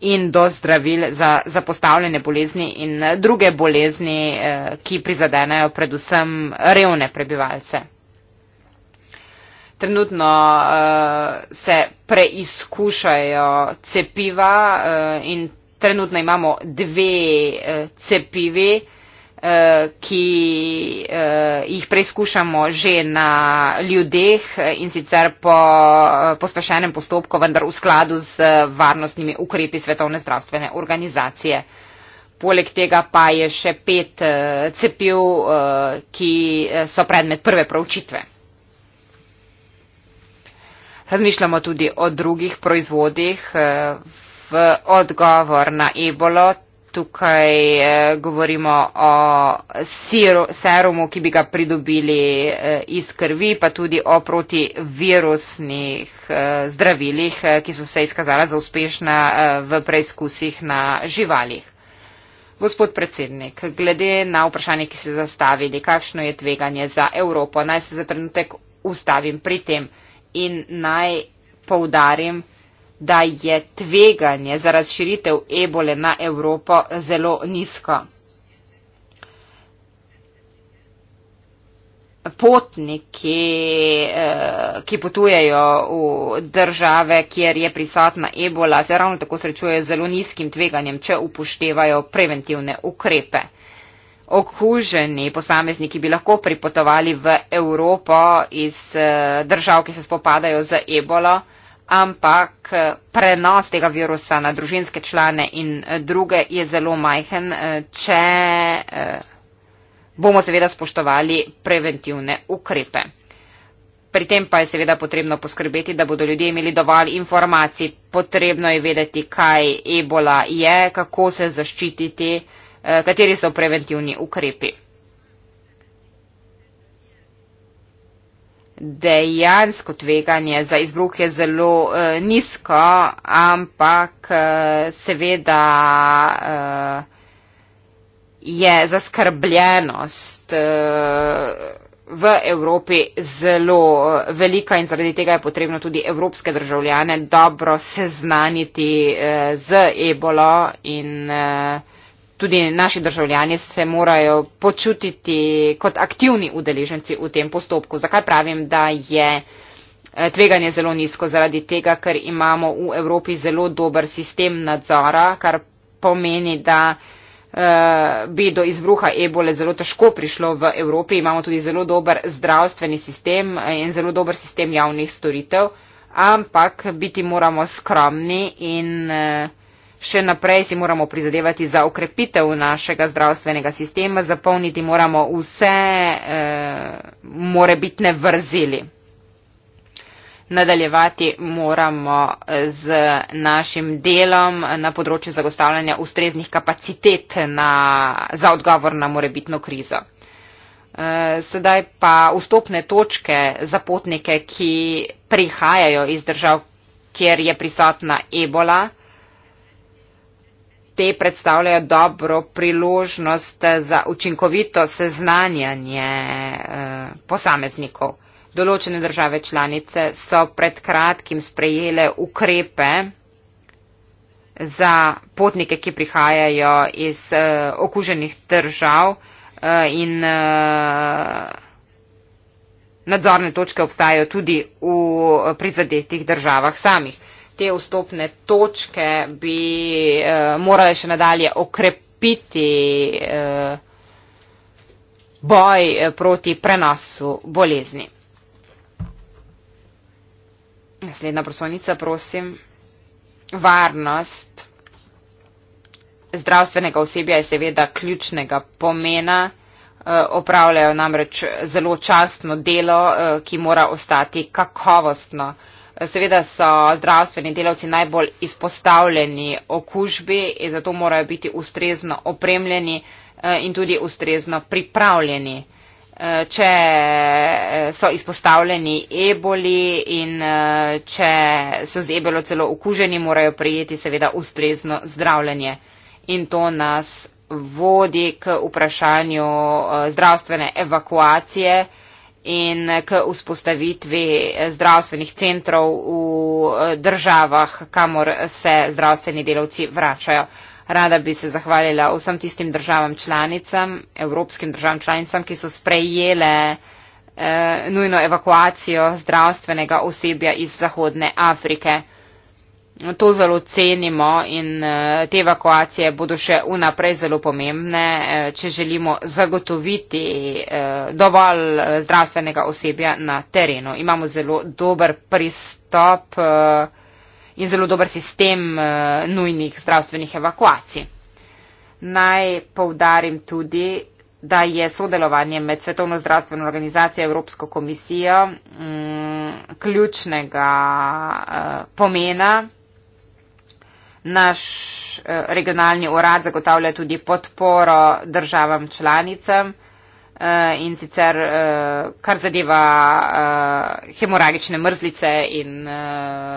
in do zdravil za zapostavljene bolezni in eh, druge bolezni, ki prizadenajo predvsem revne prebivalce. Trenutno uh, se preizkušajo cepiva uh, in trenutno imamo dve uh, cepivi. Uh, Eh, ki eh, jih preizkušamo že na ljudeh eh, in sicer po pospešenem postopku, vendar v skladu z varnostnimi ukrepi Svetovne zdravstvene organizacije. Poleg tega pa je še pet cepiv, ki so predmet prve pravčitve. Razmišljamo tudi o drugih proizvodih. V odgovor na ebolo tukaj eh, govorimo o siru, serumu, ki bi ga pridobili eh, iz krvi, pa tudi o protivirusnih eh, zdravilih, eh, ki so se izkazala za uspešna eh, v preizkusih na živalih. Gospod predsednik, glede na vprašanje, ki ste zastavili, kakšno je tveganje za Evropo, naj se za trenutek ustavim pri tem in naj poudarim, da je tveganje za razširitev ebole na Evropo zelo nizko. Potniki, eh, ki potujejo v države, kjer je prisotna ebola, se ravno tako srečujejo z zelo nizkim tveganjem, če upoštevajo preventivne ukrepe. Okuženi posamezniki bi lahko pripotovali v Evropo iz eh, držav, ki se spopadajo z ebolo ampak eh, prenos tega virusa na družinske člane in eh, druge je zelo majhen, eh, če bomo seveda spoštovali preventivne ukrepe. Pri tem pa je seveda potrebno poskrbeti, da bodo ljudje imeli dovolj informacij, potrebno je vedeti, kaj ebola je, kako se zaščititi, kateri so preventivni ukrepi. dejansko tveganje za izbruh je zelo uh, nizko, ampak uh, seveda uh, je zaskrbljenost uh, v Evropi zelo uh, velika in zaradi tega je potrebno tudi evropske državljane dobro seznaniti uh, z ebolo in uh, tudi naši državljani se morajo počutiti kot aktivni udeleženci v tem postopku. Zakaj pravim, da je eh, tveganje zelo nizko? Zaradi tega, ker imamo v Evropi zelo dober sistem nadzora, kar pomeni, da eh, bi do izbruha ebole zelo težko prišlo v Evropi. Imamo tudi zelo dober zdravstveni sistem eh, in zelo dober sistem javnih storitev, ampak biti moramo skromni in uh, Še naprej si moramo prizadevati za ukrepitev našega zdravstvenega sistema, zapolniti moramo vse e, morebitne vrzeli. Nadaljevati moramo eh, z našim delom na področju zagostavljanja ustreznih kapacitet na, za odgovor na morebitno krizo. Eh, sedaj pa vstopne točke za potnike, ki prihajajo iz držav, kjer je prisotna ebola te predstavljajo dobro priložnost za učinkovito seznanjanje eh, posameznikov. Določene države članice so pred kratkim sprejele ukrepe za potnike, ki prihajajo iz eh, okuženih držav eh, in nadzorne točke obstajajo tudi v prizadetih državah samih te vstopne točke bi uh, morale še nadalje okrepiti uh, boj eh, proti prenosu bolezni. Naslednja prosovnica, prosim. Varnost zdravstvenega osebja je seveda ključnega pomena. Opravljajo namreč zelo častno delo, ki mora ostati kakovostno. Seveda so zdravstveni delavci najbolj izpostavljeni okužbi in zato morajo biti ustrezno opremljeni eh, in tudi ustrezno pripravljeni. Eh, če eh, so izpostavljeni eboli in če so z ebolo celo okuženi, morajo prijeti seveda ustrezno zdravljenje. In to nas vodi k vprašanju zdravstvene evakuacije in k vzpostavitvi zdravstvenih centrov v eh, državah, kamor se zdravstveni delavci vračajo. Rada bi se zahvalila vsem tistim državam članicam, evropskim državam članicam, ki so sprejele eh, nujno evakuacijo zdravstvenega osebja iz Zahodne Afrike to zelo cenimo in eh, te evakuacije bodo še vnaprej zelo pomembne, eh, če želimo zagotoviti eh, dovolj zdravstvenega osebja na terenu. Imamo zelo dober pristop in zelo dober sistem nujnih zdravstvenih evakuacij. Naj povdarim tudi, da je sodelovanje med Svetovno zdravstveno organizacijo in Evropsko komisijo m, mm, ključnega uh, pomena, Naš eh, regionalni urad zagotavlja tudi podporo državam članicam eh, in sicer eh, kar zadeva hemoragične mrzlice in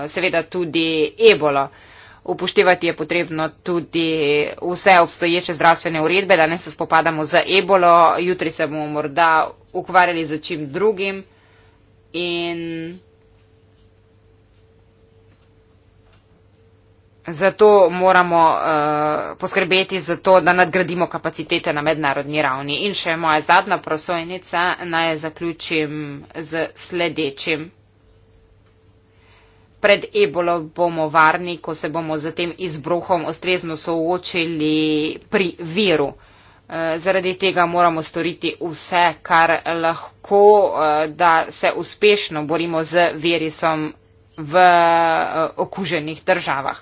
seveda tudi ebolo. Upoštevati je potrebno tudi vse obstoječe zdravstvene uredbe, danes se spopadamo z ebolo, jutri se bomo morda ukvarjali z čim drugim. In Zato moramo uh, poskrbeti za to, da nadgradimo kapacitete na mednarodni ravni. In še moja zadnja prosojnica, naj zaključim z sledečim. Pred ebolo bomo varni, ko se bomo z tem izbruhom ustrezno soočili pri viru. Eh, zaradi tega moramo storiti vse, kar lahko, eh, da se uspešno borimo z virusom v okuženih državah.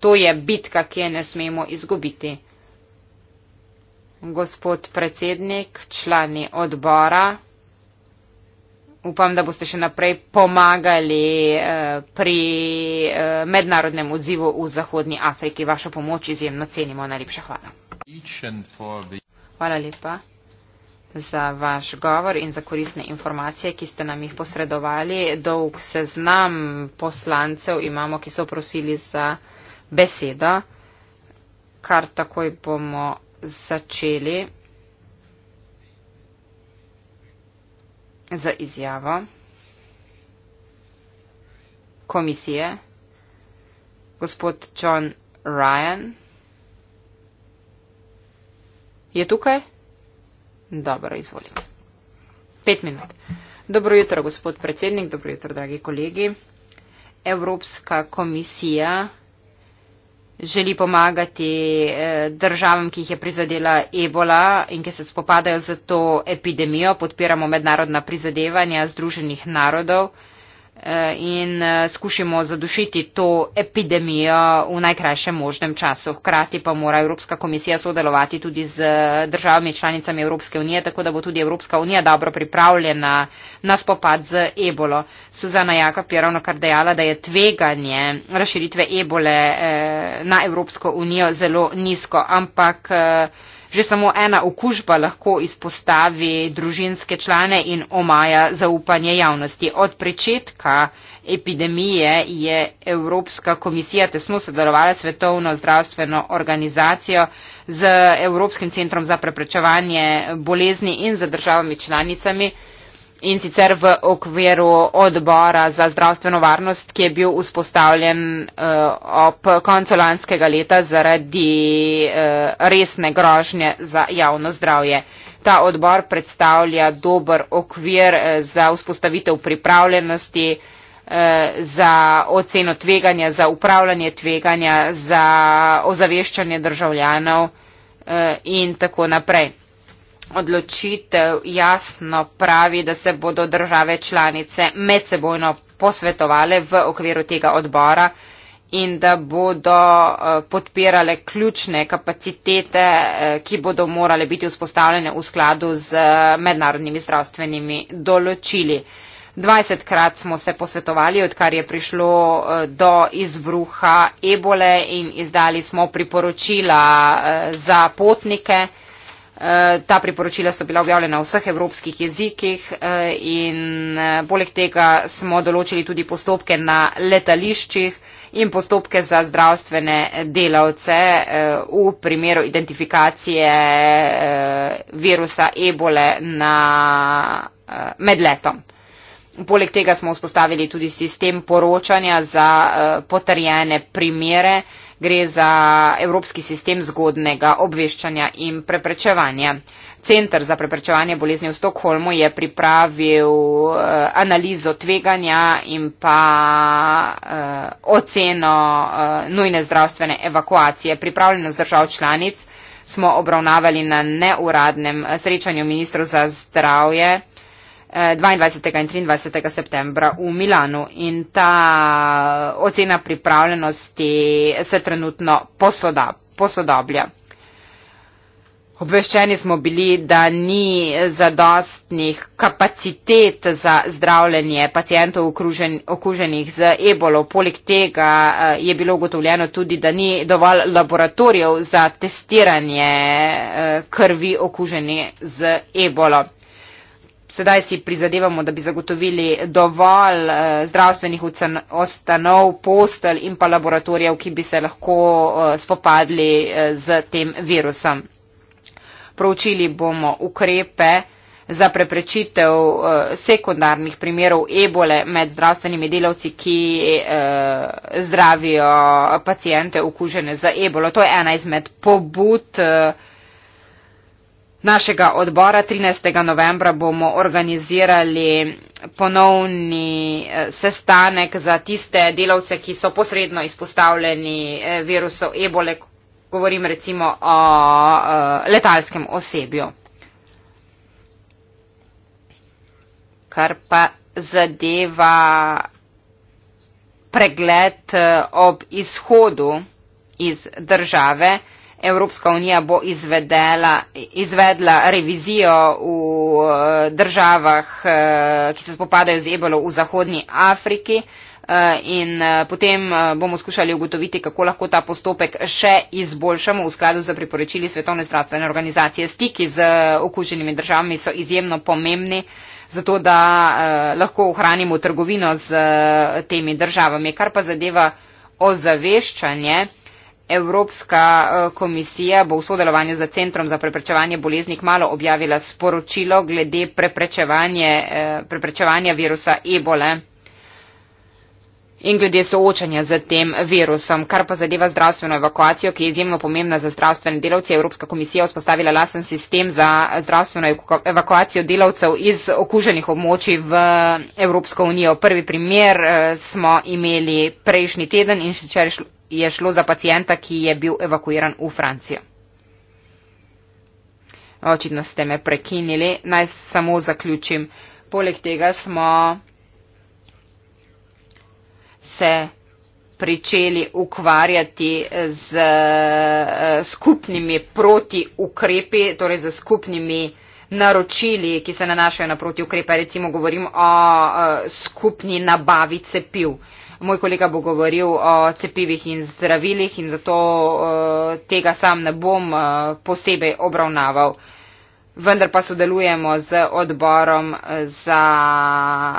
To je bitka, ki je ne smemo izgubiti. Gospod predsednik, člani odbora, upam, da boste še naprej pomagali eh, pri eh, mednarodnem odzivu v Zahodnji Afriki. Vašo pomoč izjemno cenimo. Najlepša hvala. Hvala lepa za vaš govor in za koristne informacije, ki ste nam jih posredovali. Dolg seznam poslancev imamo, ki so prosili za beseda, kar takoj bomo začeli za izjavo komisije. Gospod John Ryan je tukaj? Dobro, izvolite. Pet minut. Dobro jutro, gospod predsednik, dobro jutro, dragi kolegi. Evropska komisija želi pomagati eh, državam, ki jih je prizadela ebola in ki se spopadajo z to epidemijo. Podpiramo mednarodna prizadevanja Združenih narodov. Eh, in eh, skušimo zadušiti to epidemijo v najkrajšem možnem času. Hkrati pa mora Evropska komisija sodelovati tudi z eh, državami članicami Evropske unije, tako da bo tudi Evropska unija dobro pripravljena na spopad z ebolo. Suzana Jakab je ravno kar dejala, da je tveganje razširitve ebole na Evropsko unijo zelo nizko, ampak. Že samo ena okužba lahko izpostavi družinske člane in omaja zaupanje javnosti. Od pričetka epidemije je Evropska komisija, tesno sodelovala svetovno zdravstveno organizacijo z Evropskim centrom za preprečevanje bolezni in z državami članicami, in sicer v okviru odbora za zdravstveno varnost, ki je bil vzpostavljen uh, ob koncu lanskega leta zaradi uh, resne grožnje za javno zdravje. Ta odbor predstavlja dober okvir uh, za vzpostavitev pripravljenosti, za oceno tveganja, za upravljanje tveganja, za ozaveščanje državljanov in tako naprej odločitev jasno pravi, da se bodo države članice medsebojno posvetovale v okviru tega odbora in da bodo eh, podpirale ključne kapacitete, eh, ki bodo morale biti vzpostavljene v skladu z eh, mednarodnimi zdravstvenimi določili. 20 krat smo se posvetovali, odkar je prišlo do izbruha ebole in izdali smo priporočila za potnike. Eh, ta priporočila so bila objavljena v vseh evropskih jezikih eh, in eh, poleg tega smo določili tudi postopke na letališčih in postopke za zdravstvene delavce v primeru identifikacije virusa ebole na medletom. Poleg tega smo vzpostavili tudi sistem poročanja za potrjene primere gre za evropski sistem zgodnega obveščanja in preprečevanja. Centr za preprečevanje bolezni v Stokholmu je pripravil eh, analizo tveganja in pa eh, oceno eh, nujne zdravstvene evakuacije. Pripravljenost držav članic smo obravnavali na neuradnem srečanju ministrov za zdravje. 22. Eh, in 23. septembra v Milanu. In ta ocena pripravljenosti se trenutno posoda, posodoblja. Obveščeni smo bili, da ni zadostnih kapacitet za zdravljenje pacijentov okružen, okuženih z ebolo. Poleg tega eh, je bilo ugotovljeno tudi, da ni dovolj laboratorijev za testiranje eh, krvi okuženih z ebolo sedaj si prizadevamo, da bi zagotovili dovolj eh, zdravstvenih ustanov, postelj in pa laboratorijev, ki bi se lahko eh, spopadli z eh, tem virusom. Proučili bomo ukrepe za preprečitev sekundarnih primerov ebole med zdravstvenimi delavci, ki zdravijo pacijente okužene za ebolo. To je ena izmed pobud našega odbora. 13. novembra bomo organizirali ponovni eh, sestanek za tiste delavce, ki so posredno izpostavljeni eh, virusu ebole, govorim recimo o eh, letalskem osebju. Kar pa zadeva pregled ob izhodu iz države, Evropska unija bo izvedela, izvedla revizijo v eh, državah, eh, ki se spopadajo z ebolo v Zahodnji Afriki eh, in potem bomo skušali ugotoviti, kako lahko ta postopek še izboljšamo v skladu za priporočili Svetovne zdravstvene organizacije. Stiki z okuženimi državami so izjemno pomembni zato da eh, lahko ohranimo trgovino z eh, temi državami. Kar pa zadeva ozaveščanje, Evropska eh, komisija bo v sodelovanju z Centrom za preprečevanje bolezni kmalo objavila sporočilo glede preprečevanje, eh, preprečevanja virusa ebole in glede soočanja z tem virusom. Kar pa zadeva zdravstveno evakuacijo, ki je izjemno pomembna za zdravstvene delavce, Evropska komisija vzpostavila lasen sistem za zdravstveno evakuacijo delavcev iz okuženih območij v eh, Evropsko unijo. Prvi primer smo imeli prejšnji teden in še je šlo za pacijenta, ki je bil evakuiran v Francijo. Očitno ste me prekinili, naj samo zaključim. Poleg tega smo se pričeli ukvarjati z eh, skupnimi protiukrepi, torej z skupnimi naročili, ki se nanašajo na protiukrepe, recimo govorim o eh, skupni nabavi cepiv. Moj kolega bo govoril o cepivih in zdravilih in zato eh, tega sam ne bom eh, posebej obravnaval. Vendar pa sodelujemo z odborom eh, za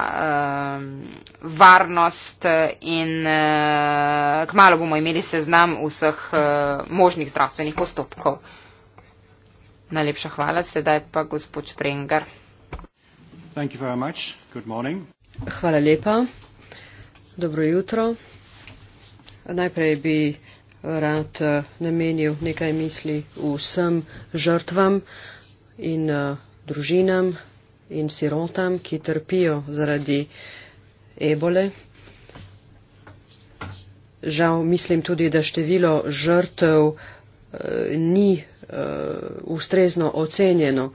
um, varnost in uh, kmalo bomo imeli seznam vseh uh, možnih zdravstvenih postopkov. Najlepša hvala, sedaj pa gospod Sprenger. Hvala lepa. Dobro jutro. Najprej bi rad eh, namenil nekaj misli vsem žrtvam in eh, družinam in sirotam, ki trpijo zaradi ebole. Žal mislim tudi, da število žrtev eh, ni ustrezno ocenjeno,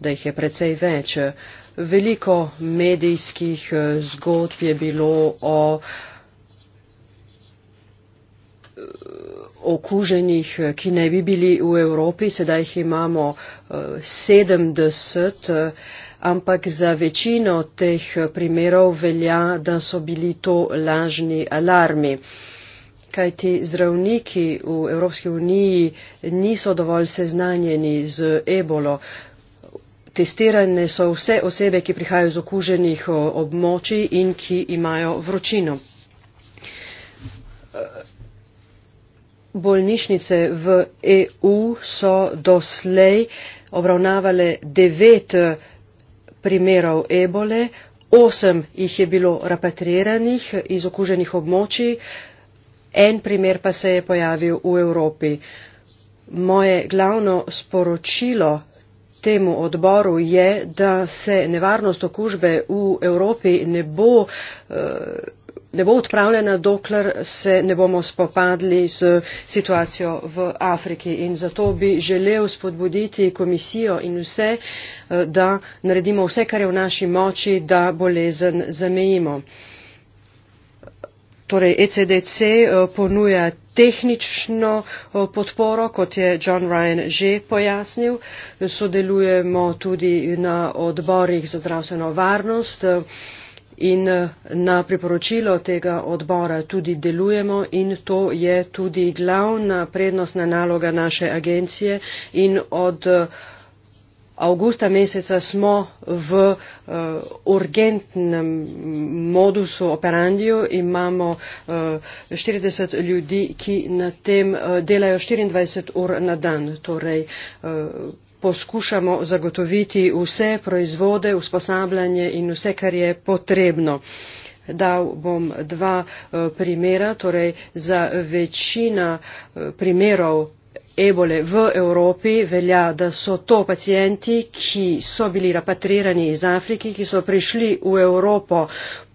da jih je precej več. Veliko medijskih eh, zgodb je bilo o eh, okuženih, eh, ki ne bi bili v Evropi, sedaj jih imamo 70, ampak za večino teh primerov velja, da so bili to lažni alarmi. Kaj ti zdravniki v Evropski uniji niso dovolj seznanjeni z ebolo testirane so vse osebe, ki prihajajo iz okuženih območij in ki imajo vročino. Bolnišnice v EU so doslej obravnavale devet eh, primerov ebole, osem jih je bilo repatriranih iz okuženih območij, en primer pa se je pojavil v Evropi. Moje glavno sporočilo temu odboru je, da se nevarnost okužbe v Evropi ne bo, eh, ne bo odpravljena, dokler se ne bomo spopadli s situacijo v Afriki. In zato bi želel spodbuditi komisijo in vse, eh, da naredimo vse, kar je v naši moči, da bolezen zamejimo torej ECDC eh, ponuja tehnično eh, podporo, kot je John Ryan že pojasnil. Sodelujemo tudi na odborih za zdravstveno varnost eh, in na priporočilo tega odbora tudi delujemo in to je tudi glavna prednostna naloga naše agencije in od avgusta meseca smo v uh, urgentnem modusu operandiju, imamo uh, eh, 40 ljudi, ki na tem uh, delajo 24 ur na dan. Torej, uh, poskušamo zagotoviti vse proizvode, usposabljanje in vse, kar je potrebno. Dal bom dva uh, primera, torej za večina uh, primerov ebole v Evropi velja, da so to pacijenti, ki so bili rapatrirani iz Afrike, ki so prišli v Evropo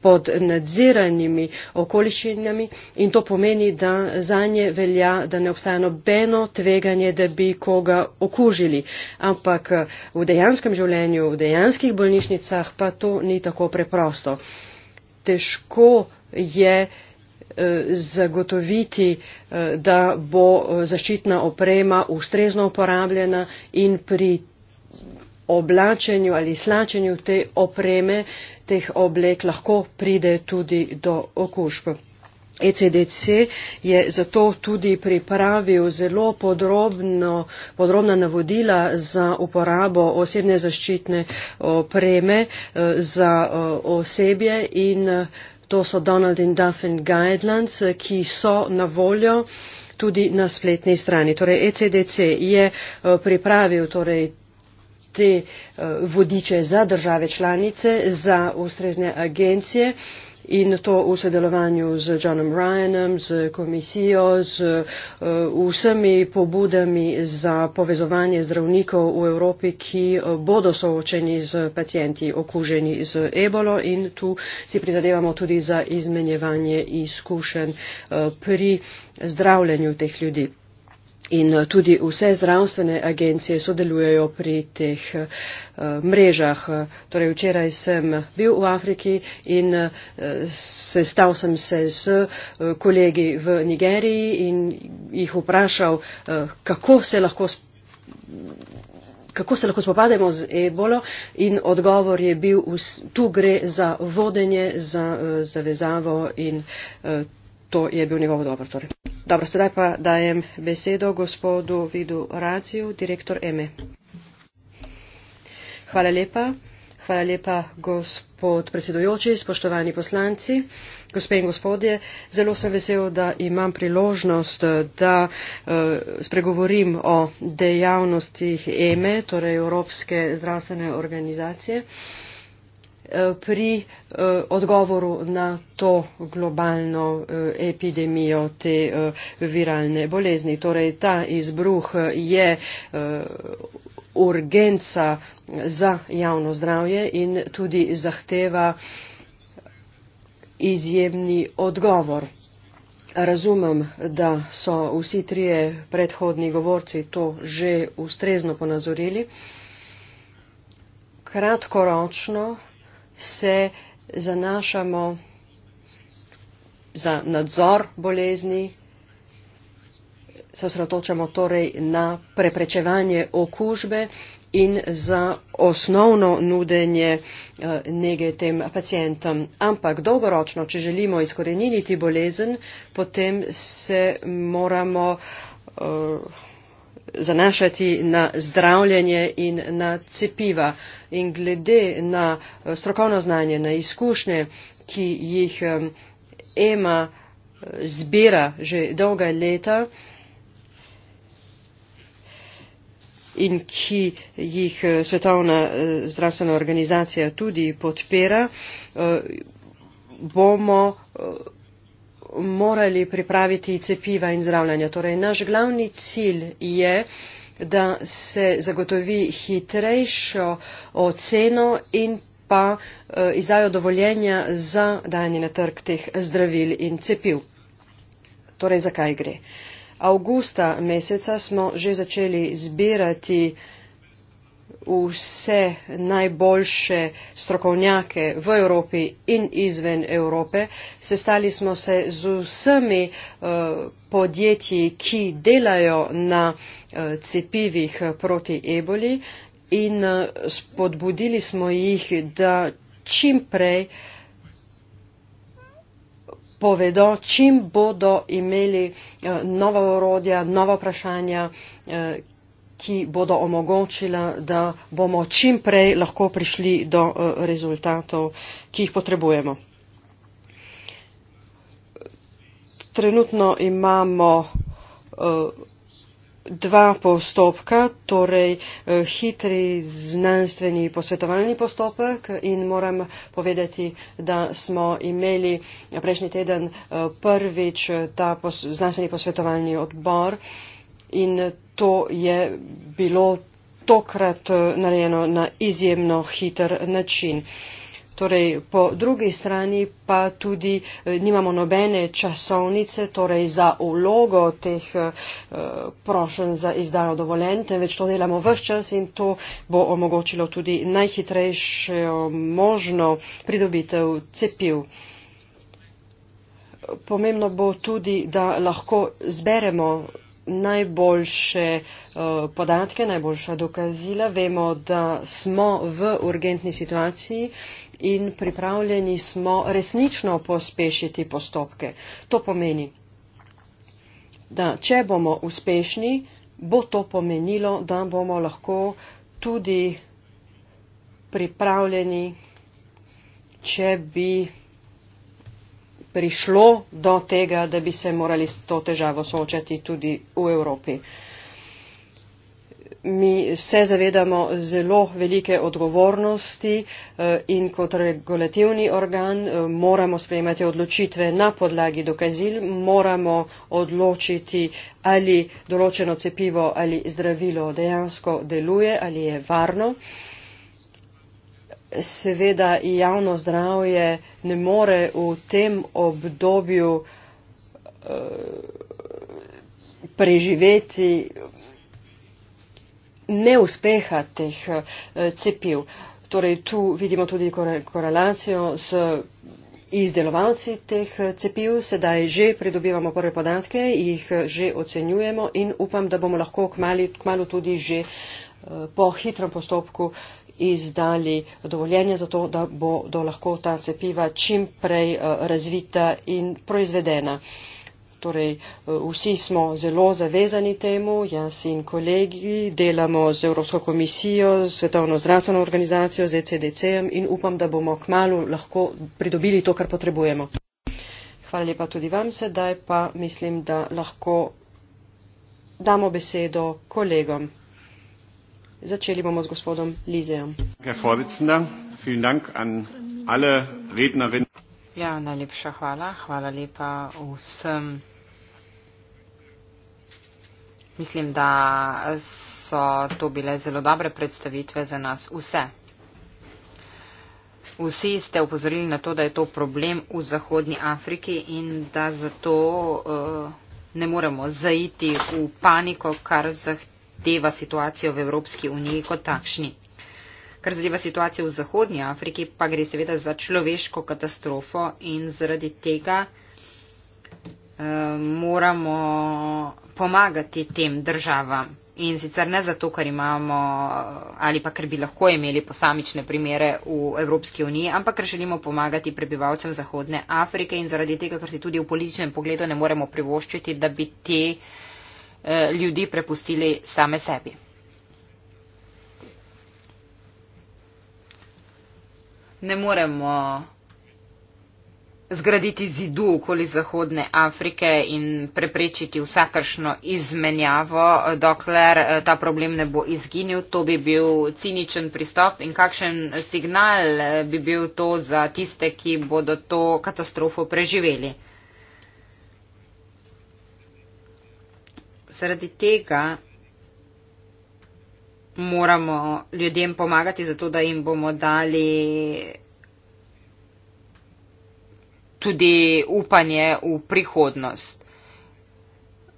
pod nadziranimi okoliščinami in to pomeni, da za nje velja, da ne obstaja nobeno tveganje, da bi koga okužili. Ampak v dejanskem življenju, v dejanskih bolnišnicah pa to ni tako preprosto. Težko je zagotoviti, eh, da bo eh, zaščitna oprema ustrezno uporabljena in pri oblačenju ali slačenju te opreme, teh oblek lahko pride tudi do okužb. ECDC je zato tudi pripravil zelo podrobno, podrobna navodila za uporabo osebne zaščitne opreme eh, za osebje in to so Donald in Duffin Guidelines, eh, ki so na voljo tudi na spletni strani. Torej, ECDC je eh, pripravil torej, te eh, vodiče za države članice, za ustrezne agencije in to v sodelovanju z Johnom Ryanom, z komisijo, z eh, vsemi pobudami za povezovanje zdravnikov v Evropi, ki eh, bodo soočeni z pacijenti okuženi z ebolo in tu si prizadevamo tudi za izmenjevanje izkušenj eh, pri zdravljenju teh ljudi in eh, tudi vse zdravstvene agencije sodelujejo pri teh eh, mrežah. Torej, včeraj sem bil v Afriki in eh, sestal sem se s kolegi v Nigeriji in jih vprašal, kako se lahko kako se lahko spopademo z ebolo in odgovor je bil, tu gre za vodenje, za zavezavo in to je bil njegov odgovor. Torej. Dobro, sedaj pa dajem besedo gospodu Vidu Raciju, direktor EME. Hvala lepa. Hvala lepa, gospod predsedujoči, spoštovani poslanci, gospe in gospodje. Zelo sem vesel, da imam priložnost, da eh, spregovorim o dejavnostih EME, torej Evropske zdravstvene organizacije pri eh, odgovoru na to globalno eh, epidemijo te eh, viralne bolezni. Torej, ta izbruh je urgenca za javno zdravje in tudi zahteva izjemni odgovor. Razumem, da so vsi trije predhodni govorci to že ustrezno ponazorili. Kratkoročno se zanašamo za nadzor bolezni, se osredotočamo torej na preprečevanje okužbe in za osnovno nudenje eh, nege tem pacijentom. Ampak dolgoročno, če želimo izkoreniniti bolezen, potem se moramo. Uh, zanašati na zdravljenje in na cepiva. In glede na eh, strokovno znanje, na izkušnje, ki jih EMA eh, zbira že dolga leta in ki jih eh, Svetovna zdravstvena organizacija tudi podpira, bomo morali pripraviti cepiva in zdravljanja. Torej, naš glavni cilj je, da se zagotovi hitrejšo oceno in pa eh, izdajo dovoljenja za dajanje na trg teh zdravil in cepiv. Torej, zakaj gre? Augusta meseca smo že začeli zbirati eh, vse najboljše strokovnjake v Evropi in izven Evrope. Sestali smo se z vsemi eh, podjetji, ki delajo na eh, cepivih proti eboli in eh, spodbudili smo jih, da čim prej povedo, čim bodo imeli nova orodja, nova vprašanja, ki bodo omogočila, da bomo čim prej lahko prišli do eh, rezultatov, ki jih potrebujemo. Trenutno imamo eh, dva postopka, torej eh, hitri znanstveni posvetovalni postopek in moram povedati, da smo imeli prejšnji teden prvič ta znanstveni posvetovalni odbor in to je bilo tokrat eh, narejeno na izjemno hiter način. Torej, po drugi strani pa tudi eh, nimamo nobene časovnice torej za ulogo teh eh, prošen za izdajo dovolen, temveč to delamo vse čas in to bo omogočilo tudi najhitrejšo možno pridobitev cepiv. Pomembno bo tudi, da lahko zberemo najboljše uh, podatke, najboljša dokazila. Vemo, da smo v urgentni situaciji in pripravljeni smo resnično pospešiti postopke. To pomeni, da če bomo uspešni, bo to pomenilo, da bomo lahko tudi pripravljeni, če bi prišlo do tega, da bi se morali s to težavo soočati tudi v Evropi. Mi se zavedamo zelo velike odgovornosti eh, in kot regulativni organ eh, moramo sprejemati odločitve na podlagi dokazil, moramo odločiti, ali določeno cepivo ali zdravilo dejansko deluje, ali je varno seveda javno zdravje ne more v tem obdobju eh, preživeti neuspeha teh eh, cepiv. Torej, tu vidimo tudi korelacijo z izdelovalci teh eh, cepiv. Sedaj že pridobivamo prve podatke, jih že ocenjujemo in upam, da bomo lahko kmali, kmalo tudi že po hitrem postopku izdali dovoljenje za to, da bodo lahko ta cepiva čim prej eh, razvita in proizvedena. Torej, eh, vsi smo zelo zavezani temu, jaz in kolegi delamo z Evropsko komisijo, z Svetovno zdravstveno organizacijo, z ECDC-em in upam, da bomo kmalo lahko pridobili to, kar potrebujemo. Hvala lepa tudi vam sedaj, pa mislim, da lahko damo besedo kolegom. Začeli bomo z gospodom Lizejem. Ja, najlepša hvala. Hvala lepa vsem. Mislim, da so to bile zelo dobre predstavitve za nas vse. Vsi ste upozorili na to, da je to problem v Zahodnji Afriki in da zato uh, ne moremo zaiti v paniko, kar zahteva zahteva situacijo v Evropski uniji kot takšni. Kar zadeva situacijo v Zahodnji Afriki, pa gre seveda za človeško katastrofo in zaradi tega eh, moramo pomagati tem državam. In sicer ne zato, ker imamo eh, ali pa ker bi lahko imeli posamične primere v Evropski uniji, ampak ker želimo pomagati prebivalcem Zahodne Afrike in zaradi tega, ker si tudi v političnem pogledu ne moremo privoščiti, da bi te eh, Eh, ljudi prepustili same sebi. Ne moremo zgraditi zidu okoli Zahodne Afrike in preprečiti vsakršno izmenjavo, eh, dokler eh, ta problem ne bo izginil. To bi bil ciničen pristop in kakšen signal bi bil to za tiste, ki bodo to katastrofo preživeli. zaradi tega moramo ljudem pomagati, zato da jim bomo dali tudi upanje v prihodnost.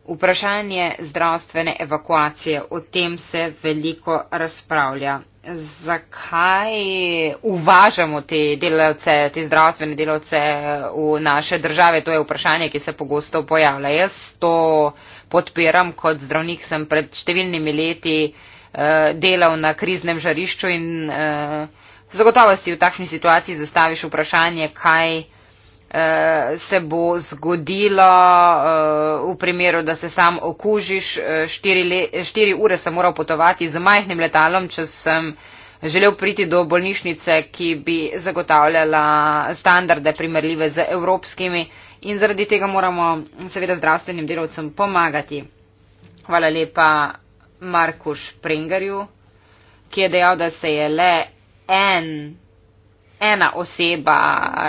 Vprašanje zdravstvene evakuacije, o tem se veliko razpravlja. Zakaj uvažamo te delavce, te zdravstvene delavce v naše države? To je vprašanje, ki se pogosto pojavlja. Jaz to uh, podpiram. Kot zdravnik sem pred številnimi leti eh, delal na kriznem žarišču in eh, zagotovo si v takšni situaciji zastaviš vprašanje, kaj eh, se bo zgodilo eh, v primeru, da se sam okužiš. Eh, štiri, le, štiri ure sem moral potovati z majhnim letalom, če sem. Želel priti do bolnišnice, ki bi zagotavljala standarde primerljive z evropskimi. Uh, in zaradi tega moramo seveda zdravstvenim delovcem pomagati. Hvala lepa Marku Springerju, ki je dejal, da se je le en, ena oseba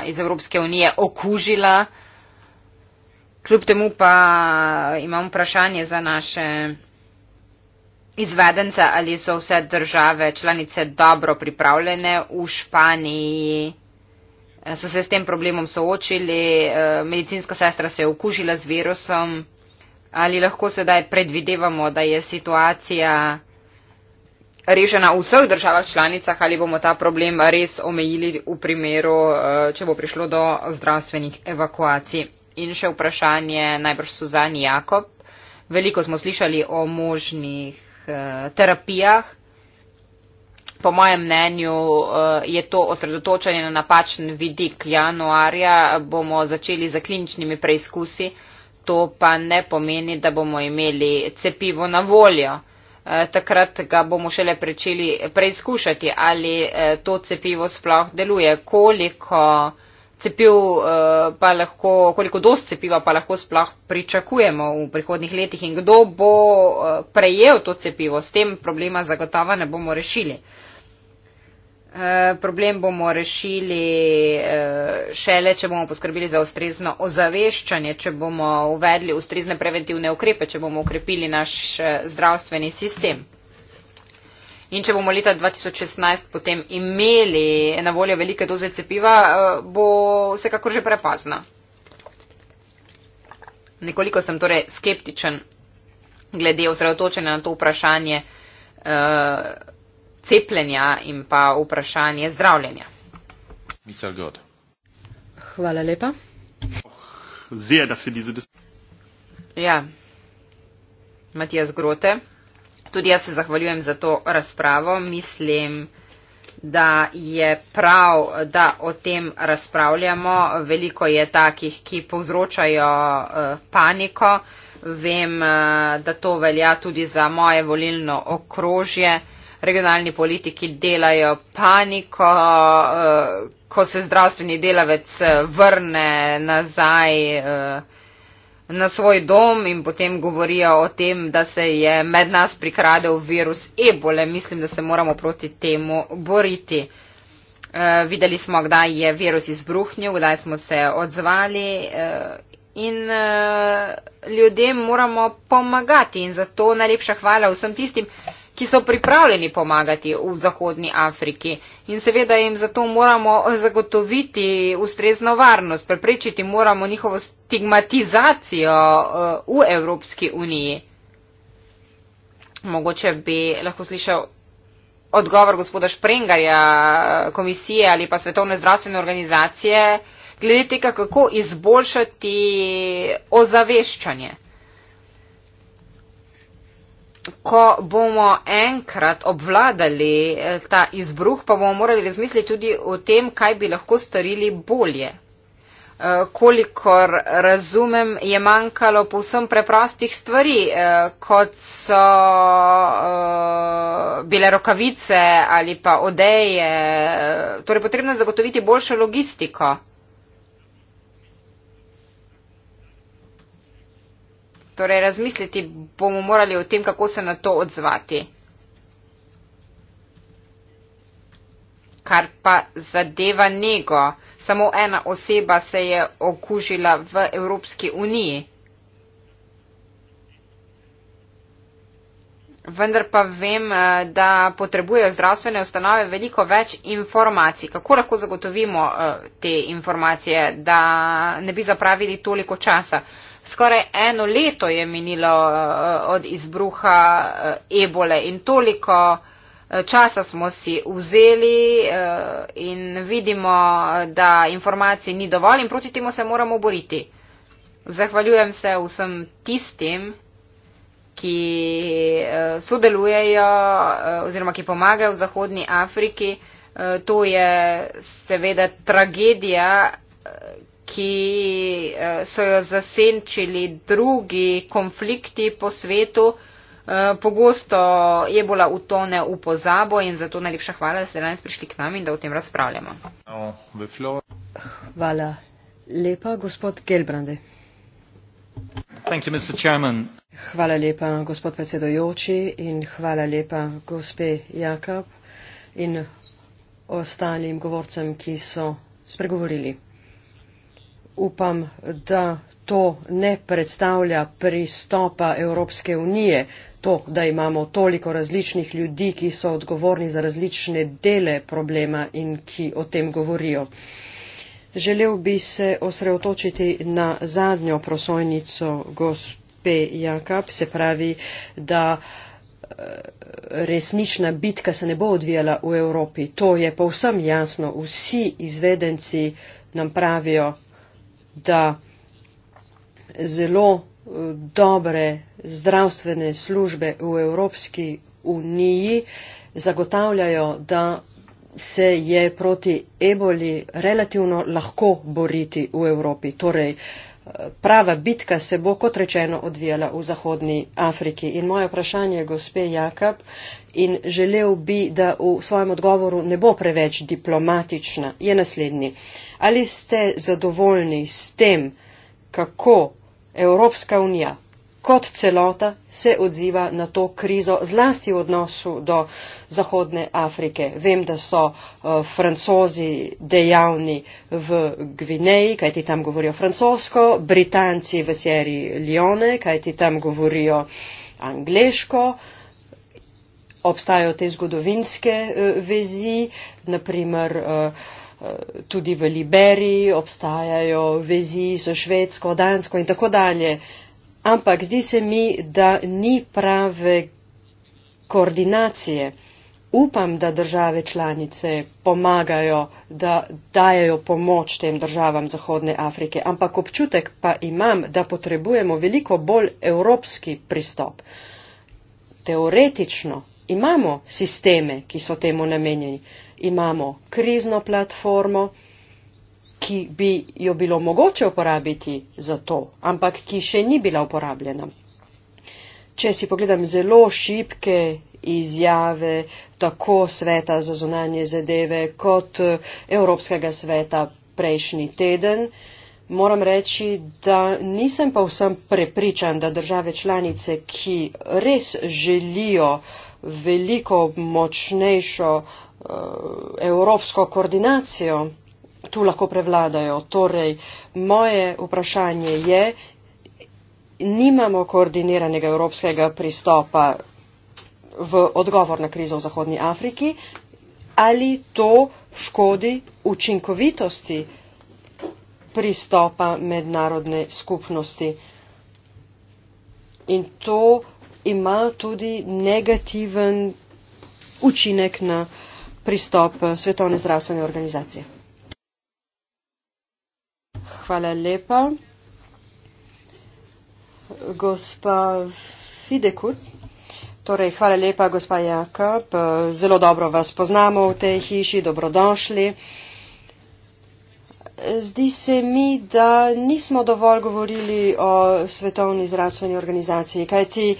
iz Evropske unije okužila. Kljub temu pa imam vprašanje za naše izvedence, ali so vse države članice dobro pripravljene v Španiji. Eh, so se s tem problemom soočili, eh, medicinska sestra se je okužila z virusom. Ali lahko sedaj predvidevamo, da je situacija rešena v vseh državah članicah ali bomo ta problem res omejili v primeru, eh, če bo prišlo do zdravstvenih evakuacij. In še vprašanje najbrž Suzani Jakob. Veliko smo slišali o možnih terapijah po mojem mnenju eh, je to osredotočanje na napačen vidik. Januarja bomo začeli z za kliničnimi preizkusi, to pa ne pomeni, da bomo imeli cepivo na voljo. Eh, takrat ga bomo šele pričeli preizkušati, ali eh, to cepivo sploh deluje, koliko cepiv pa lahko, koliko dost cepiva pa lahko sploh pričakujemo v prihodnih letih in kdo bo prejel to cepivo. S tem problema zagotovo ne bomo rešili. Eh, problem bomo rešili eh, šele, če bomo poskrbili za ustrezno ozaveščanje, če bomo uvedli ustrezne preventivne ukrepe, če bomo ukrepili naš eh, zdravstveni sistem. In če bomo leta 2016 potem imeli na voljo velike doze cepiva, bo vsekakor že prepazno. Nekoliko sem torej skeptičen glede osredotočenja na to vprašanje. Uh, cepljenja in pa vprašanje zdravljenja. Hvala lepa. Ja. Matijas Grote, tudi jaz se zahvaljujem za to razpravo. Mislim, da je prav, da o tem razpravljamo. Veliko je takih, ki povzročajo eh, paniko. Vem, eh, da to velja tudi za moje volilno okrožje regionalni politiki delajo paniko, eh, ko se zdravstveni delavec eh, vrne nazaj eh, na svoj dom in potem govorijo o tem, da se je med nas prikradel virus ebole. Mislim, da se moramo proti temu boriti. Videli smo, kdaj je virus izbruhnil, kdaj smo se odzvali. In uh, ljudem moramo pomagati in zato najlepša hvala vsem tistim, uh, ki so pripravljeni pomagati v Zahodni Afriki. In seveda jim zato moramo zagotoviti ustrezno varnost, preprečiti moramo njihovo stigmatizacijo eh, v Evropski uniji. Mogoče bi lahko slišal odgovor gospoda Šprengarja, eh, komisije ali pa Svetovne zdravstvene organizacije glede tega, kako izboljšati ozaveščanje ko bomo enkrat obvladali eh, ta izbruh, pa bomo morali razmisliti tudi o tem, kaj bi lahko storili bolje. Eh, kolikor razumem, je manjkalo povsem preprostih stvari, eh, kot so bile rokavice ali pa odeje. Torej, potrebno je zagotoviti boljšo logistiko. Torej, razmisliti bomo morali o tem, kako se na to odzvati. Kar pa zadeva nego. Samo ena oseba se je okužila v Evropski uniji. Vendar pa vem, eh, da potrebujejo zdravstvene ustanove veliko več informacij. Kako lahko zagotovimo eh, te informacije, da ne bi zapravili toliko časa? skoraj eno leto je minilo eh, od izbruha eh, ebole in toliko eh, časa smo si vzeli in vidimo, da informacij ni dovolj in proti temu se moramo boriti. Zahvaljujem se vsem tistim, ki sodelujejo oziroma ki pomagajo v Zahodni Afriki. To je seveda tragedija, ki eh, so jo zasenčili drugi konflikti po svetu. Eh, pogosto je bila utone v pozabo in zato najlepša hvala, da ste danes prišli k nam in da o tem razpravljamo. Hvala lepa, gospod Gelbrande. Hvala lepa, gospod predsedojoči in hvala lepa, gospe Jakab in ostalim govorcem, ki so spregovorili upam, da to ne predstavlja pristopa Evropske unije, to, da imamo toliko različnih ljudi, ki so odgovorni za različne dele problema in ki o tem govorijo. Želel bi se osredotočiti na zadnjo prosojnico gospe Jakab, se pravi, da eh, resnična bitka se ne bo odvijala v Evropi. To je povsem jasno. Vsi izvedenci nam pravijo, da zelo eh, dobre zdravstvene službe v Evropski uniji zagotavljajo, da se je proti eboli relativno lahko boriti v Evropi. Torej, eh, prava bitka se bo, kot rečeno, odvijala v Zahodni Afriki. In moje vprašanje, gospe Jakab, in želel bi, da v svojem odgovoru ne bo preveč diplomatična, je naslednji. Uh, ali ste zadovoljni s tem, kako Evropska unija kot celota se odziva na to krizo, zlasti v odnosu do Zahodne Afrike. Vem, da so uh, francozi dejavni v Gvineji, kajti tam govorijo francosko, britanci v seriji Lione, kajti tam govorijo angliško. Obstajajo te zgodovinske uh, vezi, naprimer. Uh, eh, tudi v Liberiji obstajajo vezi s Švedsko, Dansko in tako dalje. Ampak zdi se mi, da ni prave koordinacije. Upam, da države članice pomagajo, da dajajo pomoč tem državam Zahodne Afrike, ampak občutek pa imam, da potrebujemo veliko bolj evropski pristop. Teoretično imamo sisteme, ki so temu namenjeni, imamo krizno platformo, ki bi jo bilo mogoče uporabiti za to, ampak ki še ni bila uporabljena. Če si pogledam zelo šibke izjave tako sveta za zunanje zadeve kot Evropskega sveta prejšnji teden, moram reči, da nisem pa vsem prepričan, da države članice, ki res želijo veliko močnejšo uh, Eh, evropsko koordinacijo tu lahko prevladajo. Torej, moje vprašanje je, nimamo koordiniranega evropskega pristopa v odgovor na krizo v Zahodnji Afriki, ali to škodi učinkovitosti pristopa mednarodne skupnosti. In to ima tudi negativen učinek na uh, pristop eh, Svetovne zdravstvene organizacije. Hvala lepa. Gospa Fidekut, torej hvala lepa, gospa Jakob, eh, zelo dobro vas poznamo v tej hiši, dobrodošli. Zdi se mi, da nismo dovolj govorili o Svetovni zdravstveni organizaciji, kajti eh,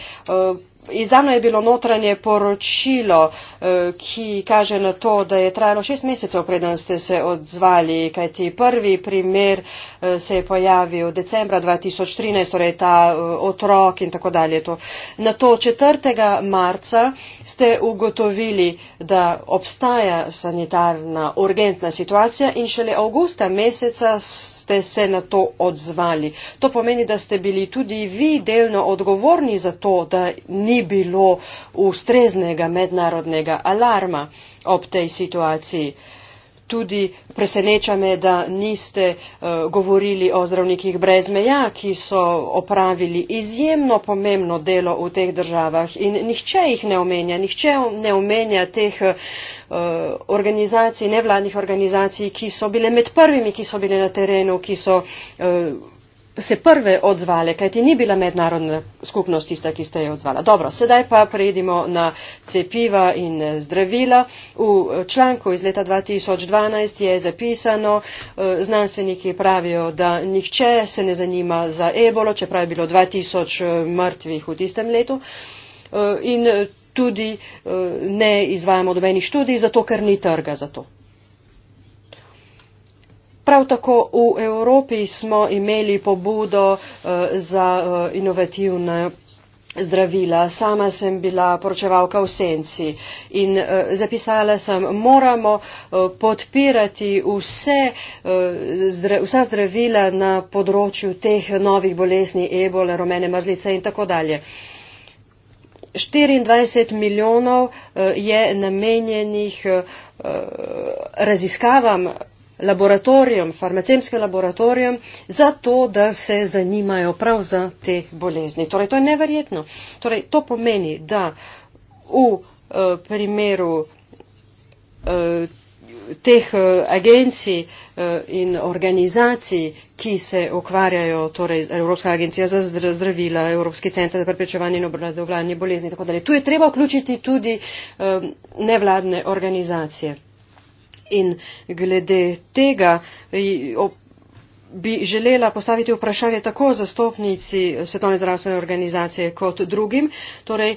Izdano je bilo notranje poročilo, eh, ki kaže na to, da je trajalo šest mesecev, preden ste se odzvali, kajti prvi primer eh, se je pojavil decembra 2013, torej ta eh, otrok in tako dalje. To. Na to 4. marca ste ugotovili, da obstaja sanitarna urgentna situacija in šele avgusta meseca ste se na to odzvali. To pomeni, da ste bili tudi vi delno odgovorni za to, da ni bilo ustreznega mednarodnega alarma ob tej situaciji. Uh, tudi preseneča me, da niste eh, govorili o zdravnikih brez meja, ki so opravili izjemno pomembno delo v teh državah in nihče jih ne omenja, nihče ne omenja teh eh, organizacij, nevladnih organizacij, ki so bile med prvimi, ki so bile na terenu, ki so eh, se prve odzvale kajti ni bila mednarodna skupnost tista ki ste jo odzvala. dobro sedaj pa preidimo na cepiva in eh, zdravila v eh, članku iz leta dva tisoč dvanajst je zapisano eh, znanstveniki pravijo da nihče se ne zanima za ebolo čeprav je bilo dva tisoč mrtvih v tistem letu in tudi ne izvajamo nobenih študij zato ker ni trga za to. Prav tako v Evropi smo imeli pobudo eh, za eh, inovativne zdravila. Sama sem bila poročevalka v senci in eh, zapisala sem, moramo podpirati vse, vsa zdravila na področju teh novih bolezni, ebole, romene mrzlice in tako dalje. 24 milijonov je namenjenih raziskavam laboratorijem farmacevtskim laboratorijem zato da se zanimajo prav za te bolezni torej to je neverjetno torej to pomeni da v uh, primeru uh, teh eh, agencij in organizacij, ki se ukvarjajo, torej Evropska agencija za zdravila, Evropski center za preprečevanje in obvladovanje bolezni itede Tu je treba vključiti tudi nevladne organizacije. In glede tega bi želela postaviti vprašanje tako zastopnici Svetovne zdravstvene organizacije kot drugim. Torej,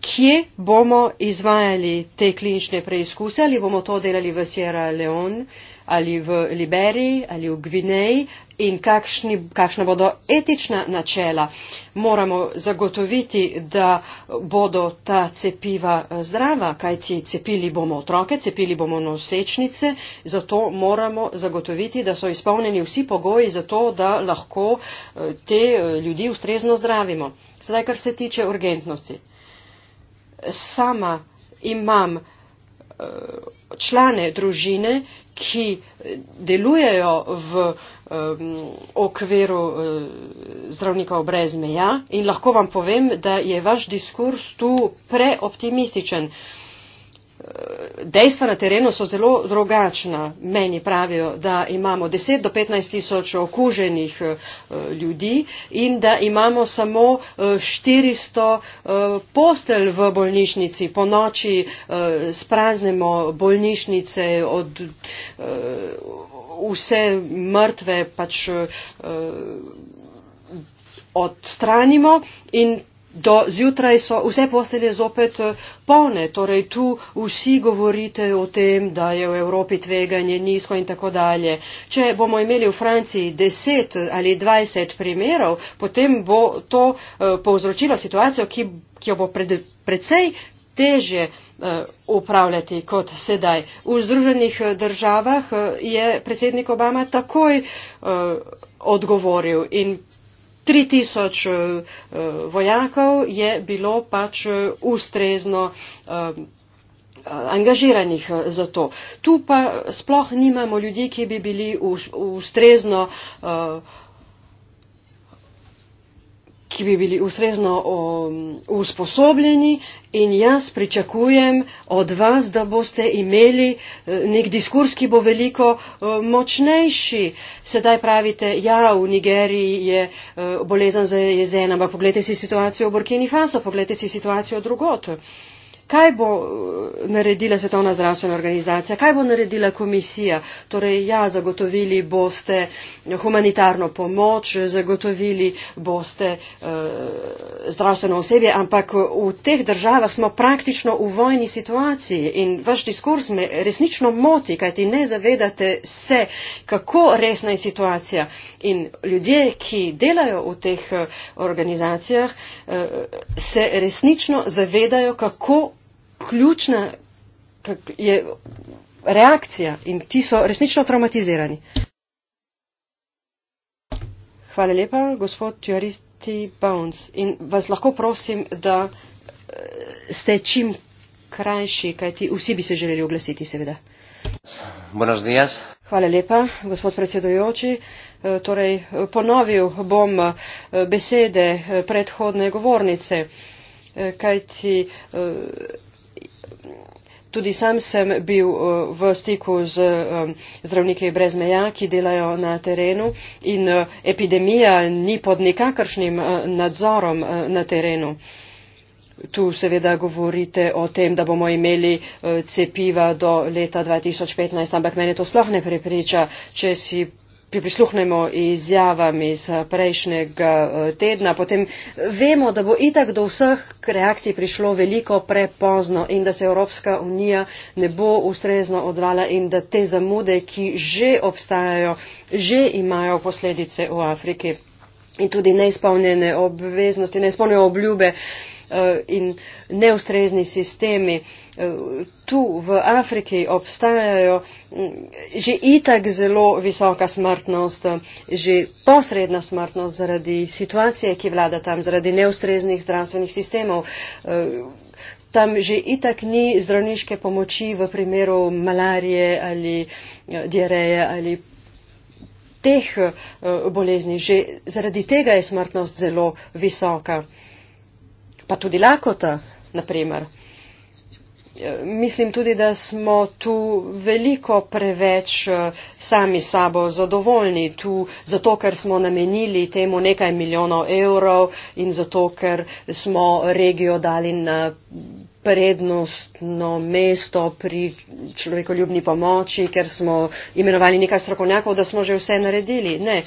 kje bomo izvajali te klinične preizkuse ali bomo to delali v Sierra Leone? ali v Liberiji ali v Gvineji in kakšni, kakšna bodo etična načela. Moramo zagotoviti, da bodo ta cepiva eh, zdrava, kajti cepili bomo otroke, cepili bomo nosečnice, zato moramo zagotoviti, da so izpolnjeni vsi pogoji za to, da lahko eh, te eh, ljudi ustrezno zdravimo. Sedaj, kar se tiče urgentnosti. Sama imam Eh, člane družine, ki delujejo v okviru eh, zdravnikov brez meja in lahko vam povem, da je vaš diskurs tu preoptimističen dejstva na terenu so zelo drugačna. Meni pravijo, da imamo 10 do 15 tisoč okuženih eh, ljudi in da imamo samo 400 eh, eh, postelj v bolnišnici. Po noči spraznemo bolnišnice od vse mrtve pač odstranimo in do zjutraj so vse postelje zopet eh, polne. Torej tu vsi govorite o tem, da je v Evropi tveganje nizko in tako dalje. Če bomo imeli v Franciji 10 ali 20 primerov, potem bo to uh, povzročilo situacijo, ki, ki jo bo pred, predvsej teže eh, upravljati kot sedaj. V Združenih državah je predsednik Obama takoj uh, odgovoril in 3000 eh, eh, vojakov je bilo pač eh, ustrezno angažiranih za to. Tu pa sploh nimamo ljudi, ki bi bili ustrezno uh, ki bi bili ustrezno um, usposobljeni in jaz pričakujem od vas, da boste imeli eh, nek diskurs, ki bo veliko eh, močnejši. Sedaj pravite, ja, v Nigeriji je eh, bolezen za jezen, ampak pogledajte si situacijo v Burkini Faso, pogledajte si situacijo drugot kaj bo uh, naredila svetovna zdravstvena organizacija, kaj bo naredila komisija. Torej, ja, zagotovili boste humanitarno pomoč, zagotovili boste uh, zdravstveno osebje, ampak v teh državah smo praktično v vojni situaciji in vaš diskurs me resnično moti, kajti ne zavedate se, kako resna je situacija. In ljudje, ki delajo v teh uh, organizacijah, uh, se resnično zavedajo, kako ključna je reakcija in ti so resnično traumatizirani. Hvala lepa, gospod Juristi Bounce. In vas lahko prosim, da eh, ste čim krajši, kajti vsi bi se želeli oglasiti, seveda. Buenos dias. Hvala lepa, gospod predsedujoči. Eh, torej, ponovil bom eh, besede predhodne govornice, kajti tudi sam sem bil eh, v stiku z zdravniki brez meja, ki delajo na terenu in eh, epidemija ni pod nikakršnim eh, nadzorom na terenu. Tu seveda govorite o tem, da bomo imeli cepiva do leta 2015, ampak mene to sploh ne prepriča, če si prisluhnemo izjavam iz eh, prejšnjega eh, tedna, potem vemo, da bo itak do vseh reakcij prišlo veliko prepozno in da se Evropska unija ne bo ustrezno odvala in da te zamude, ki že obstajajo, že imajo posledice v Afriki in tudi neizpolnjene obveznosti, neizpolnjene obljube. Eh, in neustrezni sistemi. Eh, tu v Afriki obstajajo mm, že itak zelo visoka smrtnost, že posredna smrtnost zaradi situacije, ki vlada tam, zaradi neustreznih zdravstvenih sistemov. Eh, tam že itak ni zdravniške pomoči v primeru malarije ali diareje ali teh bolezni. Že zaradi tega je smrtnost zelo visoka pa tudi lakota, naprimer. E, mislim tudi, da smo tu veliko preveč e, sami sabo zadovoljni, tu zato, ker smo namenili temu nekaj milijonov evrov in zato, ker smo regijo dali na prednostno mesto pri človekoljubni pomoči, ker smo imenovali nekaj strokovnjakov, da smo že vse naredili. Ne.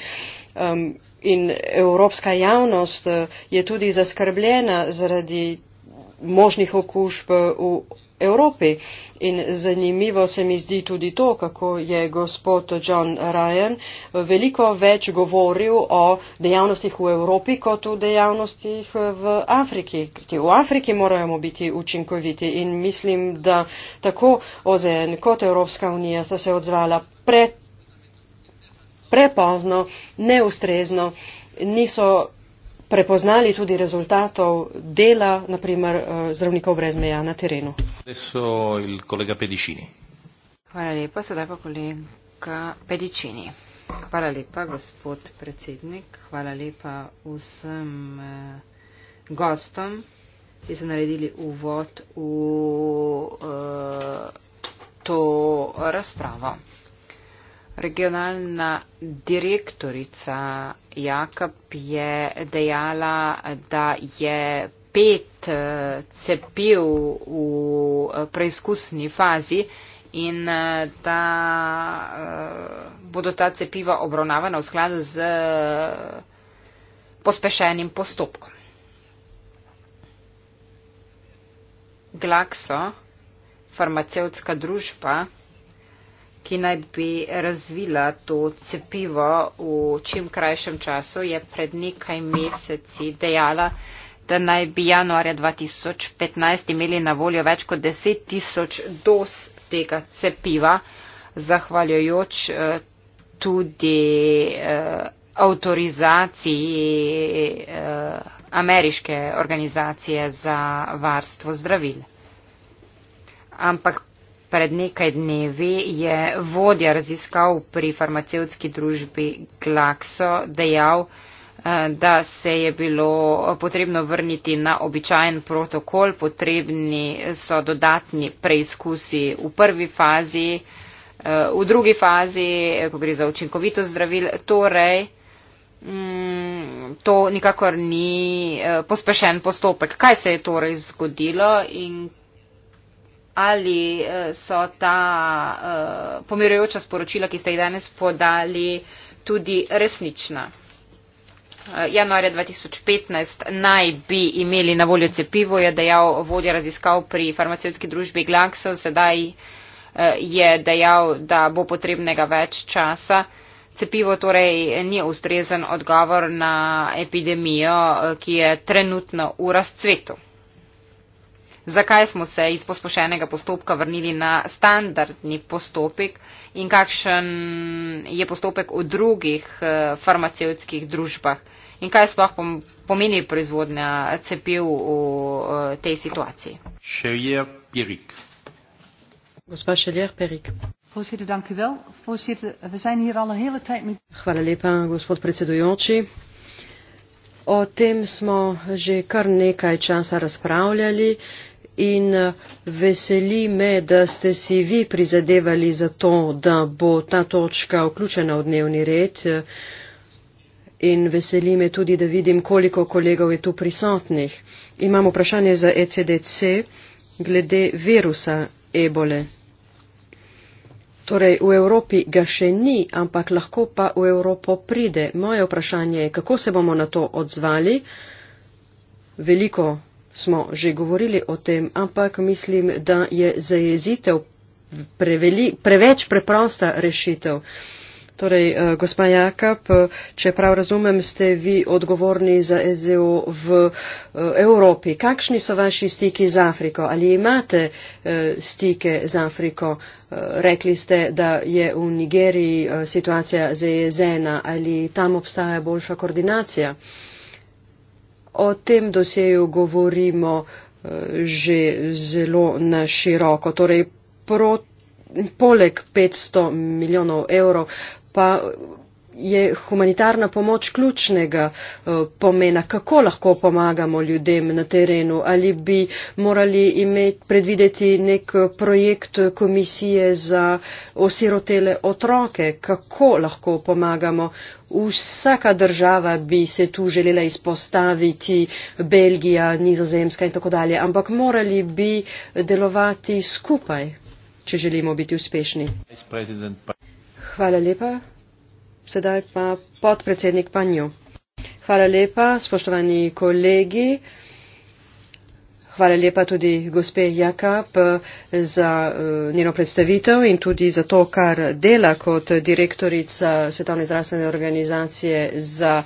Um, in evropska javnost eh, je tudi zaskrbljena zaradi možnih okužb eh, v Evropi. In zanimivo se mi zdi tudi to, kako je gospod John Ryan eh, veliko več govoril o dejavnostih v Evropi kot o dejavnostih v Afriki. Kajti v Afriki moramo biti učinkoviti in mislim, da tako OZN kot Evropska unija sta se odzvala pred prepozno, neustrezno, niso prepoznali tudi rezultatov dela, naprimer eh, zdravnikov brez meja na terenu. Hvala lepa, sedaj pa kolega Pedičini. Hvala lepa, gospod predsednik. Hvala lepa vsem eh, gostom, ki so naredili uvod v eh, to razpravo regionalna direktorica Jakab je dejala, da je pet eh, cepiv v eh, preizkusni fazi in da eh, bodo ta cepiva obravnavana v skladu z pospešenim postopkom. Glakso, farmacevtska družba, ki naj bi razvila to cepivo v čim krajšem času, je pred nekaj meseci dejala, da naj bi januarja 2015 imeli na voljo več kot 10 tisoč dos tega cepiva, zahvaljujoč eh, tudi eh, avtorizaciji eh, ameriške organizacije za varstvo zdravil. Ampak Pred nekaj dnevi je vodja raziskav pri farmacevtski družbi Glaxo dejal, eh, da se je bilo potrebno vrniti na običajen protokol, potrebni so dodatni preizkusi v prvi fazi, eh, v drugi fazi, ko gre za učinkovito zdravil, torej mm, to nikakor ni eh, pospešen postopek. Kaj se je torej zgodilo in ali eh, so ta uh, eh, pomirjujoča sporočila, ki ste jih danes podali, tudi resnična. Eh, januarja 2015 naj bi imeli na voljo cepivo, je dejal vodja raziskav pri farmacevtski družbi Glaxo, sedaj je dejal, da bo potrebnega več časa. Cepivo torej ni ustrezen odgovor na epidemijo, ki je trenutno v razcvetu zakaj smo se iz pospošenega postopka vrnili na standardni postopek in kakšen je postopek v drugih eh, farmacevtskih družbah in kaj sploh pomeni proizvodnja cepiv v eh, tej situaciji. Šeljer Pirik. Gospa Šeljer Pirik. Hvala lepa, gospod predsedujoči. O tem smo že kar nekaj časa razpravljali in eh, veseli me, da ste si vi prizadevali za to, da bo ta točka vključena v dnevni red. In veseli me tudi, da vidim, koliko kolegov je tu prisotnih. Imam vprašanje za ECDC glede virusa ebole. Torej, v Evropi ga še ni, ampak lahko pa v Evropo pride. Moje vprašanje je, kako se bomo na to odzvali. Veliko smo že govorili o tem, ampak mislim, da je zajezitev preveli, preveč preprosta rešitev. Torej, eh, gospa Jakab, če prav razumem, ste vi odgovorni za SDO v eh, Evropi. Kakšni so vaši stiki z Afriko? Ali imate eh, stike z Afriko? Rekli ste, da je v Nigeriji situacija zajezena. Ali tam obstaja boljša koordinacija? Uh, O tem dosjeju govorimo eh, že zelo naširoko, torej pro, poleg 500 milijonov evrov pa je humanitarna pomoč ključnega eh, pomena, kako lahko pomagamo ljudem na terenu, ali bi morali imeti, predvideti nek eh, projekt komisije za osirotele otroke, kako lahko pomagamo. Vsaka država bi se tu želela izpostaviti, Belgija, Nizozemska in tako dalje, ampak morali bi delovati skupaj, če želimo biti uspešni. Hvala lepa. Sedaj pa podpredsednik Panjo. Hvala lepa, spoštovani kolegi. Hvala lepa tudi gospe Jakab eh, za uh, njeno predstavitev in tudi za to, kar dela kot direktorica Svetovne zdravstvene organizacije za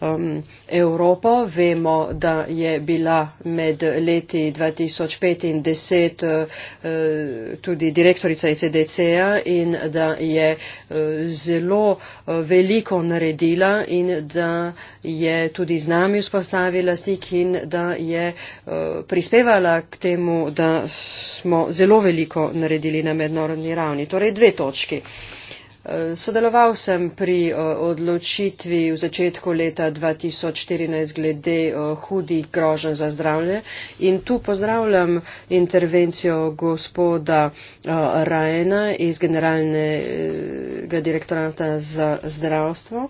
um, Evropo. Vemo, da je bila med leti 2005 in 2010 uh, eh, tudi direktorica ECDC-a in da je uh, zelo uh, veliko naredila in da je tudi z nami vzpostavila stik in da je uh, pristopila prispevala k temu, da smo zelo veliko naredili na mednarodni ravni. Torej dve točki. Eh, sodeloval sem pri eh, odločitvi v začetku leta 2014 glede eh, hudih grožen za zdravlje in tu pozdravljam intervencijo gospoda Rajena iz generalnega direktorata za zdravstvo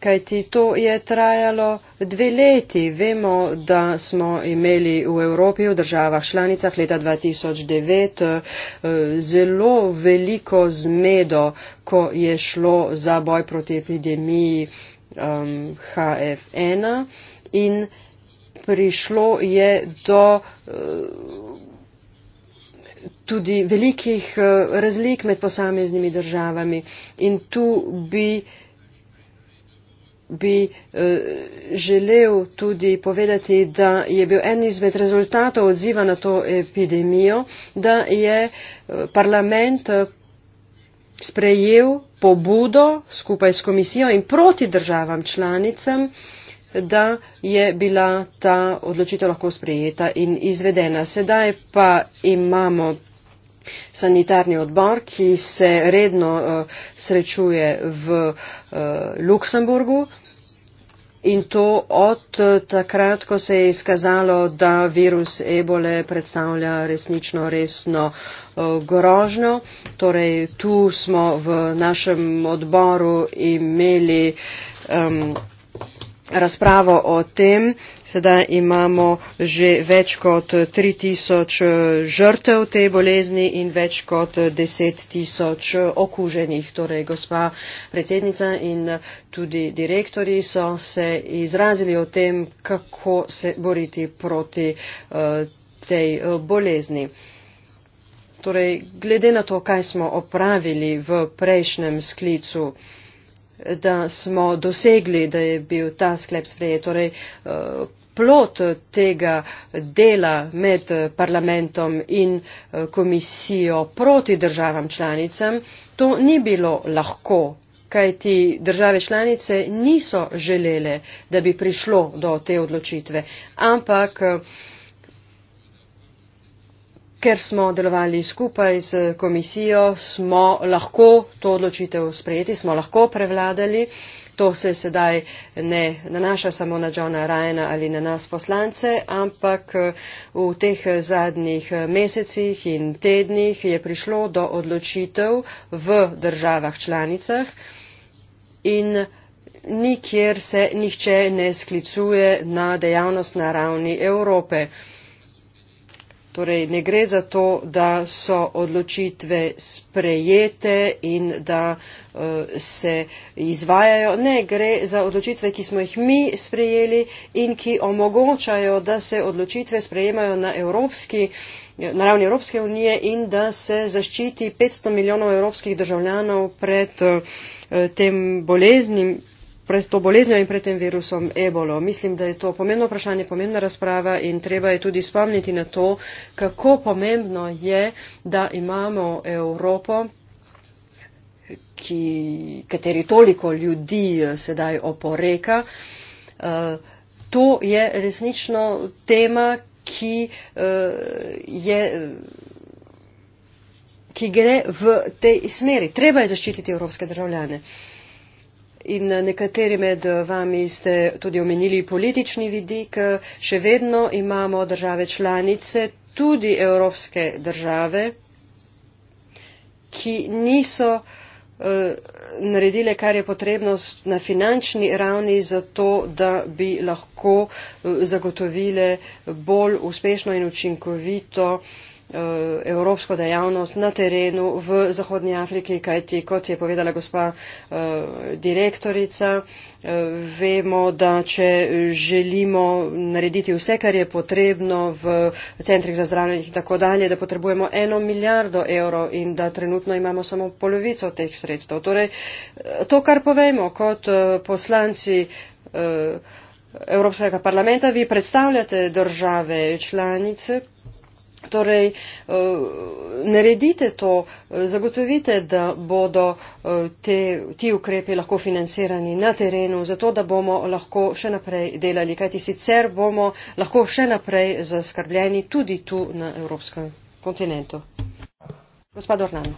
kajti to je trajalo dve leti. Vemo, da smo imeli v Evropi, v državah članicah leta 2009 eh, zelo veliko zmedo, ko je šlo za boj proti epidemiji um, HF1 in prišlo je do. Uh, tudi velikih eh, razlik med posameznimi državami. In tu bi uh, bi uh, želel tudi povedati, da je bil en izmed rezultatov odziva na to epidemijo, da je eh, parlament eh, sprejel pobudo skupaj s komisijo in proti državam članicam, da je bila ta odločitev lahko sprejeta in izvedena. Sedaj pa imamo sanitarni odbor, ki se redno uh, srečuje v uh, Luksemburgu. In to od eh, takrat, ko se je izkazalo, da virus ebole predstavlja resnično resno grožnjo. Torej, tu smo v našem odboru imeli um, razpravo o tem. Sedaj imamo že več kot 3000 eh, žrtev te bolezni in več kot 10 tisoč okuženih. Torej, gospa predsednica in tudi direktori so se izrazili o tem, kako se boriti proti eh, tej eh, bolezni. Torej, glede na to, kaj smo opravili v prejšnjem sklicu, da smo dosegli, da je bil ta sklep sprejet. Torej, eh, plot tega dela med parlamentom in eh, komisijo proti državam članicam, to ni bilo lahko, kajti države članice niso želele, da bi prišlo do te odločitve. Ampak eh, Ker smo delovali skupaj z komisijo, smo lahko to odločitev sprejeti, smo lahko prevladali. To se sedaj ne nanaša samo na Johna Ryana ali na nas poslance, ampak eh, v teh zadnjih eh, mesecih in tednih je prišlo do odločitev v državah članicah in nikjer se nihče ne sklicuje na dejavnost na ravni Evrope. Torej, ne gre za to, da so odločitve sprejete in da uh, se izvajajo. Ne gre za odločitve, ki smo jih mi sprejeli in ki omogočajo, da se odločitve sprejemajo na, evropski, na ravni Evropske unije in da se zaščiti 500 milijonov evropskih državljanov pred uh, tem boleznim pred to boleznjo in pred tem virusom ebolo. Mislim, da je to pomembno vprašanje, pomembna razprava in treba je tudi spomniti na to, kako pomembno je, da imamo Evropo, ki, kateri toliko ljudi eh, sedaj oporeka. Eh, to je resnično tema, ki, eh, je, ki gre v tej smeri. Treba je zaščititi evropske državljane in eh, nekateri med eh, vami ste tudi omenili politični vidik. Eh, še vedno imamo države članice, tudi evropske države, ki niso naredile, kar je potrebno na finančni ravni, zato da bi lahko zagotovile bolj uspešno in učinkovito uh, Eh, evropsko dejavnost na terenu v Zahodnji Afriki, kajti kot je povedala gospa eh, direktorica, eh, vemo, da če želimo narediti vse, kar je potrebno v centrih za zdravljenje in tako dalje, da potrebujemo eno milijardo evrov in da trenutno imamo samo polovico teh sredstev. Torej, to, kar povemo kot poslanci. Evropskega parlamenta, vi predstavljate države članice, Torej, eh, naredite to, eh, zagotovite, da bodo eh, te, ti ukrepi lahko financirani na terenu, zato da bomo lahko še naprej delali, kajti sicer bomo lahko še naprej zaskrbljeni tudi tu na evropskem kontinentu. Gospod Ornano.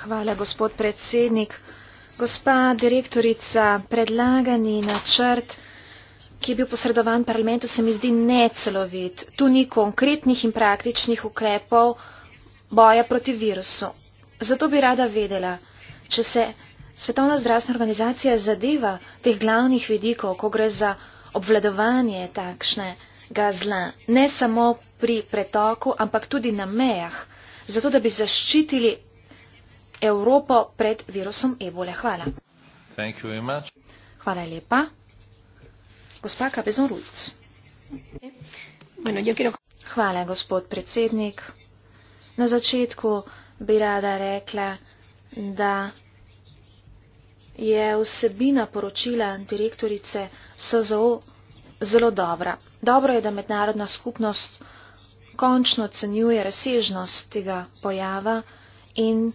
Hvala, gospod predsednik. Gospa direktorica, predlagani načrt ki je bil posredovan parlamentu, se mi zdi necelovit. Tu ni konkretnih in praktičnih ukrepov boja proti virusu. Zato bi rada vedela, če se Svetovna zdravstvena organizacija zadeva teh glavnih vidikov, ko gre za obvladovanje takšnega zla, ne samo pri pretoku, ampak tudi na mejah, zato da bi zaščitili Evropo pred virusom ebole. Hvala. Hvala lepa. Hvala, gospod predsednik. Na začetku bi rada rekla, da je vsebina poročila direktorice SZO zelo dobra. Dobro je, da mednarodna skupnost končno ocenjuje razsežnost tega pojava in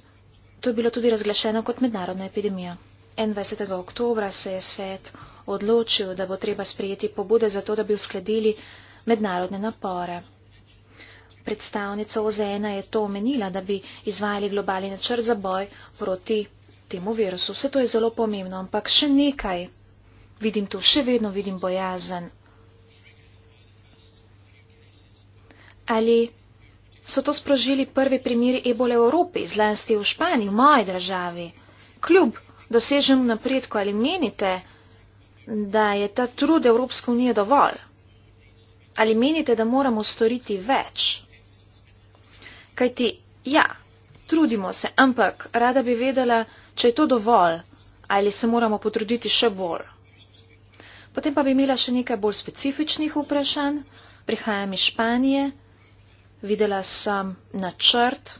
to je bilo tudi razglašeno kot mednarodna epidemija. 21. oktobra se je svet odločil, da bo treba sprejeti pobude za to, da bi uskladili mednarodne napore. Predstavnica OZN je to omenila, da bi izvajali globalni načrt za boj proti temu virusu. Vse to je zelo pomembno, ampak še nekaj vidim tu, še vedno vidim bojazen. Ali so to sprožili prvi primeri ebole v Evropi, zlasti v Španiji, v moji državi? Kljub dosežem napredku, ali menite, da da je ta trud Evropske unije dovolj? Ali menite, da moramo storiti več? Kajti, ja, trudimo se, ampak rada bi vedela, če je to dovolj ali se moramo potruditi še bolj. Potem pa bi imela še nekaj bolj specifičnih vprašanj. Prihajam iz Španije, videla sem načrt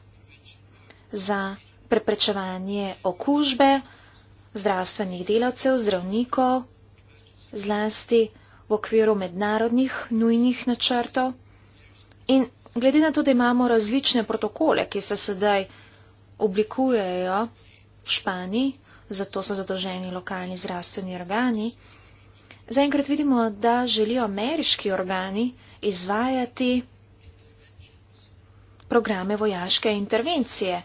za preprečevanje okužbe zdravstvenih delavcev, zdravnikov zlasti v okviru mednarodnih nujnih načrtov. In glede na to, da imamo različne protokole, ki se sedaj oblikujejo v Španiji, zato so zadolženi lokalni zdravstveni organi, zaenkrat vidimo, da želijo ameriški organi izvajati programe vojaške intervencije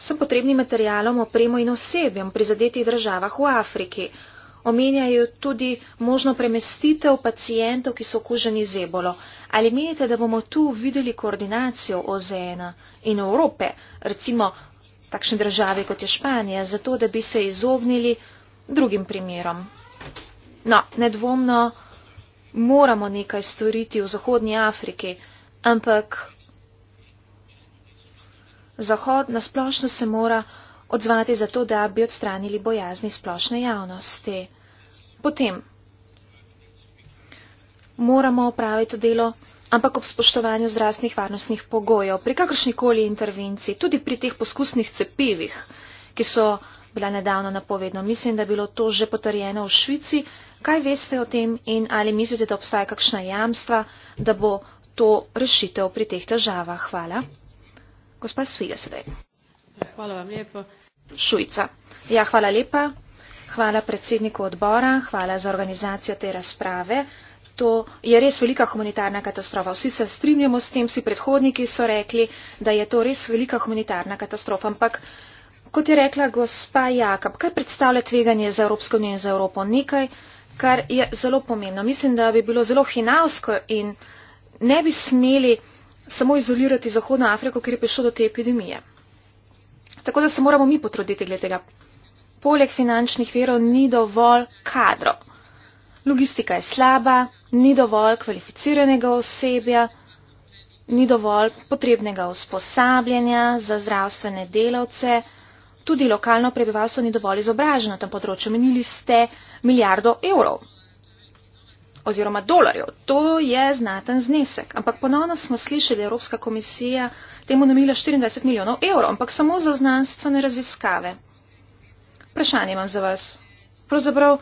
s potrebnim materialom, opremo in osebjem pri zadetih državah v Afriki omenjajo tudi možno premestitev pacijentov, ki so okuženi z ebolo. Ali menite, da bomo tu videli koordinacijo OZN in Evrope, recimo takšne države kot je Španija, zato da bi se izognili drugim primerom? No, nedvomno moramo nekaj storiti v Zahodnji Afriki, ampak Zahod nasplošno se mora odzvati zato, da bi odstranili bojazni splošne javnosti. Potem moramo opraviti to delo, ampak ob spoštovanju zdravstvenih varnostnih pogojev, pri kakršnikoli intervenciji, tudi pri teh poskusnih cepivih, ki so bila nedavno napovedno. Mislim, da je bilo to že potrjeno v Švici. Kaj veste o tem in ali mislite, da obstaja kakšna jamstva, da bo to rešitev pri teh težavah? Hvala. Gospa Svila sedaj. Hvala vam lijepo. Šujca. Ja, hvala lepa. Hvala predsedniku odbora, hvala za organizacijo te razprave. To je res velika humanitarna katastrofa. Vsi se strinjamo s tem, vsi predhodniki so rekli, da je to res velika humanitarna katastrofa. Ampak, kot je rekla gospa Jakab, kaj predstavlja tveganje za Evropsko unijo in za Evropo? Nekaj, kar je zelo pomembno. Mislim, da bi bilo zelo hinavsko in ne bi smeli samo izolirati Zahodno Afriko, ker je prišlo do te epidemije. Tako da se moramo mi potruditi glede tega. Poleg finančnih verov ni dovolj kadrov. Logistika je slaba, ni dovolj kvalificiranega osebja, ni dovolj potrebnega usposabljanja za zdravstvene delavce, tudi lokalno prebivalstvo ni dovolj izobraženo na tem področju. Menili ste milijardo evrov oziroma dolarjev. To je znaten znesek. Ampak ponovno smo slišali, da Evropska komisija temu namenila 24 milijonov evrov, ampak samo za znanstvene raziskave. Vprašanje imam za vas. Pravzaprav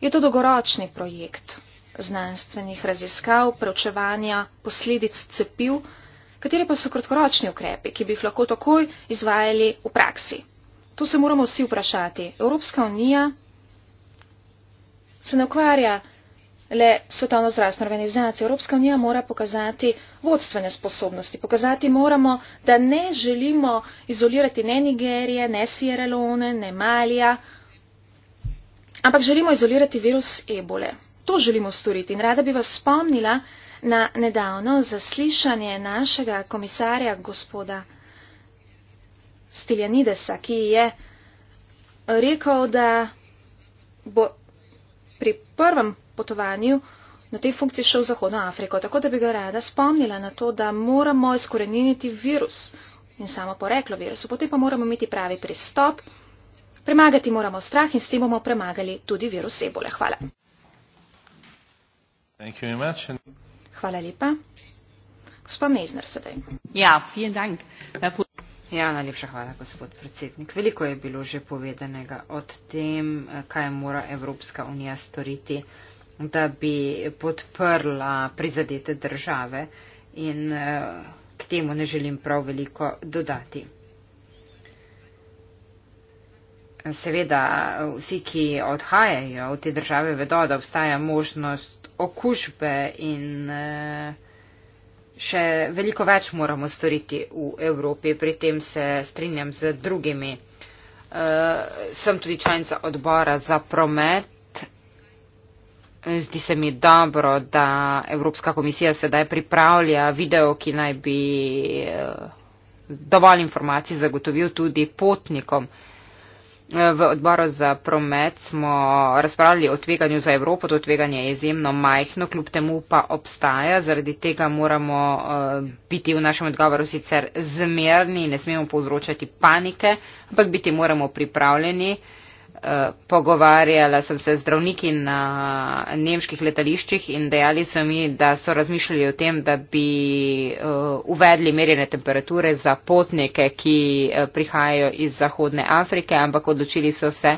je to dolgoročni projekt znanstvenih raziskav, preučevanja posledic cepiv, kateri pa so kratkoročni ukrepi, ki bi jih lahko takoj izvajali v praksi. To se moramo vsi vprašati. Evropska unija se ne ukvarja le Svetovno zdravstveno organizacijo. Evropska unija mora pokazati vodstvene sposobnosti. Pokazati moramo, da ne želimo izolirati ne Nigerije, ne Sierra Leone, ne Malija, ampak želimo izolirati virus ebole. To želimo storiti in rada bi vas spomnila na nedavno zaslišanje našega komisarja gospoda Stiljanidesa, ki je rekel, da bo pri prvem potovanju na tej funkciji šel v Zahodno Afriko. Tako da bi ga rada spomnila na to, da moramo izkoreniniti virus in samo poreklo virusu. Potem pa moramo imeti pravi pristop. Premagati moramo strah in s tem bomo premagali tudi virus ebole. Hvala. Hvala lepa. Gospa Mezner sedaj. Ja, ja, najlepša hvala, gospod predsednik. Veliko je bilo že povedanega o tem, eh, kaj mora Evropska unija storiti da bi podprla prizadete države in eh, k temu ne želim prav veliko dodati. Seveda, vsi, ki odhajajo v te države, vedo, da obstaja možnost okužbe in eh, še veliko več moramo storiti v Evropi. Pri tem se strinjam z drugimi. Eh, sem tudi članica odbora za promet Zdi se mi dobro, da Evropska komisija sedaj pripravlja video, ki naj bi eh, dovolj informacij zagotovil tudi potnikom. Eh, v odboru za promet smo razpravljali o tveganju za Evropo, to tveganje je izjemno majhno, kljub temu pa obstaja, zaradi tega moramo eh, biti v našem odgovoru sicer zmerni, ne smemo povzročati panike, ampak biti moramo pripravljeni. Eh, pogovarjala sem se z zdravniki na nemških letališčih in dejali so mi, da so razmišljali o tem, da bi eh, uvedli merjene temperature za potnike, ki eh, prihajajo iz Zahodne Afrike, ampak odločili so se,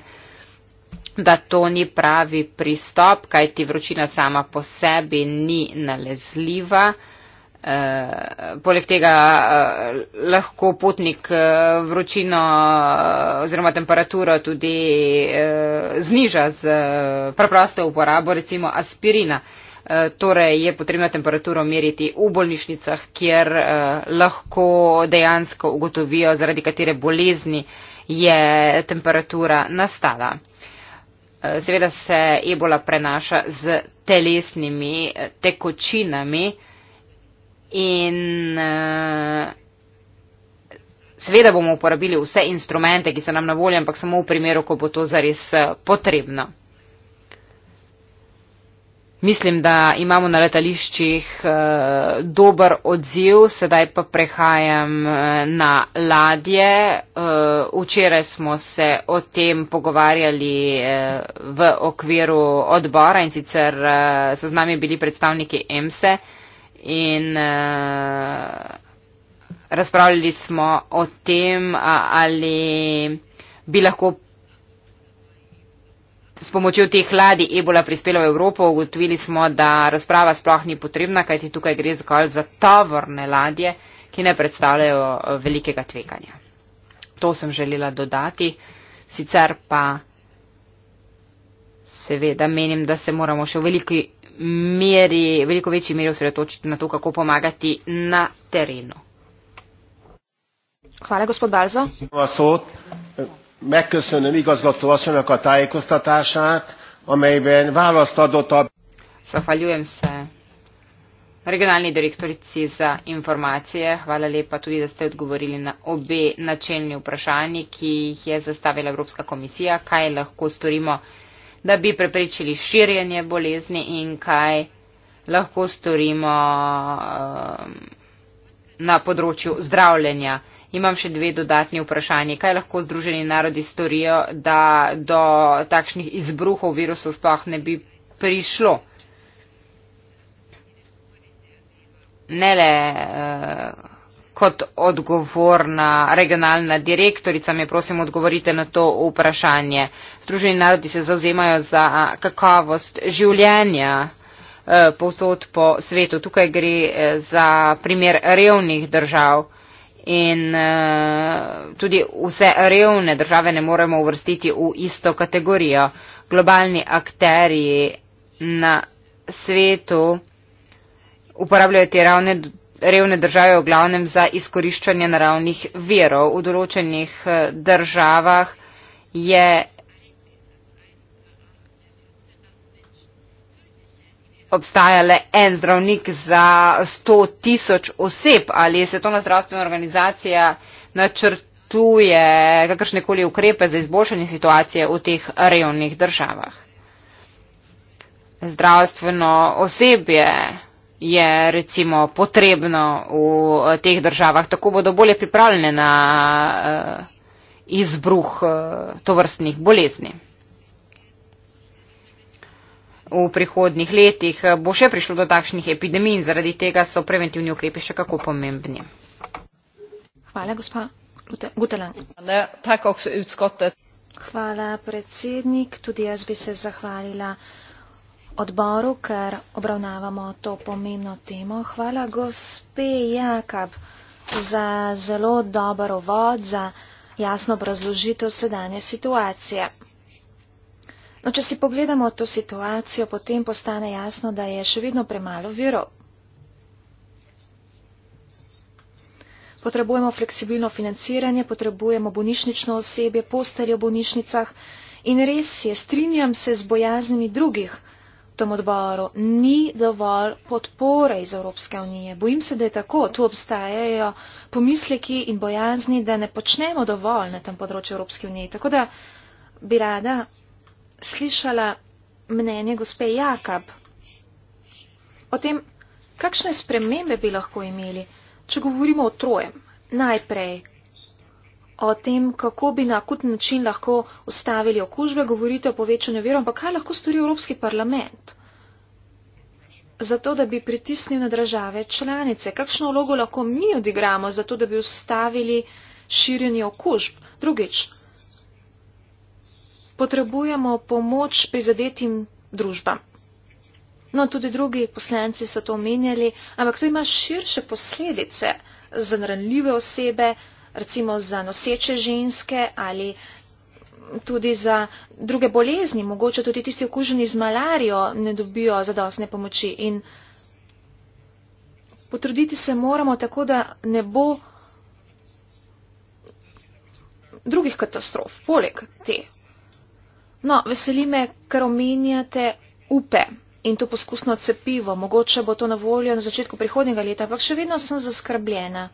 da to ni pravi pristop, kajti vročina sama po sebi ni nalezljiva. Eh, poleg tega eh, lahko potnik eh, vročino oziroma temperaturo tudi zniža z preprosto uporabo recimo aspirina. Torej je potrebno temperaturo meriti v bolnišnicah, kjer lahko dejansko ugotovijo, zaradi katere bolezni je temperatura nastala. Seveda se ebola prenaša z telesnimi tekočinami, in eh, seveda bomo uporabili vse instrumente, ki so nam na voljo, ampak samo v primeru, ko bo to zares eh, potrebno. Mislim, da imamo na letališčih uh, dober odziv, sedaj pa prehajam uh, na ladje. Uh, včeraj smo se o tem pogovarjali uh, v okviru odbora in sicer uh, so z nami bili predstavniki EMSE. Uh, in uh, razpravljali smo o tem, ali bi lahko s pomočjo teh ladi ebola prispela v Evropo. Ugotovili smo, da razprava sploh ni potrebna, kajti tukaj gre zgolj za tavorne ladje, ki ne predstavljajo eh, velikega tveganja. To sem želela dodati. Sicer pa seveda menim, da se moramo še v veliki meri, veliko večji meri osredotočiti na to, kako pomagati na terenu. Hvala, gospod Balzo. Megköszönöm igazgató asszonynak a tájékoztatását, amelyben választ adott a... Zahvaljujem se regionálni direktorici za informacije. Hvala lepa tudi, da ste odgovorili na obe načelni vprašanji, ki jih je zastavila Evropska komisija, kaj lahko storimo da bi preprečili širjenje bolezni in kaj lahko storimo um, na področju zdravljenja. Imam še dve dodatni vprašanje. Kaj lahko Združeni narodi storijo, da do takšnih izbruhov virusov sploh ne bi prišlo? Ne le. Uh, kot odgovorna regionalna direktorica, me prosim odgovorite na to vprašanje. Združeni narodi se zauzemajo za kakovost življenja e, povsod po svetu. Tukaj gre e, za primer revnih držav in e, tudi vse revne države ne moremo uvrstiti v isto kategorijo. Globalni akteri na svetu uporabljajo te ravne revne države v glavnem za izkoriščanje naravnih verov. V določenih eh, državah je obstajale en zdravnik za 100 tisoč oseb ali je svetovna zdravstvena organizacija načrtuje kakršnekoli ukrepe za izboljšanje situacije v teh revnih državah. Zdravstveno osebje je recimo potrebno v eh, teh državah, tako bodo bolje pripravljene na eh, izbruh eh, tovrstnih bolezni. V prihodnih letih bo še prišlo do takšnih epidemij in zaradi tega so preventivni ukrepi še kako pomembni. Hvala, gospa Gutelang. Hvala, predsednik. Tudi jaz bi se zahvalila odboru, ker obravnavamo to pomembno temo. Hvala gospe Jakab za zelo dober vod, za jasno obrazložitev sedanje situacije. No, če si pogledamo to situacijo, potem postane jasno, da je še vedno premalo virov. Potrebujemo fleksibilno financiranje, potrebujemo bolnišnično osebje, postelje v bolnišnicah in res je, strinjam se z bojaznimi drugih tem odboru ni dovolj podpore iz Evropske unije. Bojim se, da je tako. Tu obstajajo pomisleki in bojazni, da ne počnemo dovolj na tem področju Evropske unije. Tako da bi rada slišala mnenje gospe Jakab o tem, kakšne spremembe bi lahko imeli, če govorimo o trojem. Najprej o tem, kako bi na akutni način lahko ustavili okužbe, govorite o povečanju verov, ampak kaj lahko stori Evropski parlament? Zato, da bi pritisnil na države članice, kakšno vlogo lahko mi odigramo, zato da bi ustavili širjenje okužb. Drugič, potrebujemo pomoč prizadetim družbam. No, tudi drugi poslanci so to omenjali, ampak to ima širše posledice za ranljive osebe, recimo za noseče ženske ali tudi za druge bolezni, mogoče tudi tisti okuženi z malarijo ne dobijo zadostne pomoči. In potruditi se moramo tako, da ne bo drugih katastrof, poleg te. No, veseli me, ker omenjate upe in to poskusno cepivo. Mogoče bo to na voljo na začetku prihodnjega leta, ampak še vedno sem zaskrbljena.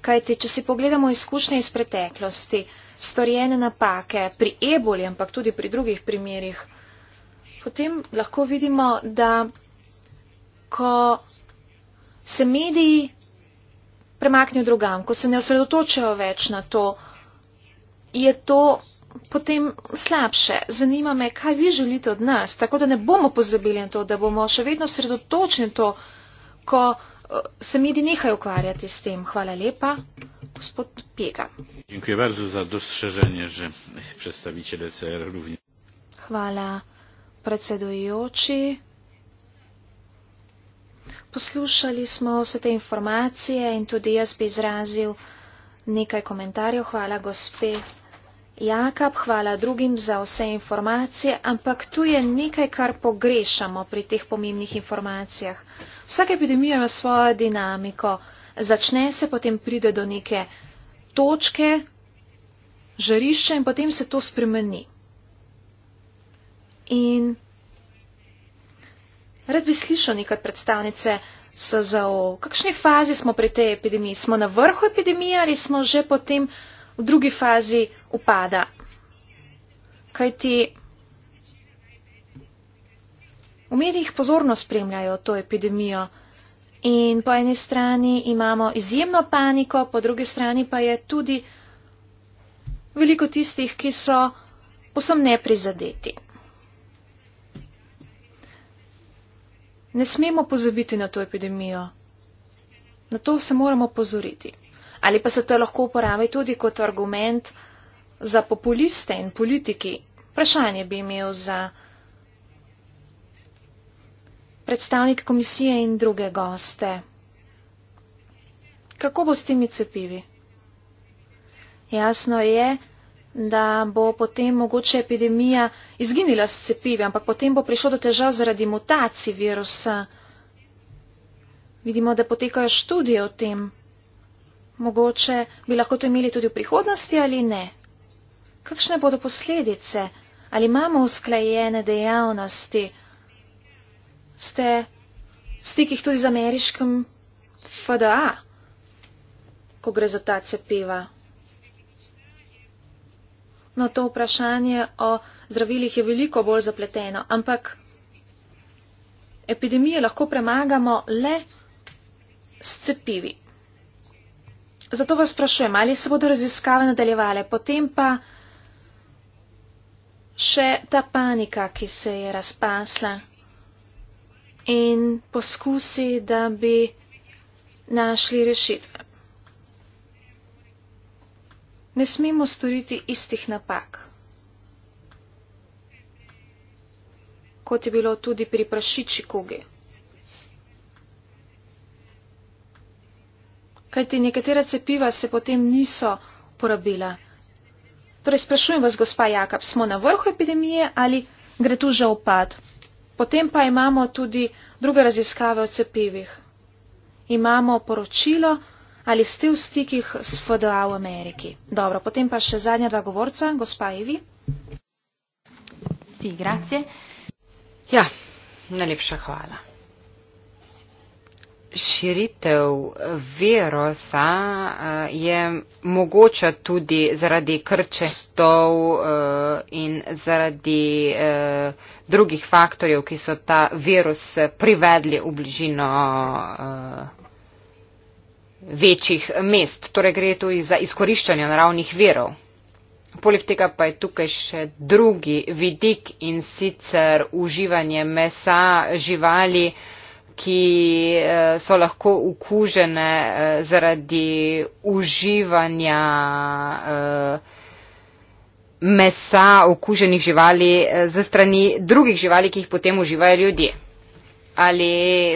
Kajti, če si pogledamo izkušnje iz preteklosti, storjene napake pri eboli, ampak tudi pri drugih primerjih, potem lahko vidimo, da ko se mediji premaknejo drugam, ko se ne osredotočajo več na to, je to potem slabše. Zanima me, kaj vi želite od nas, tako da ne bomo pozabili na to, da bomo še vedno osredotočeni na to, ko se midi nehaj ukvarjati s tem. Hvala lepa, gospod Pega. Dziękuję bardzo za dostrzeżenie, że przedstawiciele CR również. Hvala, predsedujoči. Poslušali smo vse te informacije in tudi jaz bi izrazil nekaj komentarjev. Hvala, gospe Jakab, hvala drugim za vse informacije, ampak tu je nekaj, kar pogrešamo pri teh pomembnih informacijah. Vsaka epidemija ima svojo dinamiko, začne se, potem pride do neke točke, žarišče in potem se to spremeni. In rad bi slišal nekaj predstavnice SZO, v kakšni fazi smo pri tej epidemiji? Smo na vrhu epidemije ali smo že potem v drugi fazi upada. Kaj ti v medijih pozorno spremljajo to epidemijo? In po eni strani imamo izjemno paniko, po drugi strani pa je tudi veliko tistih, ki so posem neprizadeti. Ne smemo pozabiti na to epidemijo. Na to se moramo pozoriti. Ali pa se to lahko uporabi tudi kot argument za populiste in politiki? Vprašanje bi imel za predstavnike komisije in druge goste. Kako bo s temi cepivi? Jasno je, da bo potem mogoče epidemija izginila s cepivi, ampak potem bo prišlo do težav zaradi mutacij virusa. Vidimo, da potekajo študije o tem mogoče bi lahko to imeli tudi v prihodnosti ali ne? Kakšne bodo posledice? Ali imamo usklajene dejavnosti? Ste v stikih tudi z ameriškim FDA, ko gre za ta cepiva? No, to vprašanje o zdravilih je veliko bolj zapleteno, ampak epidemije lahko premagamo le s cepivi. Zato vas sprašujem, ali se bodo raziskave nadaljevale, potem pa še ta panika, ki se je razpasla in poskusi, da bi našli rešitve. Ne smemo storiti istih napak, kot je bilo tudi pri prašiči kuge. kajti nekatera cepiva se potem niso porabila. Torej, sprašujem vas, gospa Jakab, smo na vrhu epidemije ali gre tu že opad? Potem pa imamo tudi druge raziskave o cepivih. Imamo poročilo, ali ste v stikih s FDA v Ameriki. Dobro, potem pa še zadnja dva govorca, gospa Ivi. Si, grazie. Ja, najlepša hvala širitev virusa eh, je mogoča tudi zaradi krčestov eh, in zaradi eh, drugih faktorjev, ki so ta virus privedli v bližino večjih mest. Torej gre tudi za izkoriščanje naravnih virov. Poleg tega pa je tukaj še drugi vidik in sicer uživanje mesa živali, uh, ki eh, so lahko ukužene eh, zaradi uživanja eh, mesa okuženih živali ze strani drugih živali, ki jih potem uživajo ljudje. Ali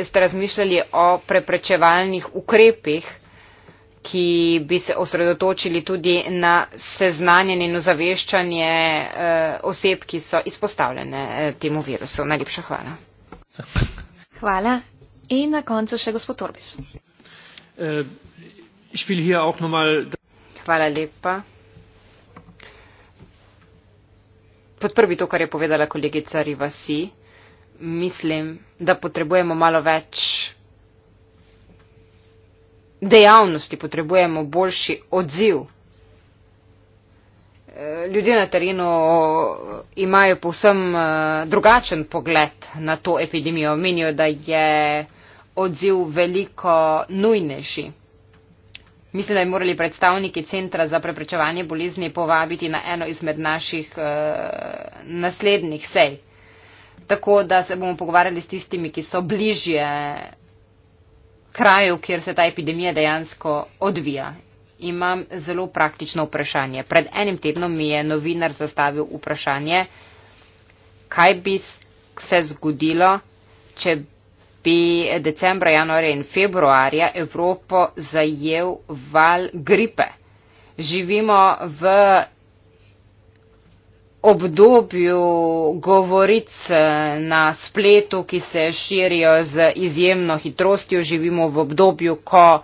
ste razmišljali o preprečevalnih ukrepih, ki bi se osredotočili tudi na seznanjanje in ozaveščanje oseb, ki so izpostavljene temu virusu? Najlepša hvala. Hvala in na koncu še gospod Torbis. Eh, Hvala lepa. Podprl bi to, kar je povedala kolegica Rivasi. Mislim, da potrebujemo malo več dejavnosti, potrebujemo boljši odziv ljudje na terenu eh, imajo povsem eh, drugačen pogled na to epidemijo. Menijo, da je odziv veliko nujnejši. Mislim, da bi morali predstavniki Centra za preprečevanje bolezni povabiti na eno izmed naših uh, naslednjih sej. Tako da se bomo pogovarjali s tistimi, ki so bližje kraju, kjer se ta epidemija dejansko odvija imam zelo praktično vprašanje. Pred enim tednom mi je novinar zastavil vprašanje, kaj bi se zgodilo, če bi decembra, januarja in februarja Evropo zajel val gripe. Živimo v obdobju govoric eh, na spletu, ki se širijo z izjemno hitrostjo, živimo v obdobju, ko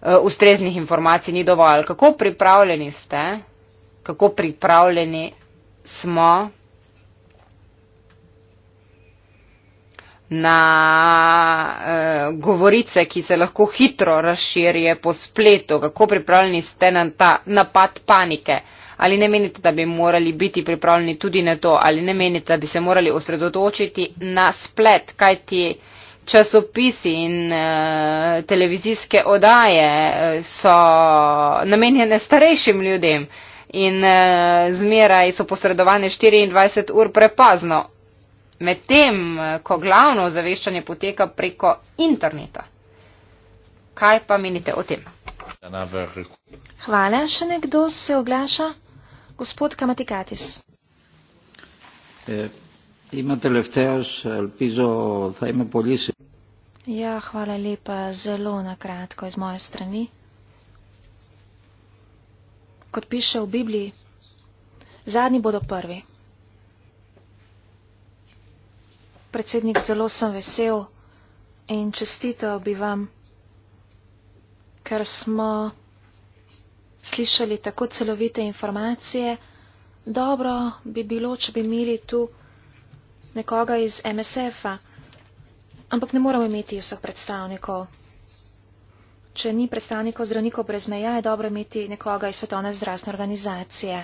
Eh, ustreznih informacij ni dovolj. Kako pripravljeni ste, kako pripravljeni smo na uh, govorice, ki se lahko hitro razširje po spletu, kako pripravljeni ste na ta napad panike. Ali ne menite, da bi morali biti pripravljeni tudi na to, ali ne menite, da bi se morali osredotočiti na splet, kaj ti je časopisi in uh, televizijske odaje eh, so namenjene starejšim ljudem in uh, zmeraj so posredovane 24 ur prepozno, medtem ko glavno zaveščanje poteka preko interneta. Kaj pa menite o tem? Hvala, še nekdo se oglaša. Gospod Kamatikatis. Eh. Imam telefteas, alpizo, zajme polisi. Ja, hvala lepa, zelo nakratko iz moje strani. Kot piše v Bibliji, zadnji bodo prvi. Predsednik, zelo sem vesel in čestital bi vam, ker smo slišali tako celovite informacije. Dobro bi bilo, če bi imeli tu nekoga iz MSF-a, ampak ne moramo imeti vseh predstavnikov. Če ni predstavnikov zdravnikov brez meja, je dobro imeti nekoga iz Svetovne zdravstvene organizacije.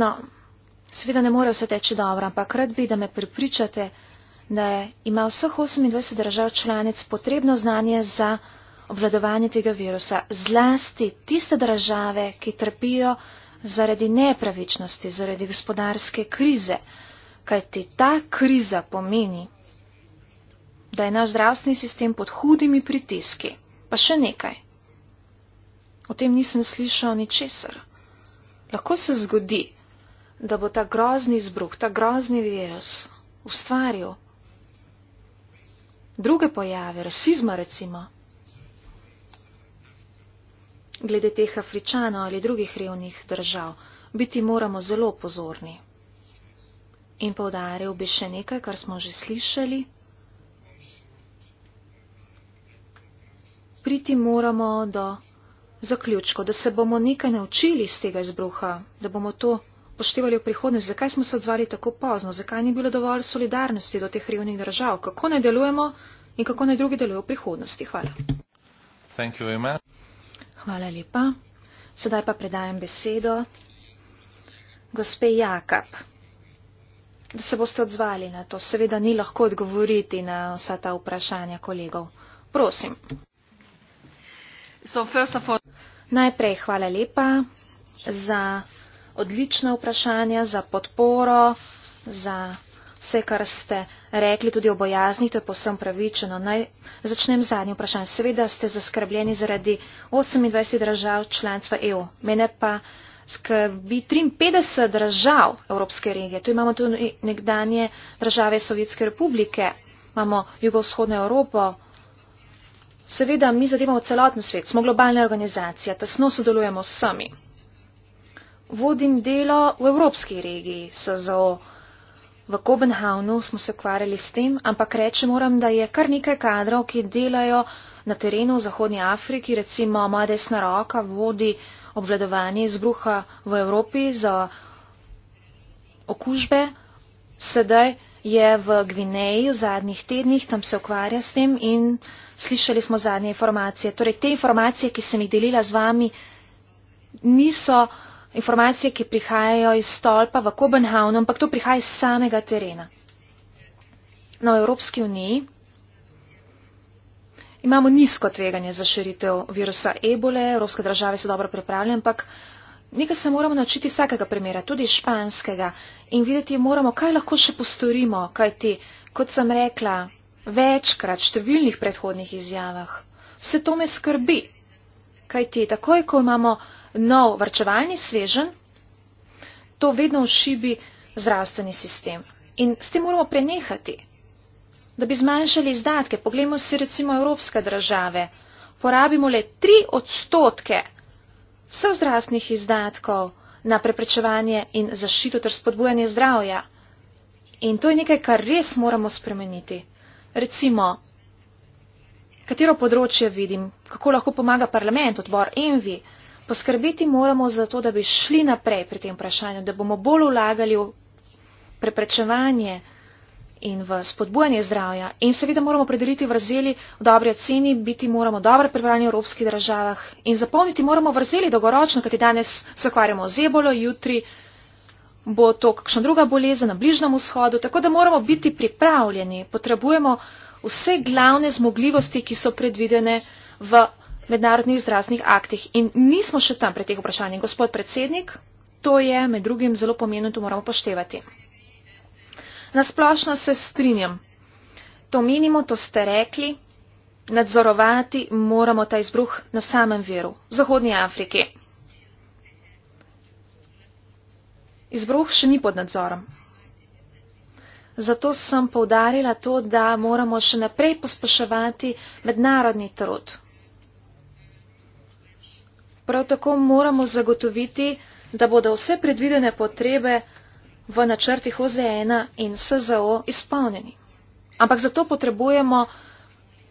No, seveda ne more vse teči dobro, ampak rad bi, da me pripričate, da je, ima vseh 28 držav članic potrebno znanje za obvladovanje tega virusa, zlasti tiste države, ki trpijo zaradi nepravičnosti, zaradi gospodarske krize kaj ti ta kriza pomeni, da je naš zdravstveni sistem pod hudimi pritiski. Pa še nekaj. O tem nisem slišal ničesar. Lahko se zgodi, da bo ta grozni izbruh, ta grozni virus ustvaril druge pojave, rasizma recimo, glede teh afričanov ali drugih revnih držav. Biti moramo zelo pozorni. In povdaril bi še nekaj, kar smo že slišali. Priti moramo do zaključka, da se bomo nekaj naučili iz tega izbruha, da bomo to poštevali v prihodnosti. Zakaj smo se odzvali tako pozno? Zakaj ni bilo dovolj solidarnosti do teh revnih držav? Kako naj delujemo in kako naj drugi delujejo v prihodnosti? Hvala. Hvala lepa. Sedaj pa predajem besedo gospe Jakab da se boste odzvali na to. Seveda ni lahko odgovoriti na vsa ta vprašanja kolegov. Prosim. So first of all... Najprej hvala lepa za odlična vprašanja, za podporo, za vse, kar ste rekli tudi o bojazni, to je posem pravičeno. Naj začnem z zadnjim vprašanjem. Seveda ste zaskrbljeni zaradi 28 držav članstva EU. Mene pa skrbi 53 držav Evropske regije. Tu imamo tudi nekdanje države Sovjetske republike, imamo jugovzhodno Evropo. Seveda, mi zadevamo celoten svet, smo globalna organizacija, tesno sodelujemo s sami. Vodim delo v Evropski regiji, SZO. V Kopenhavnu smo se ukvarjali s tem, ampak reče moram, da je kar nekaj kadrov, ki delajo na terenu v Zahodnji Afriki, recimo moja desna roka vodi obvladovanje izbruha v Evropi za okužbe. Sedaj je v Gvineji v zadnjih tednih, tam se ukvarja s tem in slišali smo zadnje informacije. Torej, te informacije, ki sem jih delila z vami, niso informacije, ki prihajajo iz stolpa v Kopenhavnu, ampak to prihaja iz samega terena. No, v Evropski uniji Imamo nizko tveganje za širitev virusa ebole, evropske države so dobro pripravljene, ampak nekaj se moramo naučiti vsakega primera, tudi španskega in videti moramo, kaj lahko še postorimo, kaj ti, kot sem rekla, večkrat, številnih predhodnih izjavah. Vse to me skrbi, kaj ti, takoj, ko imamo nov varčevalni svežen, to vedno ošibi zdravstveni sistem. In s tem moramo prenehati da bi zmanjšali izdatke. Poglejmo si recimo evropske države. Porabimo le tri odstotke vseh zdravstvenih izdatkov na preprečevanje in zaščito ter spodbujanje zdravja. In to je nekaj, kar res moramo spremeniti. Recimo, katero področje vidim, kako lahko pomaga parlament, odbor Envi. Poskrbeti moramo za to, da bi šli naprej pri tem vprašanju, da bomo bolj vlagali v preprečevanje in v spodbujanje zdravja. In seveda moramo predeliti vrzeli v dobri oceni, biti moramo dobro prebrani v evropskih državah in zapolniti moramo vrzeli dolgoročno, kajti danes se okvarjamo z ebolo, jutri bo to kakšna druga bolezen na Bližnem vzhodu, tako da moramo biti pripravljeni. Potrebujemo vse glavne zmogljivosti, ki so predvidene v mednarodnih zdravstvenih aktih. In nismo še tam pred teh vprašanjem. Gospod predsednik, to je med drugim zelo pomembno in to moramo poštevati. Nasplošno se strinjam. To menimo, to ste rekli. Nadzorovati moramo ta izbruh na samem veru, Zahodnji Afriki. Izbruh še ni pod nadzorom. Zato sem povdarila to, da moramo še naprej pospeševati mednarodni trud. Prav tako moramo zagotoviti, da bodo vse predvidene potrebe v načrtih OZ1 in SZO izpolnjeni. Ampak zato potrebujemo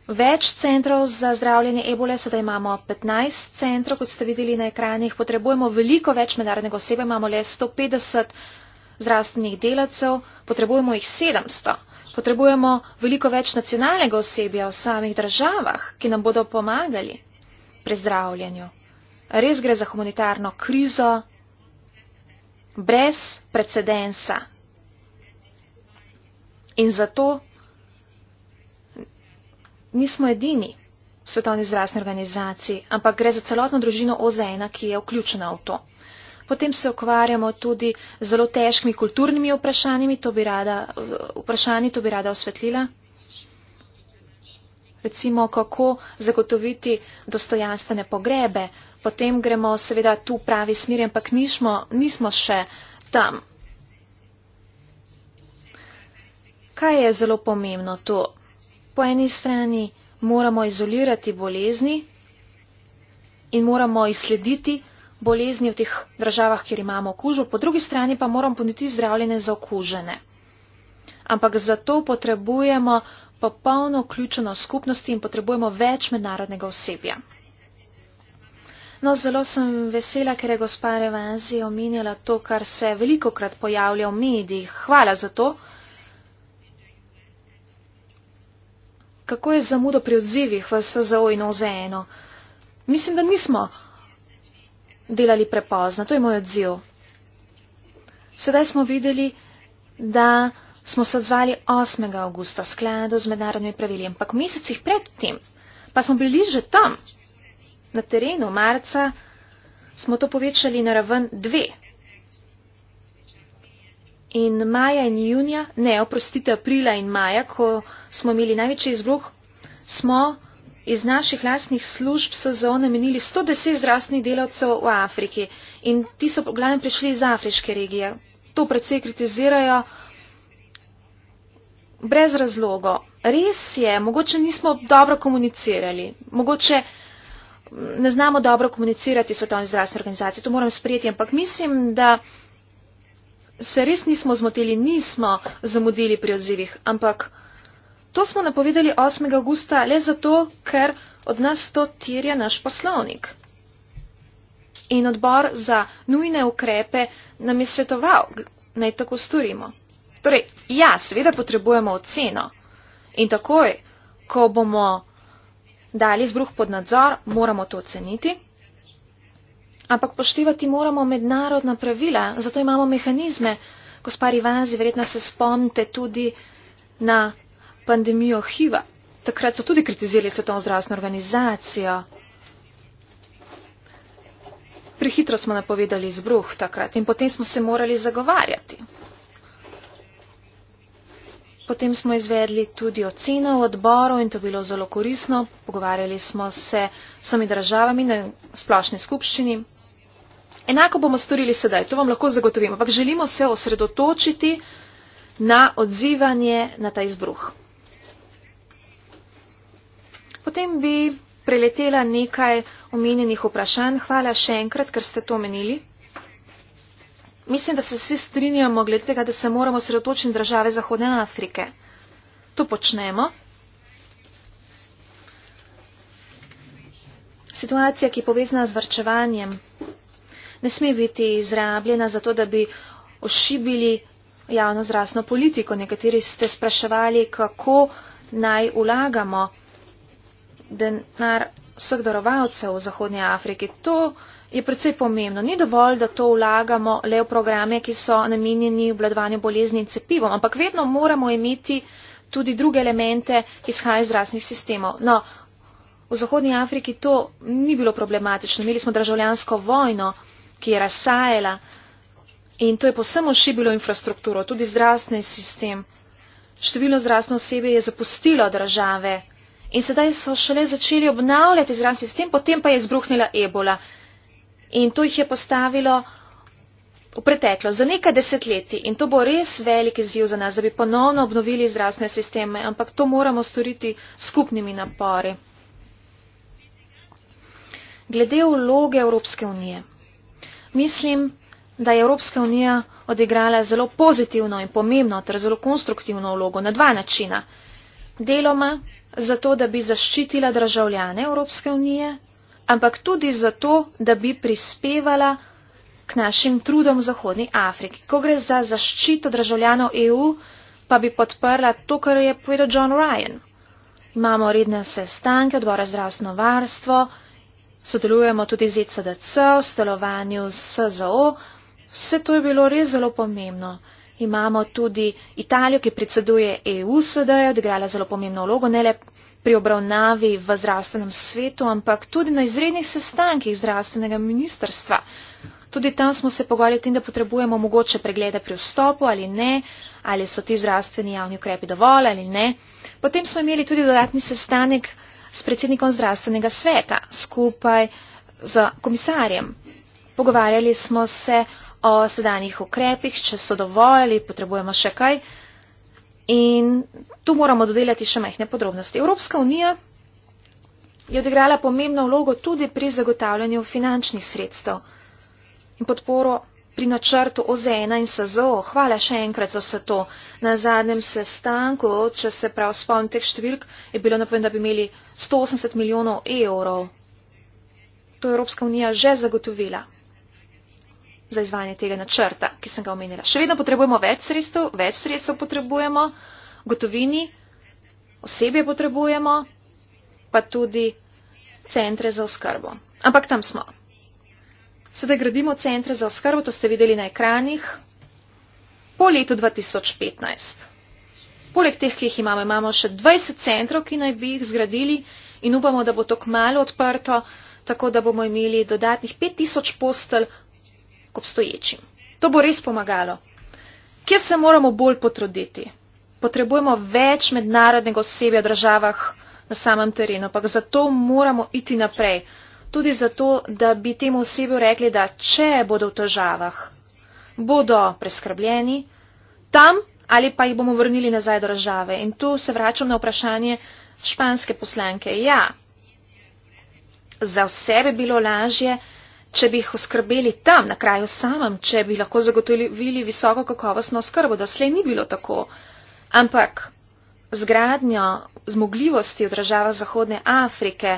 več centrov za zdravljenje ebole, sedaj imamo 15 centrov, kot ste videli na ekranih, potrebujemo veliko več mednarodnega osebe, imamo le 150 zdravstvenih delavcev, potrebujemo jih 700. Potrebujemo veliko več nacionalnega osebja v samih državah, ki nam bodo pomagali pri zdravljenju. Res gre za humanitarno krizo, brez precedensa. In zato nismo edini svetovni zdravstveni organizaciji, ampak gre za celotno družino OZN, ki je vključena v to. Potem se ukvarjamo tudi z zelo težkimi kulturnimi vprašanji, to bi rada, vprašanji, to bi rada osvetlila. Recimo, kako zagotoviti dostojanstvene pogrebe potem gremo seveda tu pravi smer, ampak nismo, nismo še tam. Kaj je zelo pomembno tu? Po eni strani moramo izolirati bolezni in moramo izslediti bolezni v teh državah, kjer imamo okužbo, po drugi strani pa moramo poniti zdravljene za okužene. Ampak zato potrebujemo popolno vključeno skupnosti in potrebujemo več mednarodnega osebja. No, zelo sem vesela, ker je gospa Revenzi omenjala to, kar se veliko krat pojavlja v medijih. Hvala za to. Kako je zamudo pri odzivih v SZO in OZN-u? Mislim, da nismo delali prepozno. To je moj odziv. Sedaj smo videli, da smo se odzvali 8. augusta v skladu z mednarodnimi pravili, ampak mesecih predtem pa smo bili že tam na terenu marca smo to povečali na raven dve. In maja in junija, ne, oprostite, aprila in maja, ko smo imeli največji izbruh, smo iz naših lastnih služb sezone namenili 110 zdravstvenih delavcev v Afriki. In ti so glavno prišli iz afriške regije. To predvsej kritizirajo brez razlogo. Res je, mogoče nismo dobro komunicirali. Mogoče ne znamo dobro komunicirati s svetovno zdravstveno organizacijo. To moram sprejeti, ampak mislim, da se res nismo zmotili, nismo zamudili pri odzivih. Ampak to smo napovedali 8. augusta le zato, ker od nas to tirja naš poslovnik. In odbor za nujne ukrepe nam je svetoval, naj tako storimo. Torej, ja, seveda potrebujemo oceno. In takoj, ko bomo dali izbruh pod nadzor, moramo to oceniti. Ampak poštivati moramo mednarodna pravila, zato imamo mehanizme. Gospa Rivazi, verjetno se spomnite tudi na pandemijo HIV-a. Takrat so tudi kritizirali svetovno zdravstveno organizacijo. Prehitro smo napovedali izbruh takrat in potem smo se morali zagovarjati. Potem smo izvedli tudi oceno v odboru in to bilo zelo korisno. Pogovarjali smo se s vsemi državami na splošni skupščini. Enako bomo storili sedaj, to vam lahko zagotovim, ampak želimo se osredotočiti na odzivanje na ta izbruh. Potem bi preletela nekaj omenjenih vprašanj. Hvala še enkrat, ker ste to omenili. Mislim, da se vsi strinjamo glede tega, da se moramo sredotočiti na države Zahodne Afrike. To počnemo. Situacija, ki je povezana z vrčevanjem, ne sme biti izrabljena zato, da bi ošibili javno zrasno politiko. Nekateri ste spraševali, kako naj ulagamo denar vseh darovalcev v Zahodnji Afriki. To je predvsej pomembno. Ni dovolj, da to vlagamo le v programe, ki so namenjeni obladovanju bolezni in cepivom, ampak vedno moramo imeti tudi druge elemente, ki izhajajo iz raznih sistemov. No, v Zahodnji Afriki to ni bilo problematično. Imeli smo državljansko vojno, ki je razsajala in to je posebno šibilo infrastrukturo, tudi zdravstveni sistem. Številno zdravstveno osebje je zapustilo države. In sedaj so šele začeli obnavljati zdravstveni sistem, potem pa je izbruhnila ebola in to jih je postavilo v preteklo za nekaj desetletij in to bo res velik izziv za nas, da bi ponovno obnovili zdravstvene sisteme, ampak to moramo storiti skupnimi napori. Glede vloge Evropske unije. Mislim, da je Evropska unija odigrala zelo pozitivno in pomembno ter zelo konstruktivno vlogo na dva načina. Deloma zato, da bi zaščitila državljane Evropske unije ampak tudi zato, da bi prispevala k našim trudom v Zahodni Afriki. Ko gre za zaščito državljanov EU, pa bi podprla to, kar je povedal John Ryan. Imamo redne sestanke odbora zdravstveno varstvo, sodelujemo tudi z ECDC, v stelovanju z SZO. Vse to je bilo res zelo pomembno. Imamo tudi Italijo, ki predseduje EU, sedaj je odigrala zelo pomembno vlogo, ne le pri obravnavi v zdravstvenem svetu, ampak tudi na izrednih sestankih zdravstvenega ministerstva. Tudi tam smo se pogovarjali o tem, da potrebujemo mogoče preglede pri vstopu ali ne, ali so ti zdravstveni javni ukrepi dovolj ali ne. Potem smo imeli tudi dodatni sestanek s predsednikom zdravstvenega sveta skupaj z komisarjem. Pogovarjali smo se o sedanjih ukrepih, če so dovolj ali potrebujemo še kaj. In Tu moramo dodelati še mehne podrobnosti. Evropska unija je odigrala pomembno vlogo tudi pri zagotavljanju finančnih sredstev in podporo pri načrtu OZNA in SZO. Hvala še enkrat za vse to. Na zadnjem sestanku, če se prav spomnim teh številk, je bilo napovedano, da bi imeli 180 milijonov evrov. To je Evropska unija že zagotovila za izvajanje tega načrta, ki sem ga omenila. Še vedno potrebujemo več sredstev, več sredstev potrebujemo gotovini, osebje potrebujemo, pa tudi centre za oskrbo. Ampak tam smo. Sedaj gradimo centre za oskrbo, to ste videli na ekranih, po letu 2015. Poleg teh, ki jih imamo, imamo še 20 centrov, ki naj bi jih zgradili in upamo, da bo to kmalo odprto, tako da bomo imeli dodatnih 5000 postelj k obstoječim. To bo res pomagalo. Kje se moramo bolj potruditi? potrebujemo več mednarodnega osebja v državah na samem terenu, ampak zato moramo iti naprej. Tudi zato, da bi temu osebju rekli, da če bodo v težavah, bodo preskrbljeni tam ali pa jih bomo vrnili nazaj do države. In tu se vračam na vprašanje španske poslanke. Ja, za vse bi bilo lažje, če bi jih oskrbeli tam, na kraju samem, če bi lahko zagotovili visoko kakovostno oskrbo. Doslej ni bilo tako. Ampak zgradnjo zmogljivosti v državah Zahodne Afrike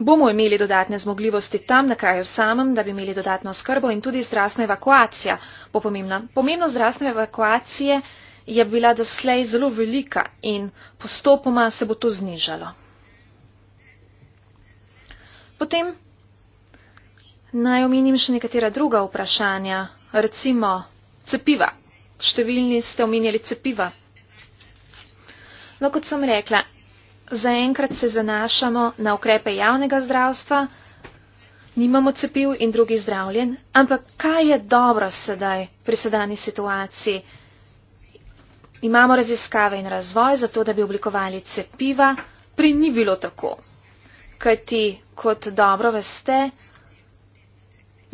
bomo imeli dodatne zmogljivosti tam na kraju samem, da bi imeli dodatno skrbo in tudi zdravstvena evakuacija bo pomembna. Pomembno zdravstvene evakuacije je bila doslej zelo velika in postopoma se bo to znižalo. Potem naj omenim še nekatera druga vprašanja, recimo cepiva številni ste omenjali cepiva. No, kot sem rekla, zaenkrat se zanašamo na ukrepe javnega zdravstva, nimamo cepiv in drugi zdravljen, ampak kaj je dobro sedaj pri sedani situaciji? Imamo raziskave in razvoj za to, da bi oblikovali cepiva, pri ni bilo tako. Kajti, kot dobro veste,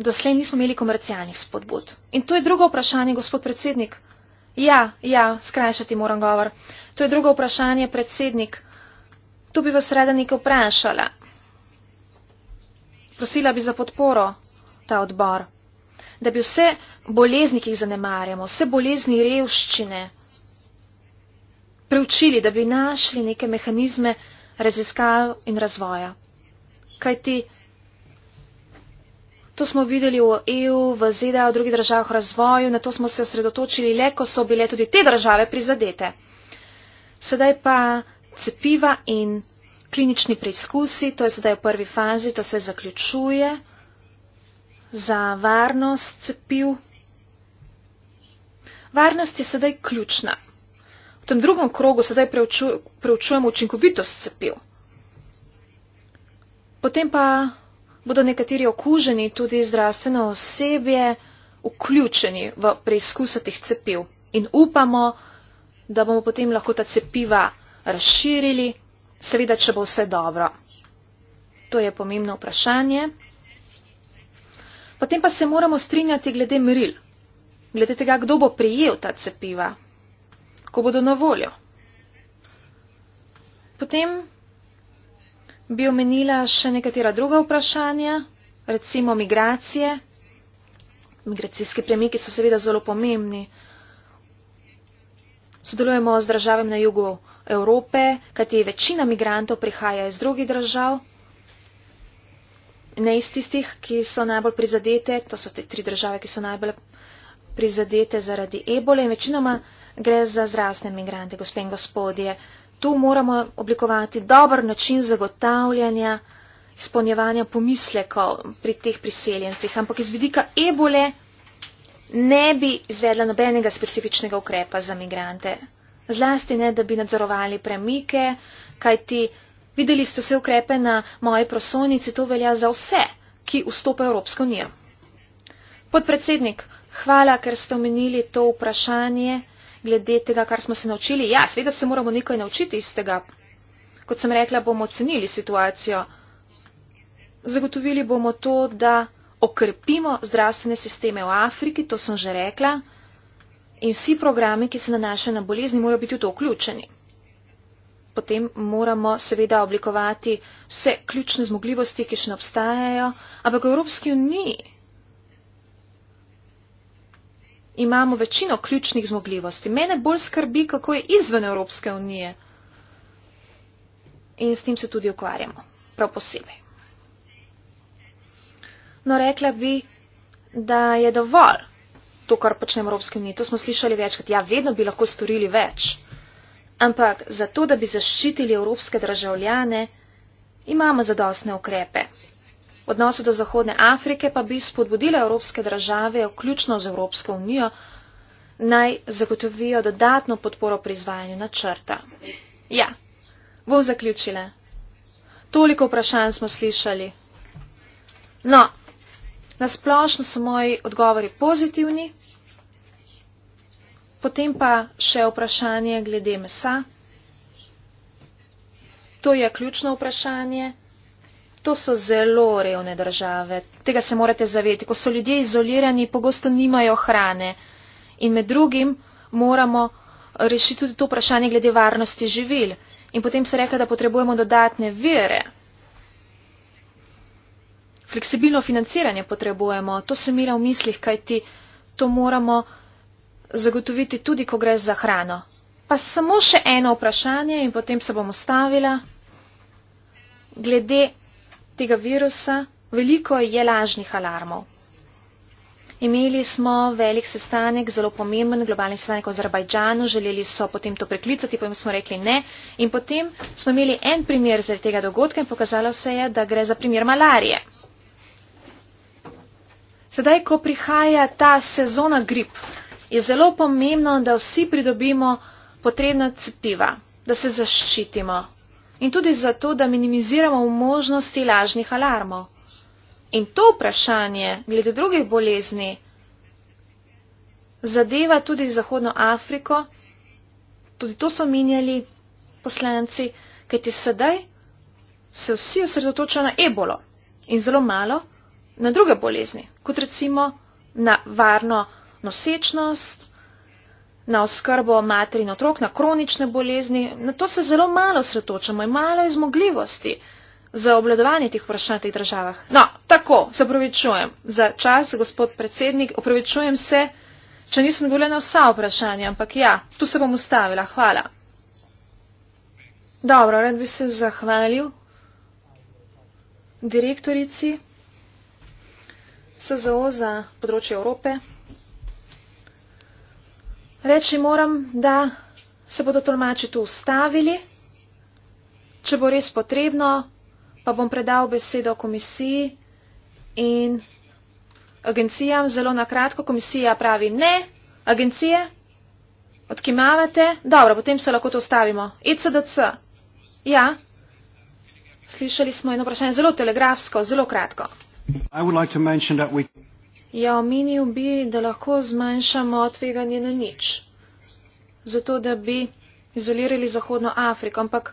doslej nismo imeli komercialnih spodbud. In to je drugo vprašanje, gospod predsednik. Ja, ja, skrajšati moram govor. To je drugo vprašanje, predsednik. Tu bi vas reda nekaj vprašala. Prosila bi za podporo ta odbor, da bi vse bolezni, ki jih zanemarjamo, vse bolezni revščine preučili, da bi našli neke mehanizme raziskav in razvoja. Kaj ti To smo videli v EU, v ZDA, v drugih državah v razvoju, na to smo se osredotočili le, ko so bile tudi te države prizadete. Sedaj pa cepiva in klinični preizkusi, to je sedaj v prvi fazi, to se zaključuje za varnost cepiv. Varnost je sedaj ključna. V tem drugem krogu sedaj preučujemo učinkovitost cepiv. Potem pa bodo nekateri okuženi, tudi zdravstveno osebje, vključeni v preizkusa teh cepiv. In upamo, da bomo potem lahko ta cepiva razširili, seveda, če bo vse dobro. To je pomembno vprašanje. Potem pa se moramo strinjati glede meril, glede tega, kdo bo prijel ta cepiva, ko bodo na voljo. Potem bi omenila še nekatera druga vprašanja, recimo migracije. Migracijski premiki so seveda zelo pomembni. Sodelujemo z državami na jugu Evrope, kateri večina migrantov prihaja iz drugih držav, ne iz tistih, ki so najbolj prizadete, to so te tri države, ki so najbolj prizadete zaradi ebole in večinoma gre za zrasne migrante, gospe in gospodje tu moramo oblikovati dober način zagotavljanja izpolnjevanja pomislekov pri teh priseljencih. Ampak iz vidika ebole ne bi izvedla nobenega specifičnega ukrepa za migrante. Zlasti ne, da bi nadzorovali premike, kajti videli ste vse ukrepe na moji prosonici, to velja za vse, ki vstopajo v Evropsko unijo. Podpredsednik, hvala, ker ste omenili to vprašanje glede tega, kar smo se naučili. Ja, seveda se moramo nekaj naučiti iz tega. Kot sem rekla, bomo ocenili situacijo. Zagotovili bomo to, da okrepimo zdravstvene sisteme v Afriki, to sem že rekla. In vsi programi, ki se nanašajo na bolezni, morajo biti v to vključeni. Potem moramo seveda oblikovati vse ključne zmogljivosti, ki še ne obstajajo, ampak v Evropski uniji imamo večino ključnih zmogljivosti. Mene bolj skrbi, kako je izven Evropske unije. In s tem se tudi ukvarjamo, prav posebej. No, rekla bi, da je dovolj to, kar počne Evropske unije. To smo slišali večkrat. Ja, vedno bi lahko storili več. Ampak za to, da bi zaščitili evropske državljane, imamo zadostne ukrepe. Odnose do Zahodne Afrike pa bi spodbudile evropske države, vključno z Evropsko unijo, naj zagotovijo dodatno podporo pri izvajanju načrta. Ja, bom zaključila. Toliko vprašanj smo slišali. No, nasplošno so moji odgovori pozitivni, potem pa še vprašanje glede mesa. To je ključno vprašanje to so zelo revne države. Tega se morate zavedati. Ko so ljudje izolirani, pogosto nimajo hrane. In med drugim moramo eh, rešiti tudi to vprašanje glede varnosti živil. In potem se reka, da potrebujemo dodatne vire. Fleksibilno financiranje potrebujemo, to se mira v mislih, kajti to moramo zagotoviti tudi, ko gre za hrano. Pa samo še eno vprašanje in potem se bom ustavila. Glede tega virusa, veliko je lažnih alarmov. Imeli smo velik sestanek, zelo pomemben globalni sestanek v Azerbajdžanu, želeli so potem to preklicati, potem smo rekli ne. In potem smo imeli en primer zaradi tega dogodka in pokazalo se je, da gre za primer malarije. Sedaj, ko prihaja ta sezona grip, je zelo pomembno, da vsi pridobimo potrebna cepiva, da se zaščitimo in tudi zato, da minimiziramo možnosti lažnih alarmov. In to vprašanje glede drugih bolezni zadeva tudi Zahodno Afriko, tudi to so minjali poslanci, kajti sedaj se vsi osredotočajo na ebolo in zelo malo na druge bolezni, kot recimo na varno nosečnost, na oskrbo mater in otrok, na kronične bolezni, na to se zelo malo sretočamo in malo je zmogljivosti za obladovanje teh vprašanj v teh državah. No, tako, se opravičujem za čas, gospod predsednik, opravičujem se, če nisem govorila na vsa vprašanja, ampak ja, tu se bom ustavila, hvala. Dobro, rad bi se zahvalil direktorici SZO za področje Evrope. Reči moram, da se bodo tolmači tu ustavili. Če bo res potrebno, pa bom predal besedo komisiji in agencijam zelo na kratko. Komisija pravi ne, agencije odkimavate. Dobro, potem se lahko to ustavimo. ECDC. Ja, slišali smo eno vprašanje zelo telegrafsko, zelo kratko. Ja, omenil bi, da lahko zmanjšamo tveganje na nič, zato da bi izolirali Zahodno Afriko, ampak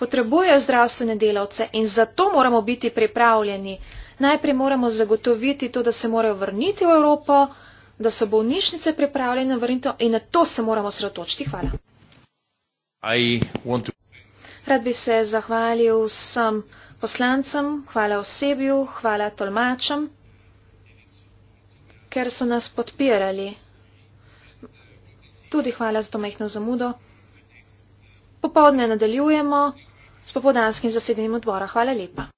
potrebuje zdravstvene delavce in zato moramo biti pripravljeni. Najprej moramo zagotoviti to, da se morajo vrniti v Evropo, da so bolnišnice pripravljene na vrnitev in na to se moramo sredotočiti. Hvala. To... Rad bi se zahvalil vsem poslancem, hvala osebju, hvala tolmačem ker so nas podpirali. Tudi hvala za to mehno zamudo. Popovdne nadaljujemo s popodanskim zasedenjem odbora. Hvala lepa.